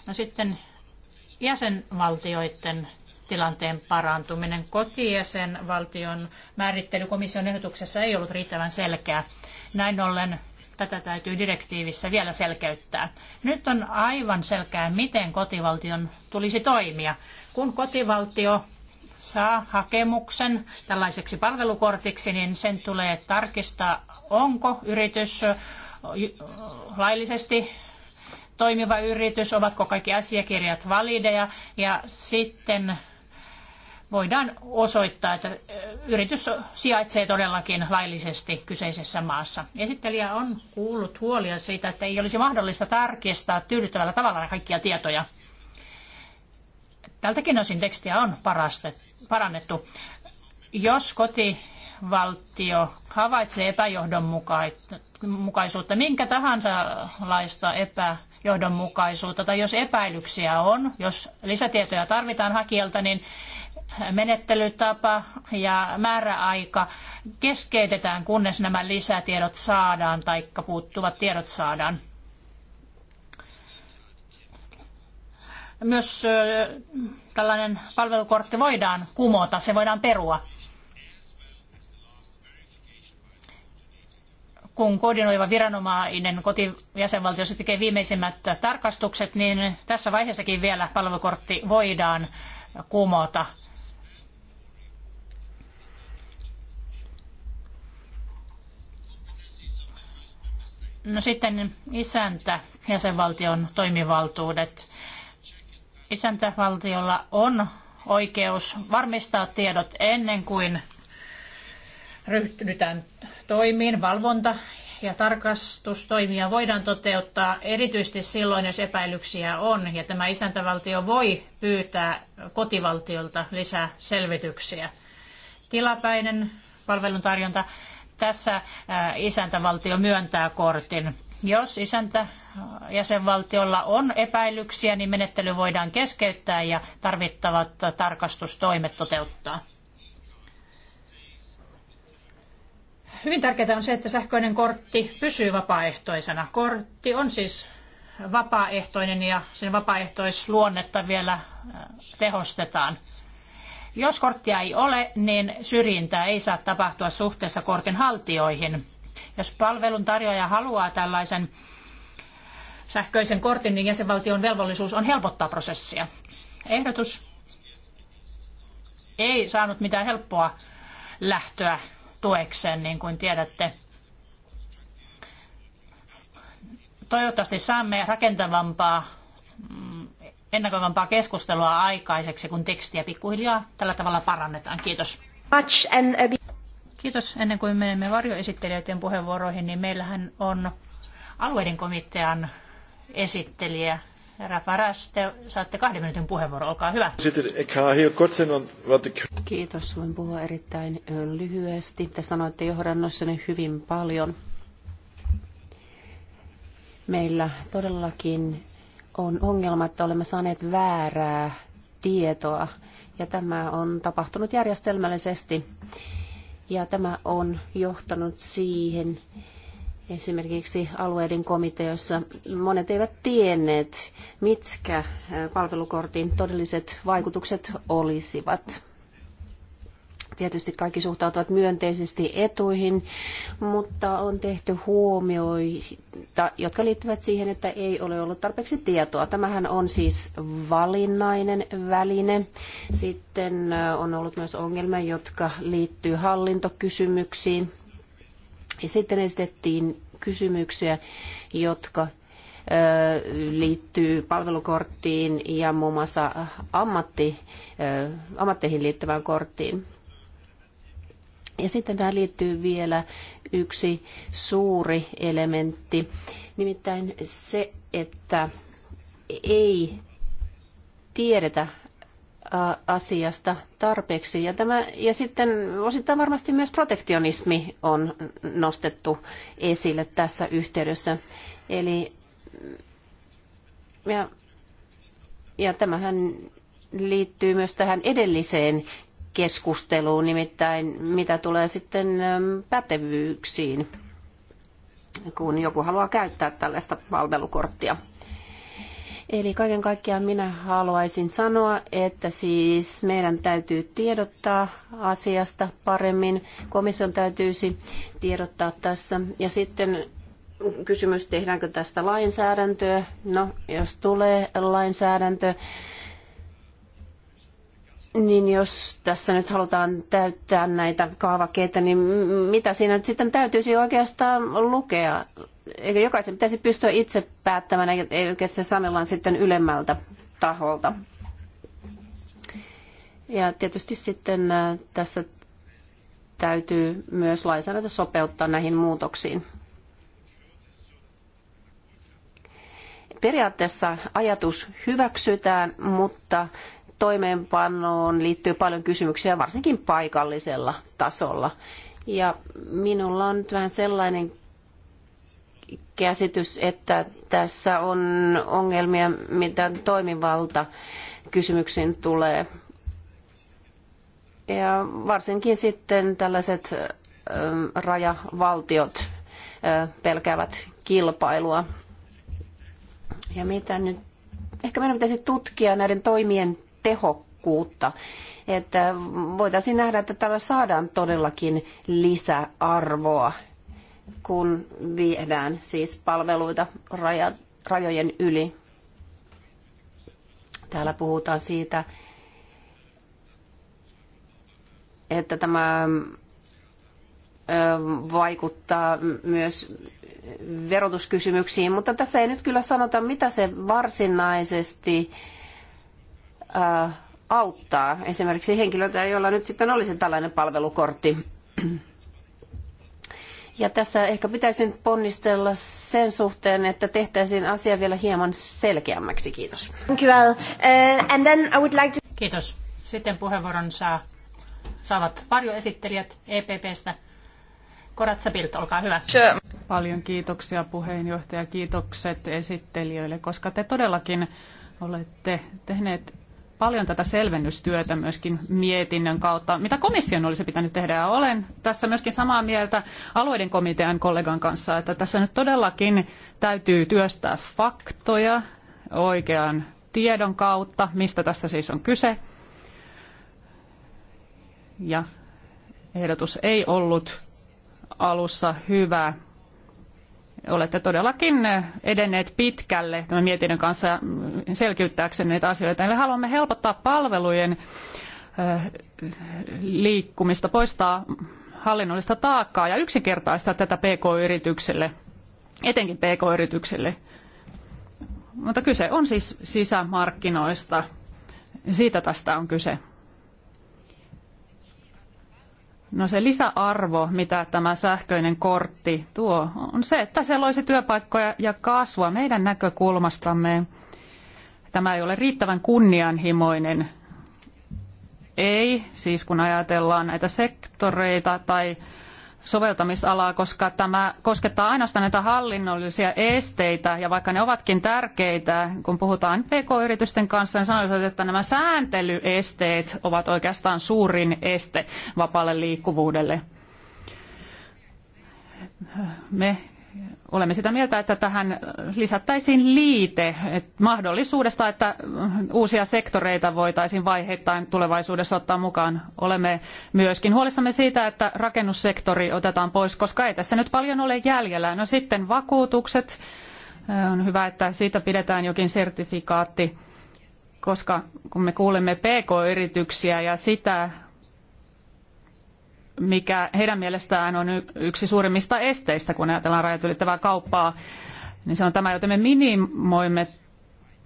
No sitten jäsenvaltioiden tilanteen parantuminen. Kotijäsenvaltion määrittely komission ehdotuksessa ei ollut riittävän selkeä. Näin ollen Tätä täytyy direktiivissä vielä selkeyttää. Nyt on aivan selkeää, miten kotivaltion tulisi toimia. Kun kotivaltio saa hakemuksen tällaiseksi palvelukortiksi, niin sen tulee tarkistaa, onko yritys laillisesti toimiva yritys, ovatko kaikki asiakirjat valideja ja sitten voidaan osoittaa, että yritys sijaitsee todellakin laillisesti kyseisessä maassa. Esittelijä on kuullut huolia siitä, että ei olisi mahdollista tarkistaa tyydyttävällä tavalla kaikkia tietoja. Tältäkin osin tekstiä on parannettu. Jos kotivaltio havaitsee epäjohdonmukaisuutta, minkä tahansa laista epäjohdonmukaisuutta, tai jos epäilyksiä on, jos lisätietoja tarvitaan hakijalta, niin menettelytapa ja määräaika keskeytetään, kunnes nämä lisätiedot saadaan tai puuttuvat tiedot saadaan. Myös tällainen palvelukortti voidaan kumota, se voidaan perua. kun koordinoiva viranomainen kotijäsenvaltiossa tekee viimeisimmät tarkastukset, niin tässä vaiheessakin vielä palvelukortti voidaan kumota. No sitten isäntä, jäsenvaltion toimivaltuudet. Isäntävaltiolla on oikeus varmistaa tiedot ennen kuin ryhdytään toimiin. Valvonta ja tarkastustoimia voidaan toteuttaa erityisesti silloin, jos epäilyksiä on. Ja tämä isäntävaltio voi pyytää kotivaltiolta lisää selvityksiä. Tilapäinen palveluntarjonta tässä äh, isäntävaltio myöntää kortin. Jos isäntä äh, jäsenvaltiolla on epäilyksiä, niin menettely voidaan keskeyttää ja tarvittavat tarkastustoimet toteuttaa. Hyvin tärkeää on se, että sähköinen kortti pysyy vapaaehtoisena. Kortti on siis vapaaehtoinen ja sen vapaaehtoisluonnetta vielä äh, tehostetaan. Jos korttia ei ole, niin syrjintää ei saa tapahtua suhteessa kortin haltijoihin. Jos palvelun tarjoaja haluaa tällaisen sähköisen kortin, niin jäsenvaltion velvollisuus on helpottaa prosessia. Ehdotus ei saanut mitään helppoa lähtöä tuekseen, niin kuin tiedätte. Toivottavasti saamme rakentavampaa ennakoivampaa keskustelua aikaiseksi, kun tekstiä pikkuhiljaa tällä tavalla parannetaan. Kiitos. Uh, Kiitos. Ennen kuin menemme varjoesittelijöiden puheenvuoroihin, niin meillähän on alueiden komitean esittelijä Herra Faras, te saatte kahden minuutin puheenvuoro, olkaa hyvä. Kiitos, voin puhua erittäin lyhyesti. Te sanoitte johdannossanne hyvin paljon. Meillä todellakin on ongelma, että olemme saaneet väärää tietoa ja tämä on tapahtunut järjestelmällisesti ja tämä on johtanut siihen, esimerkiksi alueiden komiteoissa monet eivät tienneet, mitkä palvelukortin todelliset vaikutukset olisivat. Tietysti kaikki suhtautuvat myönteisesti etuihin, mutta on tehty huomioita, jotka liittyvät siihen, että ei ole ollut tarpeeksi tietoa. Tämähän on siis valinnainen väline. Sitten äh, on ollut myös ongelmia, jotka liittyy hallintokysymyksiin. Ja sitten esitettiin kysymyksiä, jotka äh, liittyy palvelukorttiin ja muun muassa ammatti, äh, ammatteihin liittyvään korttiin. Ja sitten tähän liittyy vielä yksi suuri elementti, nimittäin se, että ei tiedetä asiasta tarpeeksi. Ja, tämä, ja sitten osittain varmasti myös protektionismi on nostettu esille tässä yhteydessä. Eli ja, ja tämähän liittyy myös tähän edelliseen keskusteluun, nimittäin mitä tulee sitten ähm, pätevyyksiin, kun joku haluaa käyttää tällaista palvelukorttia. Eli kaiken kaikkiaan minä haluaisin sanoa, että siis meidän täytyy tiedottaa asiasta paremmin. Komission täytyisi tiedottaa tässä. Ja sitten kysymys, tehdäänkö tästä lainsäädäntöä? No, jos tulee lainsäädäntö, niin jos tässä nyt halutaan täyttää näitä kaavakkeita, niin mitä siinä nyt sitten täytyisi oikeastaan lukea? Eikä jokaisen pitäisi pystyä itse päättämään, eikä se sanellaan sitten ylemmältä taholta. Ja tietysti sitten tässä täytyy myös lainsäädäntö sopeuttaa näihin muutoksiin. Periaatteessa ajatus hyväksytään, mutta toimeenpanoon liittyy paljon kysymyksiä, varsinkin paikallisella tasolla. Ja minulla on nyt vähän sellainen käsitys, että tässä on ongelmia, mitä toimivalta kysymyksiin tulee. Ja varsinkin sitten tällaiset ähm, rajavaltiot äh, pelkäävät kilpailua. Ja mitä nyt, ehkä meidän pitäisi tutkia näiden toimien tehokkuutta. Että äh, voitaisiin nähdä, että tällä saadaan todellakin lisäarvoa, kun viedään siis palveluita raja, rajojen yli. Täällä puhutaan siitä, että tämä vaikuttaa myös verotuskysymyksiin, mutta tässä ei nyt kyllä sanota, mitä se varsinaisesti Äh, auttaa esimerkiksi henkilöitä, joilla nyt sitten olisi tällainen palvelukortti. Ja tässä ehkä pitäisi ponnistella sen suhteen, että tehtäisiin asia vielä hieman selkeämmäksi. Kiitos. Uh, Kiitos. Sitten puheenvuoron saa, saavat varjoesittelijät EPPstä. Koratsa Bilt, olkaa hyvä. Sure. Paljon kiitoksia puheenjohtaja, kiitokset esittelijöille, koska te todellakin olette tehneet paljon tätä selvennystyötä myöskin mietinnön kautta, mitä komission olisi pitänyt tehdä. Ja olen tässä myöskin samaa mieltä alueiden komitean kollegan kanssa, että tässä nyt todellakin täytyy työstää faktoja oikean tiedon kautta, mistä tässä siis on kyse. Ja ehdotus ei ollut alussa hyvä olette todellakin edenneet pitkälle tämän mietinnön kanssa selkiyttääksenne näitä asioita. Eli haluamme helpottaa palvelujen liikkumista, poistaa hallinnollista taakkaa ja yksinkertaistaa tätä PK-yritykselle, etenkin PK-yritykselle. Mutta kyse on siis sisämarkkinoista. Siitä tästä on kyse. No se lisäarvo, mitä tämä sähköinen kortti tuo, on se, että se loisi työpaikkoja ja kasvua meidän näkökulmastamme. Tämä ei ole riittävän kunnianhimoinen. Ei, siis kun ajatellaan näitä sektoreita tai soveltamisalaa, koska tämä koskettaa ainoastaan näitä hallinnollisia esteitä, ja vaikka ne ovatkin tärkeitä, kun puhutaan PK-yritysten kanssa, niin sanoisin, että nämä sääntelyesteet ovat oikeastaan suurin este vapaalle liikkuvuudelle. Me olemme sitä mieltä, että tähän lisättäisiin liite että mahdollisuudesta, että uusia sektoreita voitaisiin vaiheittain tulevaisuudessa ottaa mukaan. Olemme myöskin huolissamme siitä, että rakennussektori otetaan pois, koska ei tässä nyt paljon ole jäljellä. No sitten vakuutukset. On hyvä, että siitä pidetään jokin sertifikaatti, koska kun me kuulemme PK-yrityksiä ja sitä, mikä heidän mielestään on yksi suurimmista esteistä, kun ajatellaan rajat ylittävää kauppaa, niin se on tämä, joten me minimoimme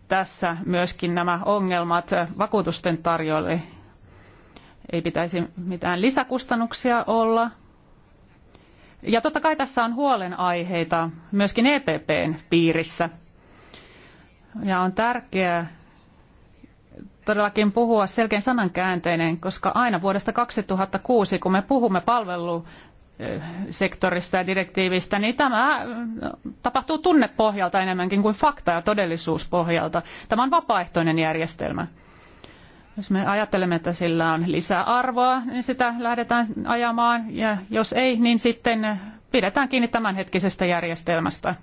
tässä myöskin nämä ongelmat vakuutusten tarjolle. Ei pitäisi mitään lisäkustannuksia olla. Ja totta kai tässä on huolenaiheita myöskin EPPn piirissä. Ja on tärkeää, todellakin puhua selkeän sanankäänteinen, koska aina vuodesta 2006, kun me puhumme palvelu sektorista ja direktiivistä, niin tämä äh, tapahtuu tunnepohjalta enemmänkin kuin fakta- ja todellisuuspohjalta. Tämä on vapaaehtoinen järjestelmä. Jos me ajattelemme, että sillä on lisää arvoa, niin sitä lähdetään ajamaan, ja jos ei, niin sitten pidetään kiinni tämänhetkisestä järjestelmästä.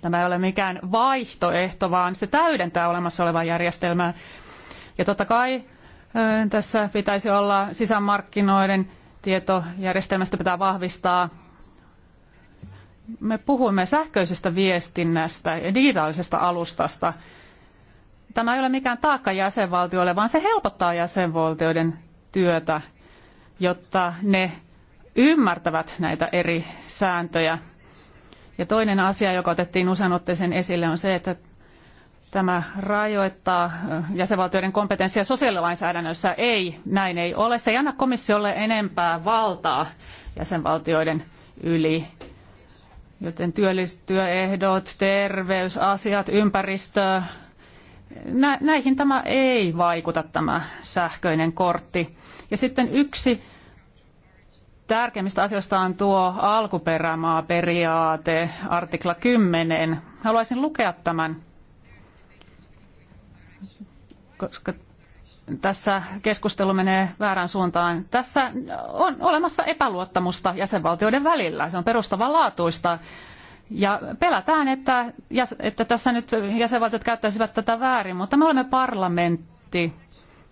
Tämä ei ole mikään vaihtoehto, vaan se täydentää olemassa olevaa järjestelmää. Ja totta kai tässä pitäisi olla sisämarkkinoiden tietojärjestelmästä pitää vahvistaa. Me puhumme sähköisestä viestinnästä ja digitaalisesta alustasta. Tämä ei ole mikään taakka jäsenvaltioille, vaan se helpottaa jäsenvaltioiden työtä, jotta ne ymmärtävät näitä eri sääntöjä – ja toinen asia, joka otettiin usein otteeseen esille, on se, että tämä rajoittaa äh, jäsenvaltioiden kompetenssia sosiaalilainsäädännössä. Ei, näin ei ole. Se ei anna komissiolle enempää valtaa jäsenvaltioiden yli. Joten työehdot, terveysasiat, ympäristö, näihin tämä ei vaikuta tämä sähköinen kortti. Ja sitten yksi tärkeimmistä asioista on tuo alkuperämaaperiaate, artikla 10. Haluaisin lukea tämän, koska tässä keskustelu menee väärään suuntaan. Tässä on olemassa epäluottamusta jäsenvaltioiden välillä. Se on perustavanlaatuista. Ja pelätään, että, että tässä nyt jäsenvaltiot käyttäisivät tätä väärin, mutta me olemme parlamentti.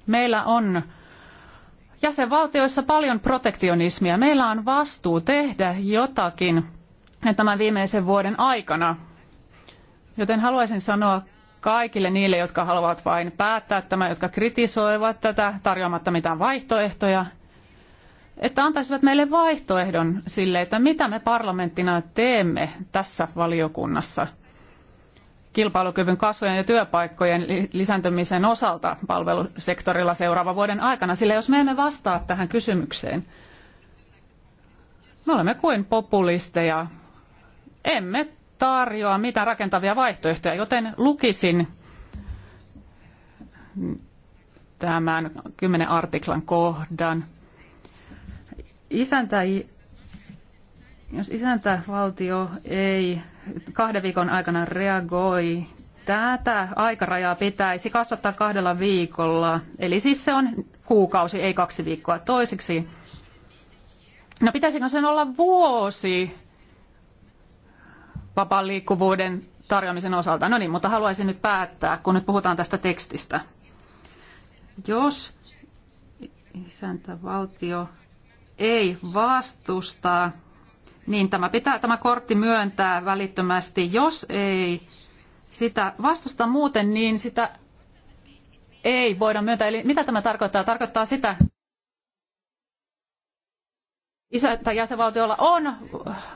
Meillä on jäsenvaltioissa paljon protektionismia. Meillä on vastuu tehdä jotakin tämän viimeisen vuoden aikana. Joten haluaisin sanoa kaikille niille, jotka haluavat vain päättää tämä, jotka kritisoivat tätä tarjoamatta mitään vaihtoehtoja, että antaisivat meille vaihtoehdon sille, että mitä me parlamenttina teemme tässä valiokunnassa – kilpailukyvyn kasvujen ja työpaikkojen lisääntymisen osalta palvelusektorilla seuraavan vuoden aikana, sillä jos me emme vastaa tähän kysymykseen, me olemme kuin populisteja. Emme tarjoa mitään rakentavia vaihtoehtoja, joten lukisin tämän kymmenen artiklan kohdan. Isäntä, jos isäntävaltio ei kahden viikon aikana reagoi. Tätä aikarajaa pitäisi kasvattaa kahdella viikolla, eli siis se on kuukausi, ei kaksi viikkoa. Toiseksi, no pitäisikö sen olla vuosi vapaan liikkuvuuden tarjoamisen osalta? No niin, mutta haluaisin nyt päättää, kun nyt puhutaan tästä tekstistä. Jos isäntävaltio ei vastusta niin tämä pitää tämä kortti myöntää välittömästi. Jos ei sitä vastusta muuten, niin sitä ei voida myöntää. Eli mitä tämä tarkoittaa? Tarkoittaa sitä, isä- tai jäsenvaltiolla on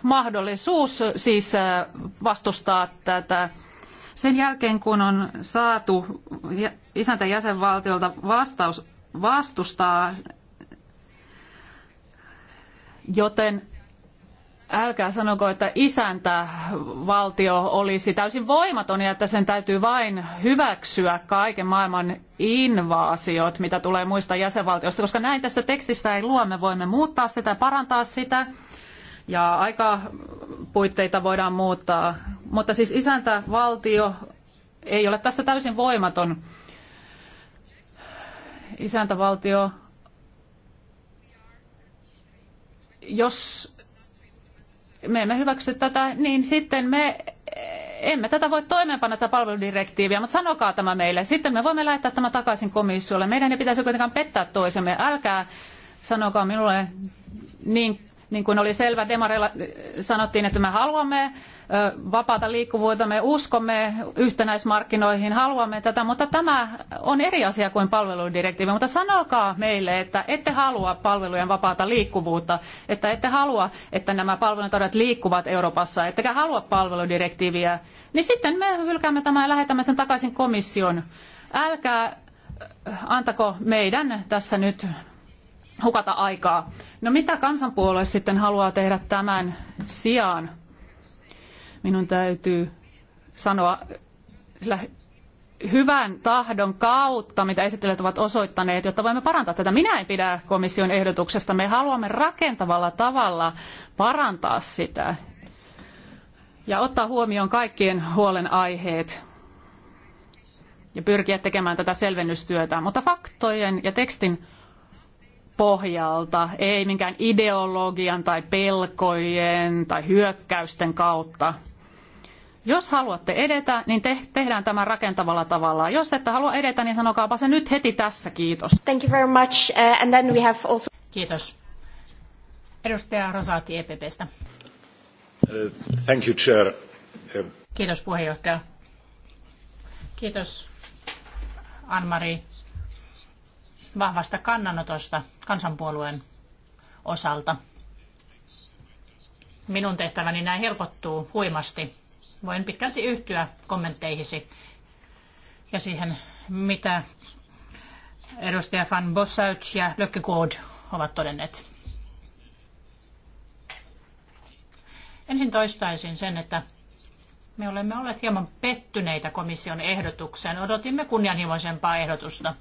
mahdollisuus siis äh, vastustaa tätä sen jälkeen, kun on saatu isäntä jäsenvaltiolta vastaus vastustaa, joten älkää sanoko, että isäntävaltio olisi täysin voimaton ja että sen täytyy vain hyväksyä kaiken maailman invaasiot, mitä tulee muista jäsenvaltioista, koska näin tästä tekstistä ei luo, me voimme muuttaa sitä, parantaa sitä ja aika puitteita voidaan muuttaa. Mutta siis isäntävaltio ei ole tässä täysin voimaton. Isäntävaltio, jos me emme hyväksy tätä, niin sitten me emme tätä voi toimeenpanna tätä palveludirektiiviä, mutta sanokaa tämä meille. Sitten me voimme laittaa tämä takaisin komissiolle. Meidän ei pitäisi kuitenkaan pettää toisemme. Älkää sanokaa minulle niin, niin kuin oli selvä, Demarella sanottiin, että me haluamme vapaata liikkuvuutta, me uskomme yhtenäismarkkinoihin, haluamme tätä, mutta tämä on eri asia kuin palveludirektiivi. Mutta sanokaa meille, että ette halua palvelujen vapaata liikkuvuutta, että ette halua, että nämä palveluntarjoajat liikkuvat Euroopassa, ettekä halua palveludirektiiviä, niin sitten me hylkäämme tämän ja lähetämme sen takaisin komission. Älkää antako meidän tässä nyt hukata aikaa. No mitä kansanpuolue sitten haluaa tehdä tämän sijaan? minun täytyy sanoa sillä hyvän tahdon kautta, mitä esittelijät ovat osoittaneet, jotta voimme parantaa tätä. Minä en pidä komission ehdotuksesta. Me haluamme rakentavalla tavalla parantaa sitä ja ottaa huomioon kaikkien huolenaiheet ja pyrkiä tekemään tätä selvennystyötä. Mutta faktojen ja tekstin pohjalta, ei minkään ideologian tai pelkojen tai hyökkäysten kautta. Jos haluatte edetä, niin te- tehdään tämä rakentavalla tavalla. Jos ette halua edetä, niin sanokaapa se nyt heti tässä. Kiitos. Thank you very much. Uh, and then we have also... Kiitos. Edustaja Rosati EPPstä. Uh, thank you, Chair. Uh... Kiitos puheenjohtaja. Kiitos Anmari vahvasta kannanotosta kansanpuolueen osalta. Minun tehtäväni näin helpottuu huimasti. Voin pitkälti yhtyä kommentteihisi ja siihen, mitä edustaja Van Bossaut ja Lökkekood ovat todenneet. Ensin toistaisin sen, että me olemme olleet hieman pettyneitä komission ehdotukseen. Odotimme kunnianhimoisempaa ehdotusta.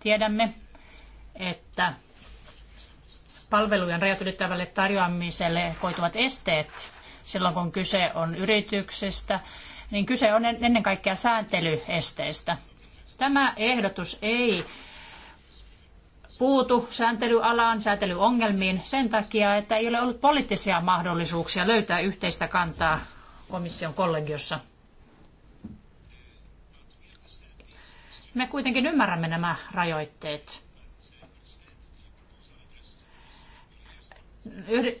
Tiedämme, että palvelujen rajat ylittävälle tarjoamiselle koituvat esteet silloin kun kyse on yrityksistä, niin kyse on ennen kaikkea sääntelyesteistä. Tämä ehdotus ei puutu sääntelyalaan, sääntelyongelmiin sen takia, että ei ole ollut poliittisia mahdollisuuksia löytää yhteistä kantaa komission kollegiossa. Me kuitenkin ymmärrämme nämä rajoitteet.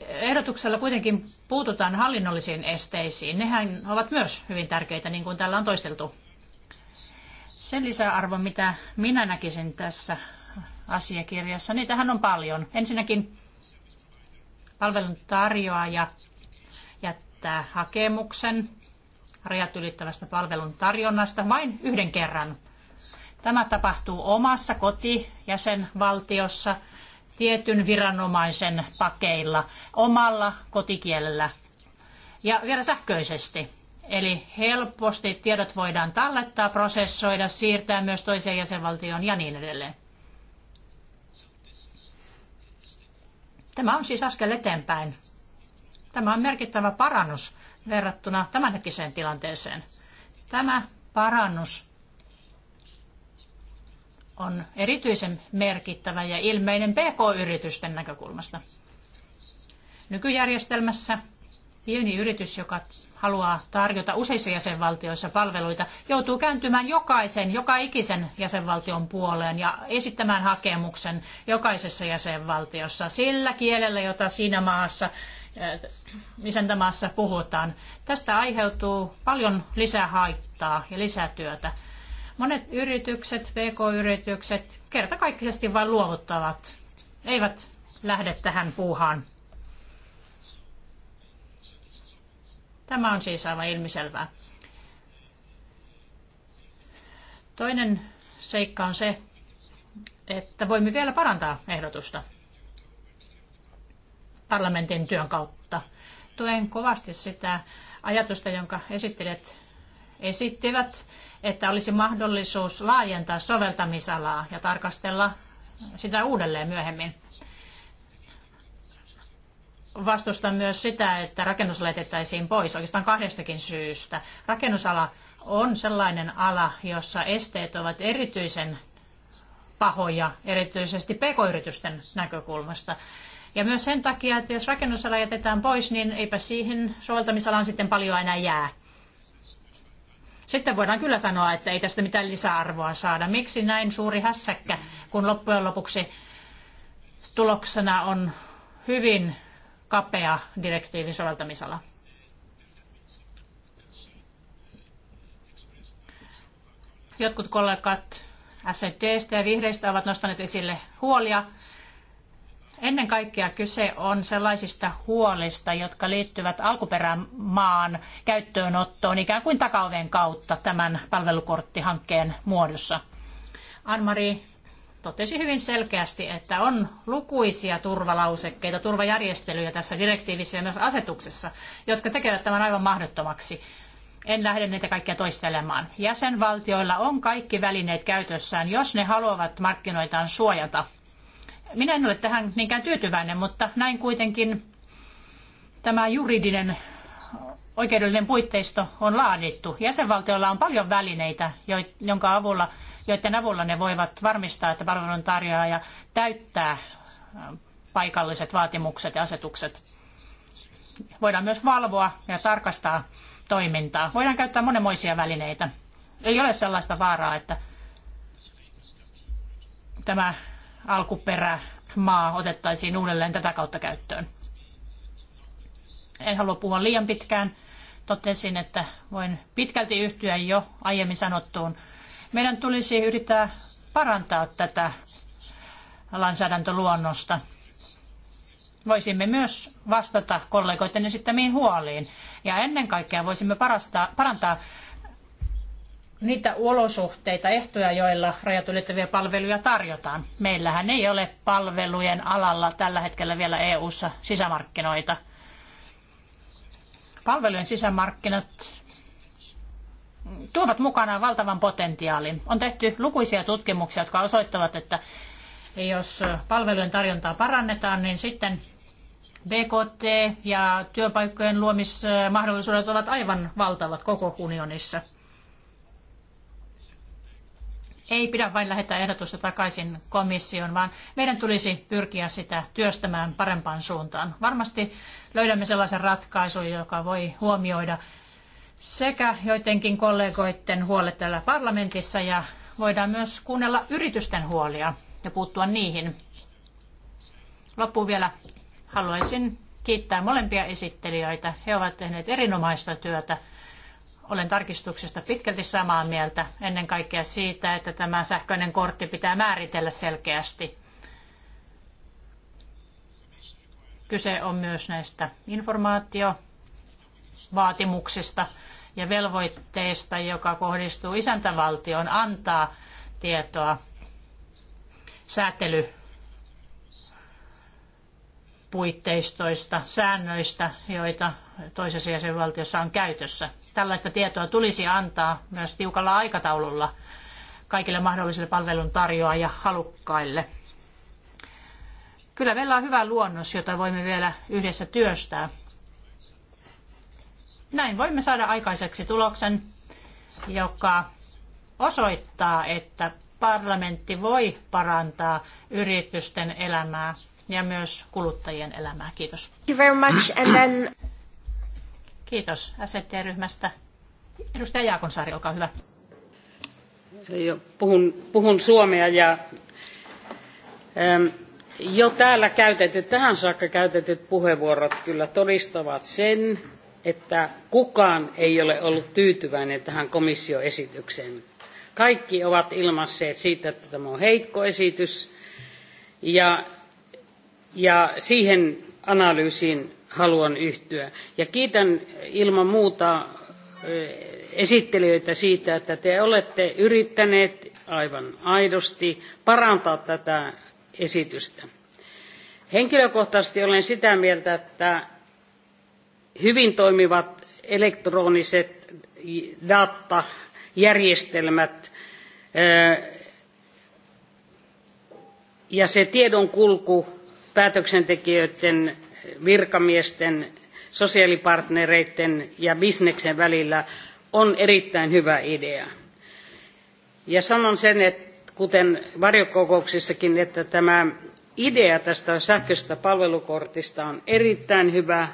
ehdotuksella kuitenkin puututaan hallinnollisiin esteisiin. Nehän ovat myös hyvin tärkeitä, niin kuin täällä on toisteltu. Sen lisäarvo, mitä minä näkisin tässä asiakirjassa, niin tähän on paljon. Ensinnäkin palvelun tarjoaja jättää hakemuksen rajat ylittävästä palvelun tarjonnasta vain yhden kerran. Tämä tapahtuu omassa koti jäsenvaltiossa tietyn viranomaisen pakeilla omalla kotikielellä ja vielä sähköisesti. Eli helposti tiedot voidaan tallettaa, prosessoida, siirtää myös toiseen jäsenvaltioon ja niin edelleen. Tämä on siis askel eteenpäin. Tämä on merkittävä parannus verrattuna tämänhetkiseen tilanteeseen. Tämä parannus on erityisen merkittävä ja ilmeinen PK-yritysten näkökulmasta. Nykyjärjestelmässä pieni yritys, joka haluaa tarjota useissa jäsenvaltioissa palveluita, joutuu kääntymään jokaisen, joka ikisen jäsenvaltion puoleen ja esittämään hakemuksen jokaisessa jäsenvaltiossa sillä kielellä, jota siinä maassa äh, isäntämaassa puhutaan. Tästä aiheutuu paljon lisää haittaa ja lisätyötä. Monet yritykset, pk-yritykset, kertakaikkisesti vain luovuttavat, eivät lähde tähän puuhaan. Tämä on siis aivan ilmiselvää. Toinen seikka on se, että voimme vielä parantaa ehdotusta parlamentin työn kautta. Tuen kovasti sitä ajatusta, jonka esittelijät esittivät, että olisi mahdollisuus laajentaa soveltamisalaa ja tarkastella sitä uudelleen myöhemmin. Vastustan myös sitä, että rakennus laitettaisiin pois oikeastaan kahdestakin syystä. Rakennusala on sellainen ala, jossa esteet ovat erityisen pahoja, erityisesti pk-yritysten näkökulmasta. Ja myös sen takia, että jos rakennusala jätetään pois, niin eipä siihen soveltamisalaan sitten paljon enää jää. Sitten voidaan kyllä sanoa, että ei tästä mitään lisäarvoa saada. Miksi näin suuri hässäkkä, kun loppujen lopuksi tuloksena on hyvin kapea direktiivin soveltamisala? Jotkut kollegat SDstä ja vihreistä ovat nostaneet esille huolia Ennen kaikkea kyse on sellaisista huolista, jotka liittyvät alkuperämaan käyttöönottoon ikään kuin takaoven kautta tämän palvelukorttihankkeen muodossa. Anmari totesi hyvin selkeästi, että on lukuisia turvalausekkeita, turvajärjestelyjä tässä direktiivissä ja myös asetuksessa, jotka tekevät tämän aivan mahdottomaksi. En lähde niitä kaikkia toistelemaan. Jäsenvaltioilla on kaikki välineet käytössään, jos ne haluavat markkinoitaan suojata – minä en ole tähän niinkään tyytyväinen, mutta näin kuitenkin tämä juridinen oikeudellinen puitteisto on laadittu. Jäsenvaltioilla on paljon välineitä, jonka avulla, joiden avulla ne voivat varmistaa, että palvelun tarjoaja täyttää äh, paikalliset vaatimukset ja asetukset. Voidaan myös valvoa ja tarkastaa toimintaa. Voidaan käyttää monenmoisia välineitä. Ei ole sellaista vaaraa, että tämä alkuperämaa otettaisiin uudelleen tätä kautta käyttöön. En halua puhua liian pitkään. Totesin, että voin pitkälti yhtyä jo aiemmin sanottuun. Meidän tulisi yrittää parantaa tätä lainsäädäntöluonnosta. Voisimme myös vastata kollegoiden esittämiin huoliin ja ennen kaikkea voisimme parasta parantaa niitä olosuhteita, ehtoja, joilla rajat ylittäviä palveluja tarjotaan. Meillähän ei ole palvelujen alalla tällä hetkellä vielä EU-ssa sisämarkkinoita. Palvelujen sisämarkkinat tuovat mukanaan valtavan potentiaalin. On tehty lukuisia tutkimuksia, jotka osoittavat, että jos palvelujen tarjontaa parannetaan, niin sitten BKT ja työpaikkojen luomismahdollisuudet ovat aivan valtavat koko unionissa ei pidä vain lähettää ehdotusta takaisin komission, vaan meidän tulisi pyrkiä sitä työstämään parempaan suuntaan. Varmasti löydämme sellaisen ratkaisun, joka voi huomioida sekä joidenkin kollegoiden huolet täällä parlamentissa ja voidaan myös kuunnella yritysten huolia ja puuttua niihin. Loppuun vielä haluaisin kiittää molempia esittelijöitä. He ovat tehneet erinomaista työtä olen tarkistuksesta pitkälti samaa mieltä, ennen kaikkea siitä, että tämä sähköinen kortti pitää määritellä selkeästi. Kyse on myös näistä informaatiovaatimuksista ja velvoitteista, joka kohdistuu isäntävaltioon antaa tietoa säätely puitteistoista, säännöistä, joita toisessa jäsenvaltiossa on käytössä tällaista tietoa tulisi antaa myös tiukalla aikataululla kaikille mahdollisille palveluntarjoajia halukkaille. Kyllä meillä on hyvä luonnos, jota voimme vielä yhdessä työstää. Näin voimme saada aikaiseksi tuloksen, joka osoittaa, että parlamentti voi parantaa yritysten elämää ja myös kuluttajien elämää. Kiitos. Thank you very much. And then... Kiitos SFT-ryhmästä. Edustaja Jaakonsaari, olkaa hyvä. Puhun, puhun suomea ja jo täällä käytetyt, tähän saakka käytetyt puheenvuorot kyllä todistavat sen, että kukaan ei ole ollut tyytyväinen tähän komission Kaikki ovat ilmaisseet siitä, että tämä on heikko esitys ja, ja siihen analyysiin haluan yhtyä. Ja kiitän ilman muuta esittelijöitä siitä, että te olette yrittäneet aivan aidosti parantaa tätä esitystä. Henkilökohtaisesti olen sitä mieltä, että hyvin toimivat elektroniset datajärjestelmät ja se tiedonkulku päätöksentekijöiden virkamiesten, sosiaalipartnereiden ja bisneksen välillä on erittäin hyvä idea. Ja sanon sen, että kuten varjokokouksissakin, että tämä idea tästä sähköisestä palvelukortista on erittäin hyvä,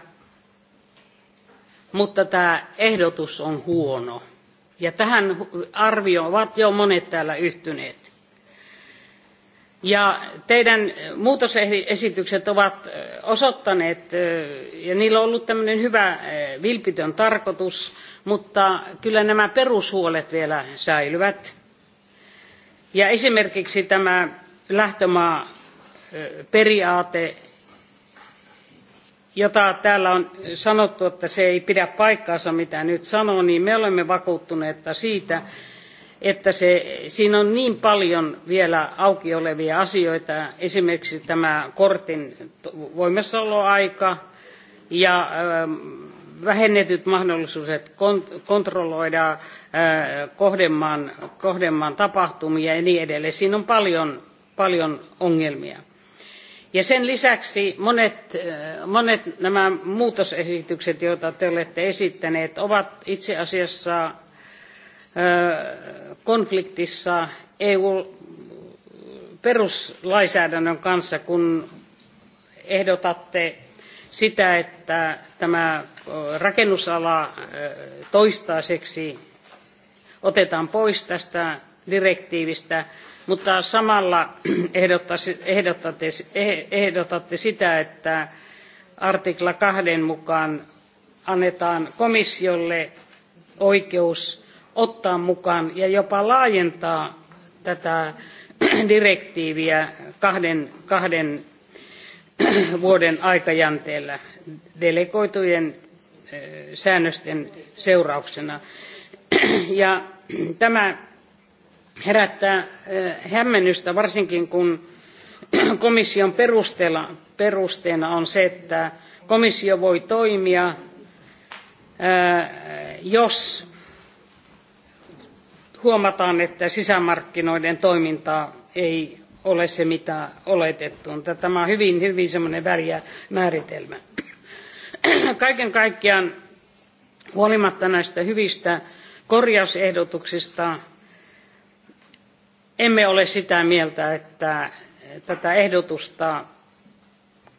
mutta tämä ehdotus on huono. Ja tähän arvioon ovat jo monet täällä yhtyneet. Ja teidän muutosesitykset ovat osoittaneet, ja niillä on ollut tämmöinen hyvä vilpitön tarkoitus, mutta kyllä nämä perushuolet vielä säilyvät. Ja esimerkiksi tämä lähtömaa periaate, jota täällä on sanottu, että se ei pidä paikkaansa, mitä nyt sanoo, niin me olemme vakuuttuneita siitä, että se, siinä on niin paljon vielä auki olevia asioita, esimerkiksi tämä kortin voimassaoloaika ja ähm, vähennetyt mahdollisuudet kontrolloida äh, kohdemaan, kohdemaan tapahtumia ja niin edelleen. Siinä on paljon, paljon ongelmia. Ja sen lisäksi monet, äh, monet nämä muutosesitykset, joita te olette esittäneet, ovat itse asiassa konfliktissa EU-peruslainsäädännön kanssa, kun ehdotatte sitä, että tämä rakennusala toistaiseksi otetaan pois tästä direktiivistä, mutta samalla ehdotatte, eh, ehdotatte sitä, että artikla kahden mukaan annetaan komissiolle oikeus ottaa mukaan ja jopa laajentaa tätä direktiiviä kahden, kahden vuoden aikajänteellä delegoitujen säännösten seurauksena. Ja tämä herättää hämmennystä varsinkin kun komission perusteena on se, että komissio voi toimia, jos huomataan, että sisämarkkinoiden toimintaa ei ole se, mitä oletettuun. Tämä on hyvin, hyvin semmoinen väliä määritelmä. Kaiken kaikkiaan huolimatta näistä hyvistä korjausehdotuksista emme ole sitä mieltä, että tätä ehdotusta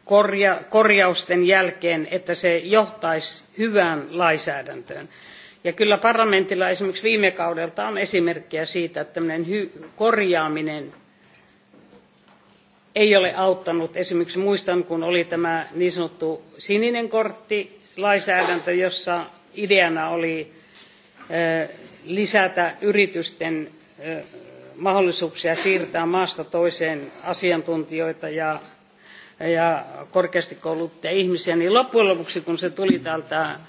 korja, korjausten jälkeen, että se johtaisi hyvään lainsäädäntöön. Ja kyllä parlamentilla esimerkiksi viime kaudelta on esimerkkejä siitä, että tämmöinen korjaaminen ei ole auttanut. Esimerkiksi muistan, kun oli tämä niin sanottu sininen kortti lainsäädäntö, jossa ideana oli lisätä yritysten mahdollisuuksia siirtää maasta toiseen asiantuntijoita ja, ja korkeasti koulutettuja ihmisiä, niin loppujen lopuksi kun se tuli täältä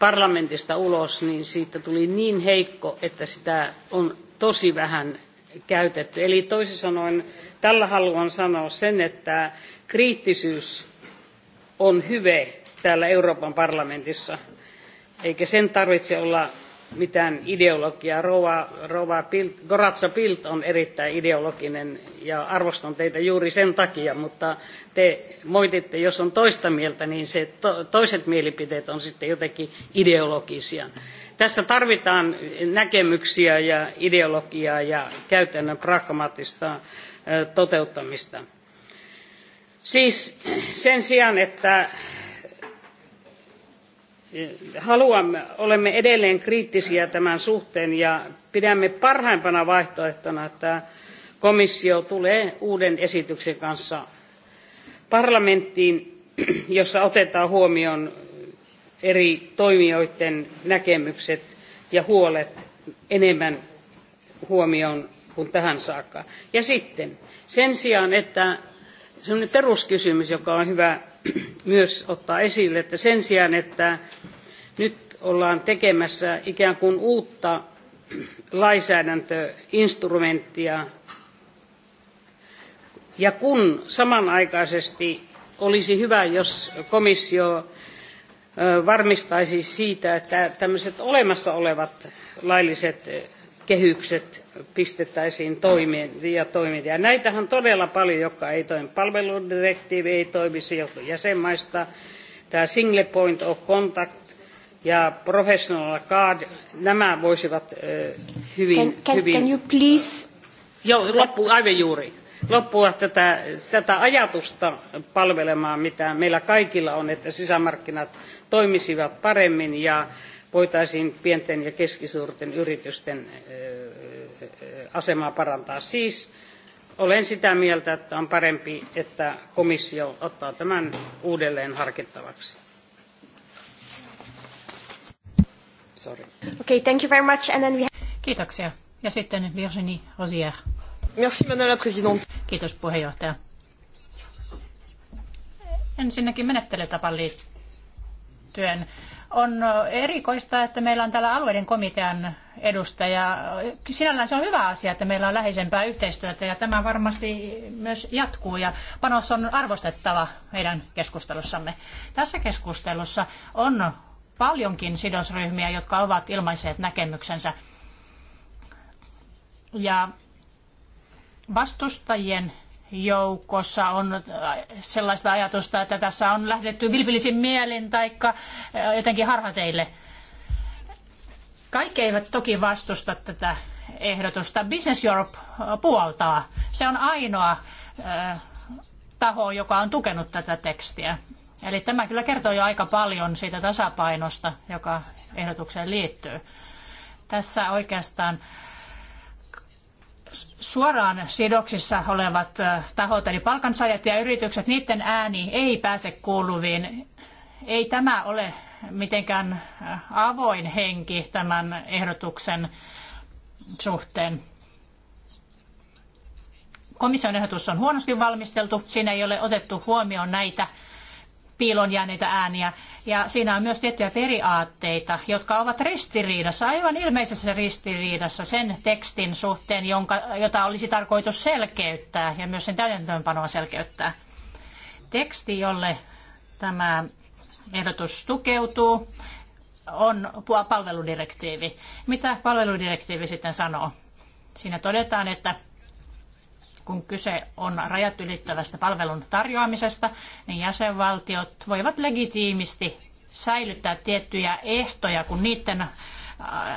parlamentista ulos, niin siitä tuli niin heikko, että sitä on tosi vähän käytetty. Eli toisin sanoen tällä haluan sanoa sen, että kriittisyys on hyve täällä Euroopan parlamentissa, eikä sen tarvitse olla mitään ideologiaa. Rova, Rova Pilt, Pilt on erittäin ideologinen ja arvostan teitä juuri sen takia, mutta te moititte, jos on toista mieltä, niin se to, toiset mielipiteet on sitten jotenkin ideologisia. Tässä tarvitaan näkemyksiä ja ideologiaa ja käytännön pragmaattista toteuttamista. Siis sen sijaan, että Eh, haluamme, olemme edelleen kriittisiä tämän suhteen ja pidämme parhaimpana vaihtoehtona, että komissio tulee uuden esityksen kanssa parlamenttiin, jossa otetaan huomioon eri toimijoiden näkemykset ja huolet enemmän huomioon kuin tähän saakka. Ja sitten sen sijaan, että sellainen peruskysymys, joka on hyvä myös ottaa esille, että sen sijaan, että nyt ollaan tekemässä ikään kuin uutta lainsäädäntöinstrumenttia, ja kun samanaikaisesti olisi hyvä, jos komissio varmistaisi siitä, että tämmöiset olemassa olevat lailliset kehykset pistettäisiin toimeen ja toimeen. Ja näitähän on todella paljon, jotka ei toimi. Palveludirektiivi ei toimi, se johtuu jäsenmaista. Tämä single point of contact ja professional card, nämä voisivat hyvin... Can, can, hyvin can you please... Joo, loppu, aivan juuri. Loppua tätä, tätä ajatusta palvelemaan, mitä meillä kaikilla on, että sisämarkkinat toimisivat paremmin ja voitaisiin pienten ja keskisuurten yritysten asemaa parantaa. Siis olen sitä mieltä, että on parempi, että komissio ottaa tämän uudelleen harkittavaksi. Sorry. Okay, thank you very much. And then we... Kiitoksia. Ja sitten Virginie Rosière. Merci, Madame la Présidente. Kiitos puheenjohtaja. Ensinnäkin menettelytapan liittyen on erikoista, että meillä on täällä alueiden komitean edustaja. Sinällään se on hyvä asia, että meillä on läheisempää yhteistyötä ja tämä varmasti myös jatkuu ja panos on arvostettava meidän keskustelussamme. Tässä keskustelussa on paljonkin sidosryhmiä, jotka ovat ilmaiseet näkemyksensä. Ja vastustajien joukossa on äh, sellaista ajatusta, että tässä on lähdetty vilpillisin mielin tai äh, jotenkin harhateille. Kaikki eivät toki vastusta tätä ehdotusta. Business Europe puoltaa. Se on ainoa äh, taho, joka on tukenut tätä tekstiä. Eli tämä kyllä kertoo jo aika paljon siitä tasapainosta, joka ehdotukseen liittyy. Tässä oikeastaan suoraan sidoksissa olevat tahot, eli palkansaajat ja yritykset, niiden ääni ei pääse kuuluviin. Ei tämä ole mitenkään avoin henki tämän ehdotuksen suhteen. Komission ehdotus on huonosti valmisteltu, siinä ei ole otettu huomioon näitä piilon jääneitä ääniä. Ja siinä on myös tiettyjä periaatteita, jotka ovat ristiriidassa, aivan ilmeisessä ristiriidassa sen tekstin suhteen, jonka, jota olisi tarkoitus selkeyttää ja myös sen täydentöönpanoa selkeyttää. Teksti, jolle tämä ehdotus tukeutuu, on palveludirektiivi. Mitä palveludirektiivi sitten sanoo? Siinä todetaan, että kun kyse on rajat ylittävästä palvelun tarjoamisesta, niin jäsenvaltiot voivat legitiimisti säilyttää tiettyjä ehtoja, kun niiden äh,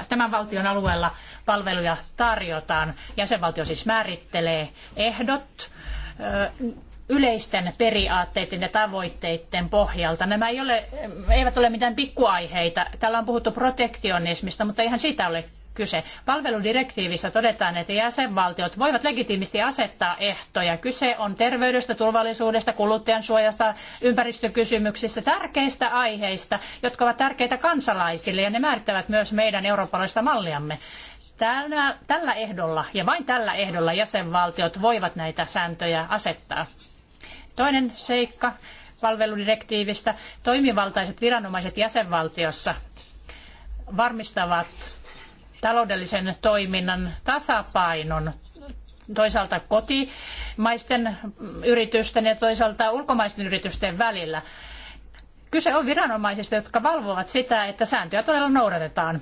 tämän valtion alueella palveluja tarjotaan. Jäsenvaltio siis määrittelee ehdot äh, yleisten periaatteiden ja tavoitteiden pohjalta. Nämä ei ole, eivät ole mitään pikkuaiheita. Täällä on puhuttu protektionismista, mutta eihän siitä ole kyse. Palveludirektiivissä todetaan, että jäsenvaltiot voivat legitiimisti asettaa ehtoja. Kyse on terveydestä, turvallisuudesta, kuluttajan suojasta, ympäristökysymyksistä, tärkeistä aiheista, jotka ovat tärkeitä kansalaisille ja ne määrittävät myös meidän eurooppalaista malliamme. Tällä, tällä ehdolla ja vain tällä ehdolla jäsenvaltiot voivat näitä sääntöjä asettaa. Toinen seikka palveludirektiivistä. Toimivaltaiset viranomaiset jäsenvaltiossa varmistavat taloudellisen toiminnan tasapainon toisaalta kotimaisten yritysten ja toisaalta ulkomaisten yritysten välillä. Kyse on viranomaisista, jotka valvovat sitä, että sääntöjä todella noudatetaan.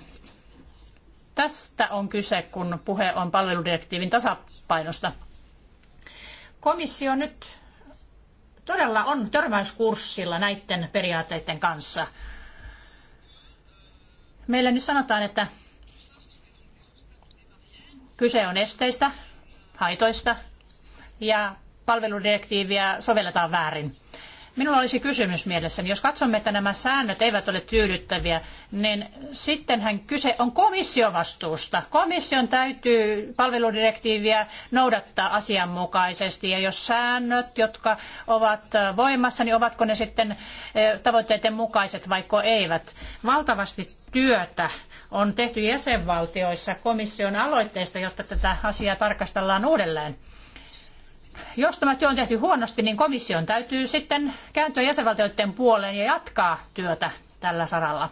Tästä on kyse, kun puhe on palveludirektiivin tasapainosta. Komissio nyt todella on törmäyskurssilla näiden periaatteiden kanssa. Meille nyt sanotaan, että Kyse on esteistä, haitoista ja palveludirektiiviä sovelletaan väärin. Minulla olisi kysymys mielessäni, jos katsomme, että nämä säännöt eivät ole tyydyttäviä, niin sittenhän kyse on komission vastuusta. Komission täytyy palveludirektiiviä noudattaa asianmukaisesti, ja jos säännöt, jotka ovat voimassa, niin ovatko ne sitten eh, tavoitteiden mukaiset, vaikka eivät. Valtavasti työtä on tehty jäsenvaltioissa komission aloitteesta, jotta tätä asiaa tarkastellaan uudelleen. Jos tämä työ on tehty huonosti, niin komission täytyy sitten kääntyä jäsenvaltioiden puoleen ja jatkaa työtä tällä saralla.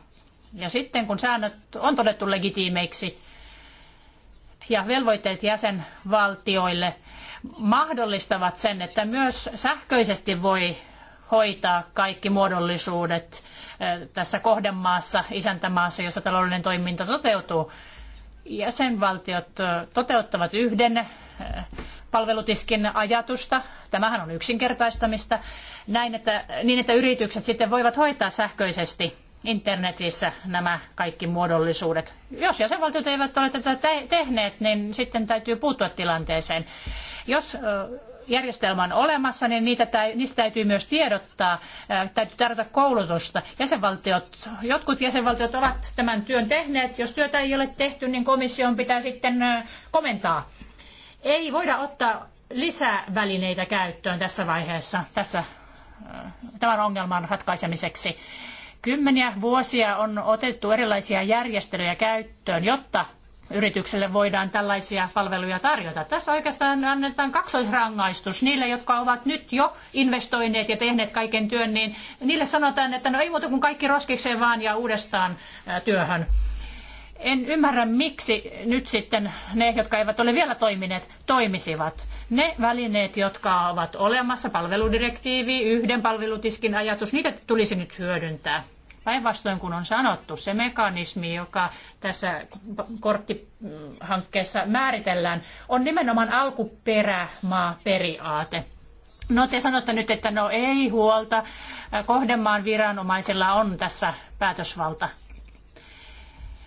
Ja sitten kun säännöt on todettu legitiimeiksi ja velvoitteet jäsenvaltioille mahdollistavat sen, että myös sähköisesti voi hoitaa kaikki muodollisuudet tässä kohdemaassa, isäntämaassa, jossa taloudellinen toiminta toteutuu. Jäsenvaltiot toteuttavat yhden palvelutiskin ajatusta. Tämähän on yksinkertaistamista näin, että, niin, että yritykset sitten voivat hoitaa sähköisesti internetissä nämä kaikki muodollisuudet. Jos jäsenvaltiot eivät ole tätä tehneet, niin sitten täytyy puuttua tilanteeseen. Jos järjestelmä on olemassa, niin niitä, niistä täytyy myös tiedottaa, äh, täytyy tarjota koulutusta. Jäsenvaltiot, jotkut jäsenvaltiot ovat tämän työn tehneet. Jos työtä ei ole tehty, niin komission pitää sitten äh, komentaa. Ei voida ottaa lisää välineitä käyttöön tässä vaiheessa, tässä, äh, tämän ongelman ratkaisemiseksi. Kymmeniä vuosia on otettu erilaisia järjestelyjä käyttöön, jotta yritykselle voidaan tällaisia palveluja tarjota. Tässä oikeastaan annetaan kaksoisrangaistus niille, jotka ovat nyt jo investoineet ja tehneet kaiken työn, niin niille sanotaan, että no ei muuta kuin kaikki roskikseen vaan ja uudestaan työhön. En ymmärrä, miksi nyt sitten ne, jotka eivät ole vielä toimineet, toimisivat. Ne välineet, jotka ovat olemassa, palveludirektiivi, yhden palvelutiskin ajatus, niitä tulisi nyt hyödyntää. Päinvastoin kun on sanottu, se mekanismi, joka tässä korttihankkeessa määritellään, on nimenomaan alkuperämaaperiaate. No te sanotte nyt, että no ei huolta, kohdemaan viranomaisilla on tässä päätösvalta.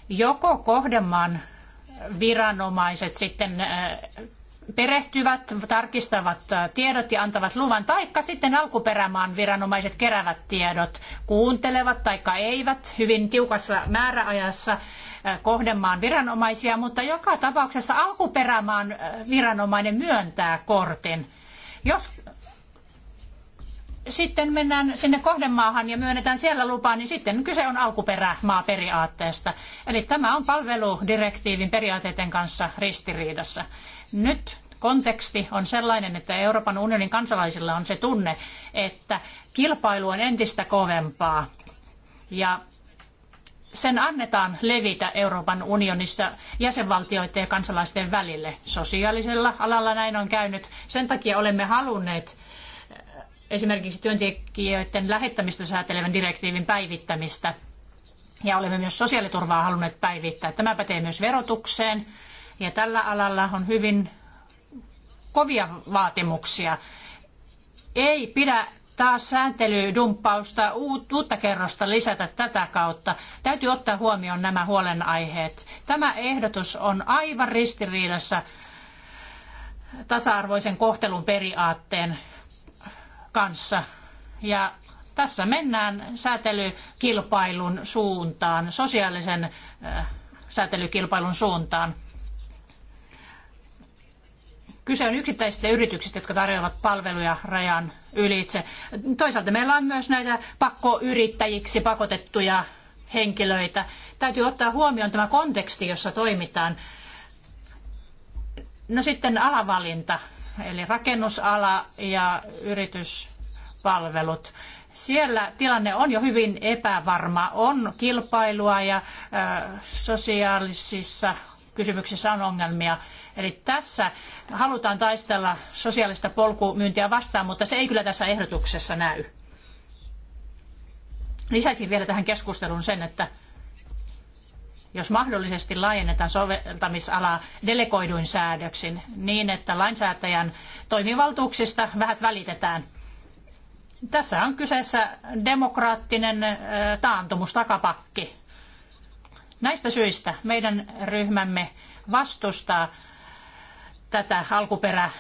Joko kohdemaan viranomaiset sitten perehtyvät, tarkistavat äh, tiedot ja antavat luvan, taikka sitten alkuperämaan viranomaiset keräävät tiedot, kuuntelevat taikka eivät hyvin tiukassa määräajassa äh, kohdemaan viranomaisia, mutta joka tapauksessa alkuperämaan äh, viranomainen myöntää kortin. Jos sitten mennään sinne kohdemaahan ja myönnetään siellä lupa, niin sitten kyse on alkuperämaaperiaatteesta. Eli tämä on palveludirektiivin periaatteiden kanssa ristiriidassa. Nyt konteksti on sellainen, että Euroopan unionin kansalaisilla on se tunne, että kilpailu on entistä kovempaa ja sen annetaan levitä Euroopan unionissa jäsenvaltioiden ja kansalaisten välille. Sosiaalisella alalla näin on käynyt. Sen takia olemme halunneet esimerkiksi työntekijöiden lähettämistä säätelevän direktiivin päivittämistä. Ja olemme myös sosiaaliturvaa halunneet päivittää. Tämä pätee myös verotukseen. Ja tällä alalla on hyvin kovia vaatimuksia. Ei pidä taas sääntelydumppausta, uutta kerrosta lisätä tätä kautta. Täytyy ottaa huomioon nämä huolenaiheet. Tämä ehdotus on aivan ristiriidassa tasa-arvoisen kohtelun periaatteen kanssa. Ja tässä mennään säätelykilpailun suuntaan, sosiaalisen äh, säätelykilpailun suuntaan. Kyse on yksittäisistä yrityksistä, jotka tarjoavat palveluja rajan ylitse. Toisaalta meillä on myös näitä pakkoyrittäjiksi pakotettuja henkilöitä. Täytyy ottaa huomioon tämä konteksti, jossa toimitaan. No sitten alavalinta eli rakennusala ja yrityspalvelut. Siellä tilanne on jo hyvin epävarma. On kilpailua ja sosiaalisissa kysymyksissä on ongelmia. Eli tässä halutaan taistella sosiaalista polkumyyntiä vastaan, mutta se ei kyllä tässä ehdotuksessa näy. Lisäisin vielä tähän keskusteluun sen, että jos mahdollisesti laajennetaan soveltamisalaa delegoiduin säädöksin niin, että lainsäätäjän toimivaltuuksista vähät välitetään. Tässä on kyseessä demokraattinen taantumus, takapakki. Näistä syistä meidän ryhmämme vastustaa tätä alkuperä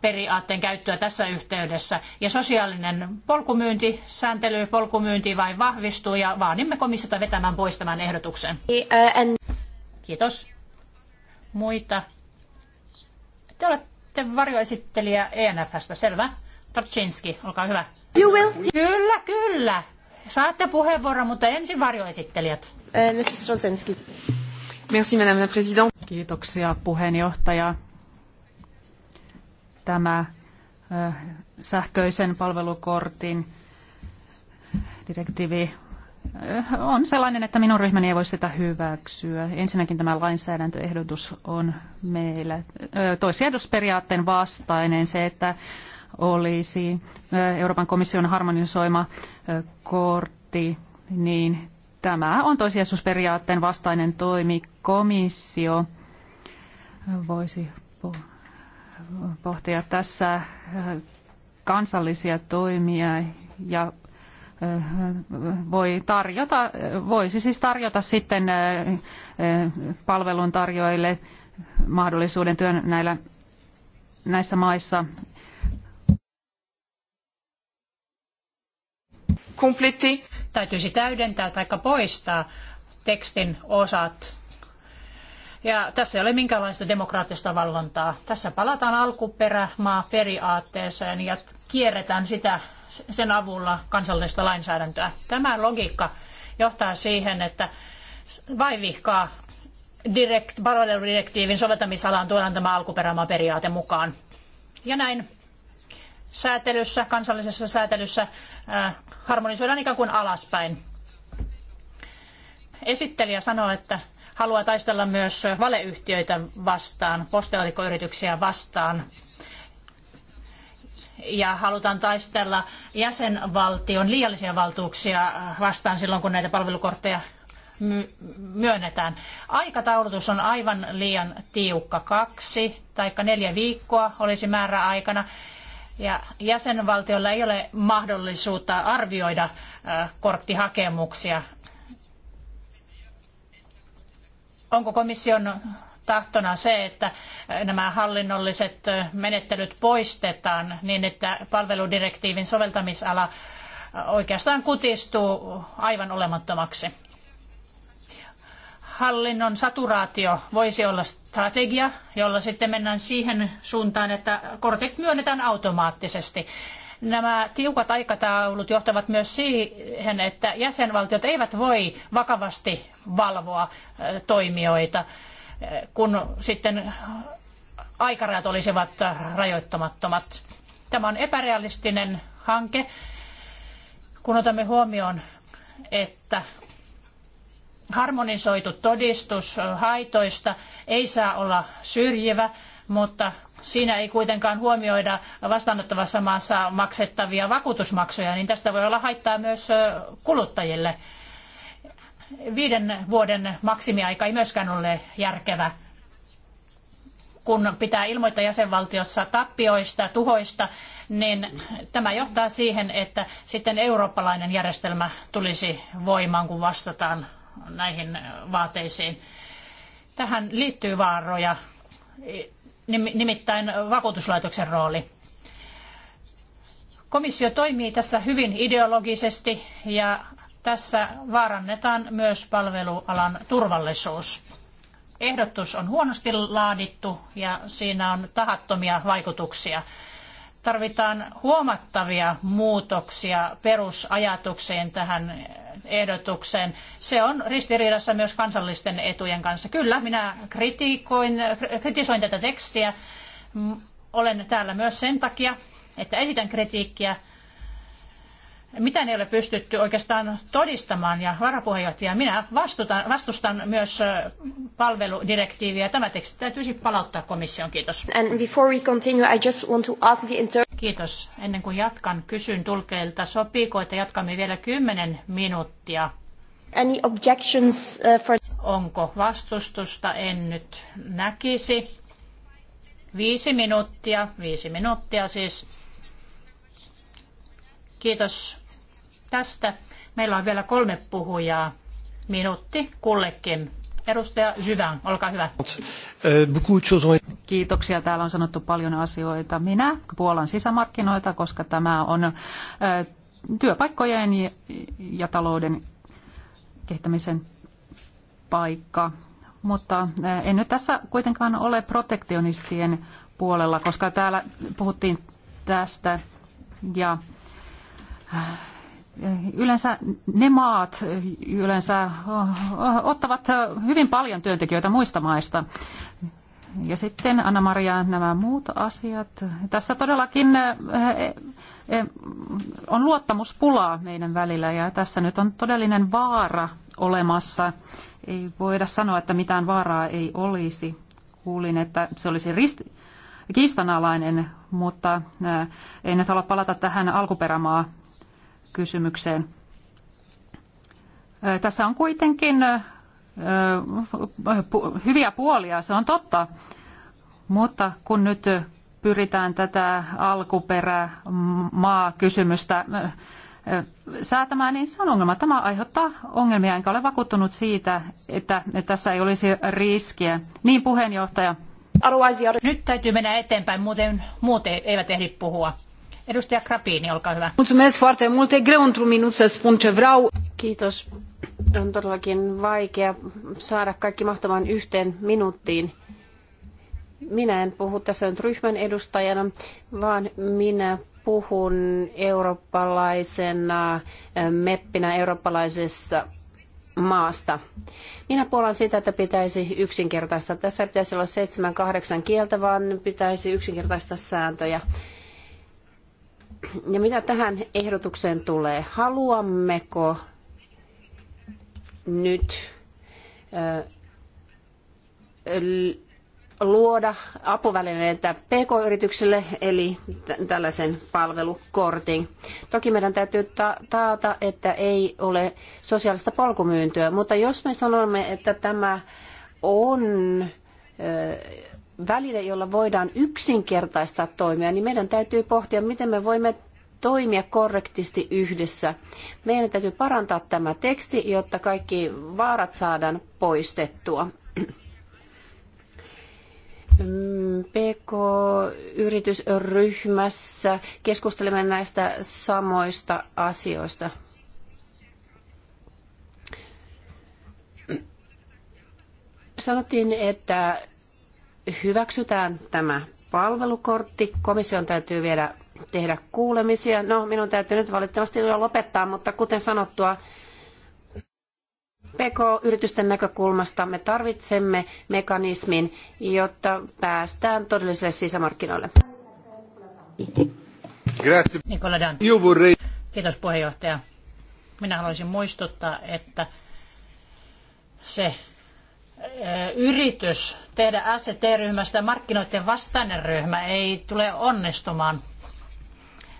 periaatteen käyttöä tässä yhteydessä. Ja sosiaalinen polkumyynti, sääntely polkumyynti vain vahvistuu ja vaadimme komissiota vetämään pois tämän ehdotuksen. Kiitos. Muita. Te olette varjoesittelijä ENFstä, selvä. Tarczynski olkaa hyvä. You will. Kyllä, kyllä. Saatte puheenvuoron, mutta ensin varjoesittelijät. Eh, Mrs. Rosenski. Merci, Madame la Présidente. Kiitoksia puheenjohtaja tämä sähköisen palvelukortin direktiivi on sellainen, että minun ryhmäni ei voi sitä hyväksyä. Ensinnäkin tämä lainsäädäntöehdotus on meillä toissijaisuusperiaatteen vastainen. Se, että olisi Euroopan komission harmonisoima kortti, niin tämä on toissijaisuusperiaatteen vastainen toimi. Komissio voisi pohtia tässä äh, kansallisia toimia ja äh, voi tarjota, voisi siis tarjota sitten äh, palveluntarjoajille mahdollisuuden työn näillä, näissä maissa. Kompletti. Täytyisi täydentää tai poistaa tekstin osat ja tässä ei ole minkäänlaista demokraattista valvontaa. Tässä palataan alkuperämaa periaatteeseen ja kierretään sitä sen avulla kansallista lainsäädäntöä. Tämä logiikka johtaa siihen, että vaivihkaa direkt, palveludirektiivin soveltamisalaan tuodaan tämä alkuperämaa periaate mukaan. Ja näin säätelyssä, kansallisessa säätelyssä äh, harmonisoidaan ikään kuin alaspäin. Esittelijä sanoi, että haluaa taistella myös valeyhtiöitä vastaan, postilaatikkoyrityksiä vastaan. Ja halutaan taistella jäsenvaltion liiallisia valtuuksia vastaan silloin, kun näitä palvelukortteja myönnetään. Aikataulutus on aivan liian tiukka. Kaksi tai neljä viikkoa olisi määräaikana. Ja jäsenvaltiolla ei ole mahdollisuutta arvioida korttihakemuksia Onko komission tahtona se, että nämä hallinnolliset menettelyt poistetaan niin, että palveludirektiivin soveltamisala oikeastaan kutistuu aivan olemattomaksi? hallinnon saturaatio voisi olla strategia, jolla sitten mennään siihen suuntaan, että kortit myönnetään automaattisesti. Nämä tiukat aikataulut johtavat myös siihen, että jäsenvaltiot eivät voi vakavasti valvoa toimijoita, kun sitten aikarajat olisivat rajoittamattomat. Tämä on epärealistinen hanke, kun otamme huomioon, että harmonisoitu todistus haitoista ei saa olla syrjivä, mutta siinä ei kuitenkaan huomioida vastaanottavassa maassa maksettavia vakuutusmaksuja, niin tästä voi olla haittaa myös kuluttajille. Viiden vuoden maksimiaika ei myöskään ole järkevä, kun pitää ilmoittaa jäsenvaltiossa tappioista, tuhoista, niin tämä johtaa siihen, että sitten eurooppalainen järjestelmä tulisi voimaan, kun vastataan näihin vaateisiin. Tähän liittyy vaaroja nimittäin vakuutuslaitoksen rooli. Komissio toimii tässä hyvin ideologisesti ja tässä vaarannetaan myös palvelualan turvallisuus. Ehdotus on huonosti laadittu ja siinä on tahattomia vaikutuksia. Tarvitaan huomattavia muutoksia perusajatukseen tähän ehdotukseen. Se on ristiriidassa myös kansallisten etujen kanssa. Kyllä, minä kritikoin, kritisoin tätä tekstiä. Olen täällä myös sen takia, että esitän kritiikkiä mitä ei ole pystytty oikeastaan todistamaan ja varapuheenjohtaja, minä vastutan, vastustan myös palveludirektiiviä. Tämä teksti täytyisi palauttaa komission. Kiitos. Continue, Kiitos. Ennen kuin jatkan, kysyn tulkeilta, sopiiko, että jatkamme vielä kymmenen minuuttia? Any objections uh, for... Onko vastustusta? En nyt näkisi. Viisi minuuttia, viisi minuuttia siis. Kiitos tästä. Meillä on vielä kolme puhujaa. Minuutti kullekin. Edustaja Jyvän, olkaa hyvä. Kiitoksia. Täällä on sanottu paljon asioita. Minä puolan sisämarkkinoita, koska tämä on työpaikkojen ja talouden kehittämisen paikka. Mutta en nyt tässä kuitenkaan ole protektionistien puolella, koska täällä puhuttiin tästä ja yleensä ne maat yleensä ottavat hyvin paljon työntekijöitä muista maista. Ja sitten Anna-Maria, nämä muut asiat. Tässä todellakin on luottamuspulaa meidän välillä ja tässä nyt on todellinen vaara olemassa. Ei voida sanoa, että mitään vaaraa ei olisi. Kuulin, että se olisi risti, kiistanalainen, mutta en nyt halua palata tähän alkuperämaa kysymykseen. Tässä on kuitenkin hyviä puolia, se on totta, mutta kun nyt pyritään tätä alkuperämaa-kysymystä säätämään, niin se on ongelma. Tämä aiheuttaa ongelmia, enkä ole vakuuttunut siitä, että tässä ei olisi riskiä. Niin puheenjohtaja. Nyt täytyy mennä eteenpäin, muuten muut eivät ehdi puhua. Edustaja Krapiini, olkaa hyvä. Mulțumesc foarte mult. E greu într-un minut să spun ce vreau. Kiitos. On todellakin vaikea saada kaikki mahtamaan yhteen minuuttiin. Minä en puhu tässä nyt ryhmän edustajana, vaan minä puhun eurooppalaisena eh, meppinä eurooppalaisessa maasta. Minä puolan sitä, että pitäisi yksinkertaistaa. Tässä ei pitäisi olla seitsemän, kahdeksan kieltä, vaan pitäisi yksinkertaistaa sääntöjä. Ja mitä tähän ehdotukseen tulee? Haluammeko nyt luoda apuvälineitä pk-yrityksille, eli tällaisen palvelukortin. Toki meidän täytyy ta- taata, että ei ole sosiaalista polkumyyntöä, mutta jos me sanomme, että tämä on väline, jolla voidaan yksinkertaistaa toimia, niin meidän täytyy pohtia, miten me voimme toimia korrektisti yhdessä. Meidän täytyy parantaa tämä teksti, jotta kaikki vaarat saadaan poistettua. PK-yritysryhmässä keskustelemme näistä samoista asioista. Sanottiin, että hyväksytään tämä palvelukortti. Komission täytyy vielä tehdä kuulemisia. No, minun täytyy nyt valitettavasti jo lopettaa, mutta kuten sanottua, PK-yritysten näkökulmasta me tarvitsemme mekanismin, jotta päästään todellisille sisämarkkinoille. Kiitos puheenjohtaja. Minä haluaisin muistuttaa, että se yritys tehdä ACT-ryhmästä markkinoiden vastainen ryhmä ei tule onnistumaan.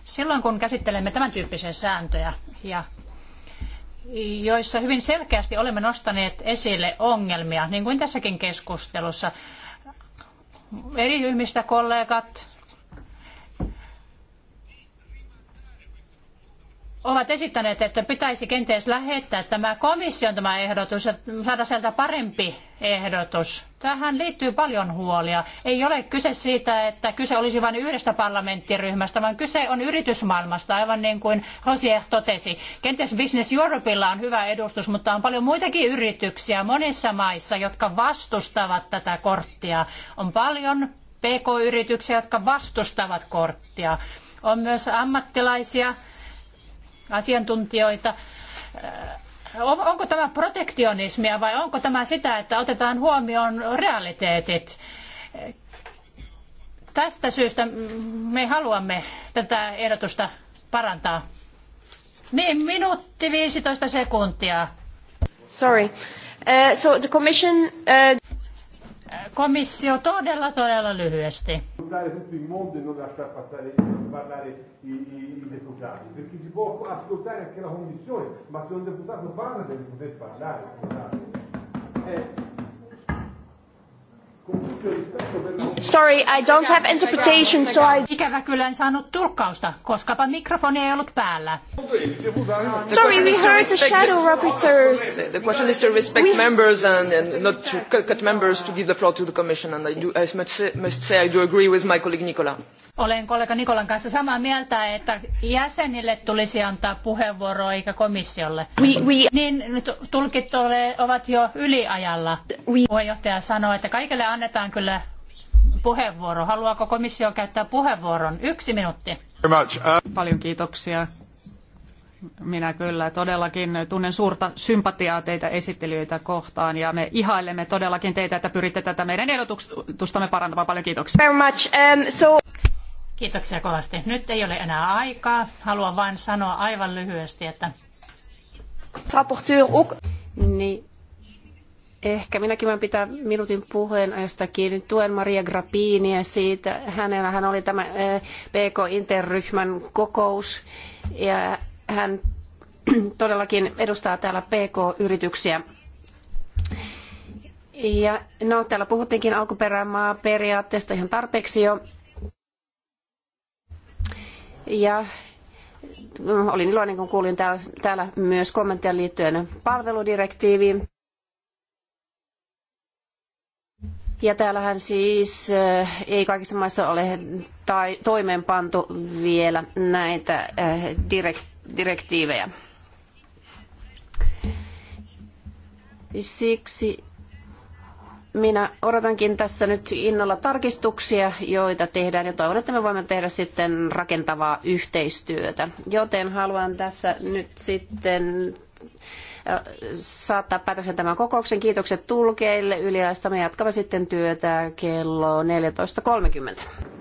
Silloin kun käsittelemme tämän tyyppisiä sääntöjä ja joissa hyvin selkeästi olemme nostaneet esille ongelmia, niin kuin tässäkin keskustelussa. Eri ryhmistä kollegat ovat esittäneet, että pitäisi kenties lähettää tämä komission tämä ehdotus ja saada sieltä parempi ehdotus. Tähän liittyy paljon huolia. Ei ole kyse siitä, että kyse olisi vain yhdestä parlamenttiryhmästä, vaan kyse on yritysmaailmasta, aivan niin kuin Rosier totesi. Kenties Business Europeilla on hyvä edustus, mutta on paljon muitakin yrityksiä monissa maissa, jotka vastustavat tätä korttia. On paljon PK-yrityksiä, jotka vastustavat korttia. On myös ammattilaisia, asiantuntijoita. Onko tämä protektionismia vai onko tämä sitä, että otetaan huomioon realiteetit? Tästä syystä me haluamme tätä ehdotusta parantaa. Niin, minuutti 15 sekuntia. Sorry. Uh, so the commission, uh... Komissio todella, todella lyhyesti. Eh, Sorry, I don't have interpretation, so I... Ikävä kyllä en saanut tulkkausta, koskapa mikrofoni ei ollut päällä. Sorry, we heard the shadow rapporteurs. The question is to respect we... members and, and not to cut, members to give the floor to the commission. And I, do, I must, say, must say I do agree with my colleague Nicola. Olen kollega Nikolan kanssa samaa mieltä, että jäsenille tulisi antaa puheenvuoro eikä komissiolle. We, we... Niin tulkit ovat jo yliajalla. We... Puheenjohtaja sanoo, että kaikille annetaan annetaan kyllä puheenvuoro. Haluaako komissio käyttää puheenvuoron? Yksi minuutti. Uh, Paljon kiitoksia. Minä kyllä todellakin tunnen suurta sympatiaa teitä esittelijöitä kohtaan ja me ihailemme todellakin teitä, että pyritte tätä meidän ehdotustamme parantamaan. Paljon kiitoksia. Very much. Um, so... Kiitoksia kovasti. Nyt ei ole enää aikaa. Haluan vain sanoa aivan lyhyesti, että... Rapporteur Niin, Ehkä minäkin voin pitää minuutin ajasta kiinni. Tuen Maria Grappinia siitä. Hänellähän oli tämä eh, PK-interryhmän kokous ja hän todellakin edustaa täällä PK-yrityksiä. Ja no, täällä puhuttiinkin alkuperämaa periaatteesta ihan tarpeeksi jo. Ja mm, olin iloinen, kun kuulin täällä, täällä myös kommentteja liittyen palveludirektiiviin. Ja täällähän siis eh, ei kaikissa maissa ole tai, toimeenpantu vielä näitä eh, direktiivejä. Siksi minä odotankin tässä nyt innolla tarkistuksia, joita tehdään ja toivon, että me voimme tehdä sitten rakentavaa yhteistyötä. Joten haluan tässä nyt sitten saattaa päätöksen tämän kokouksen. Kiitokset tulkeille yliajasta. Me jatkamme sitten työtä kello 14.30.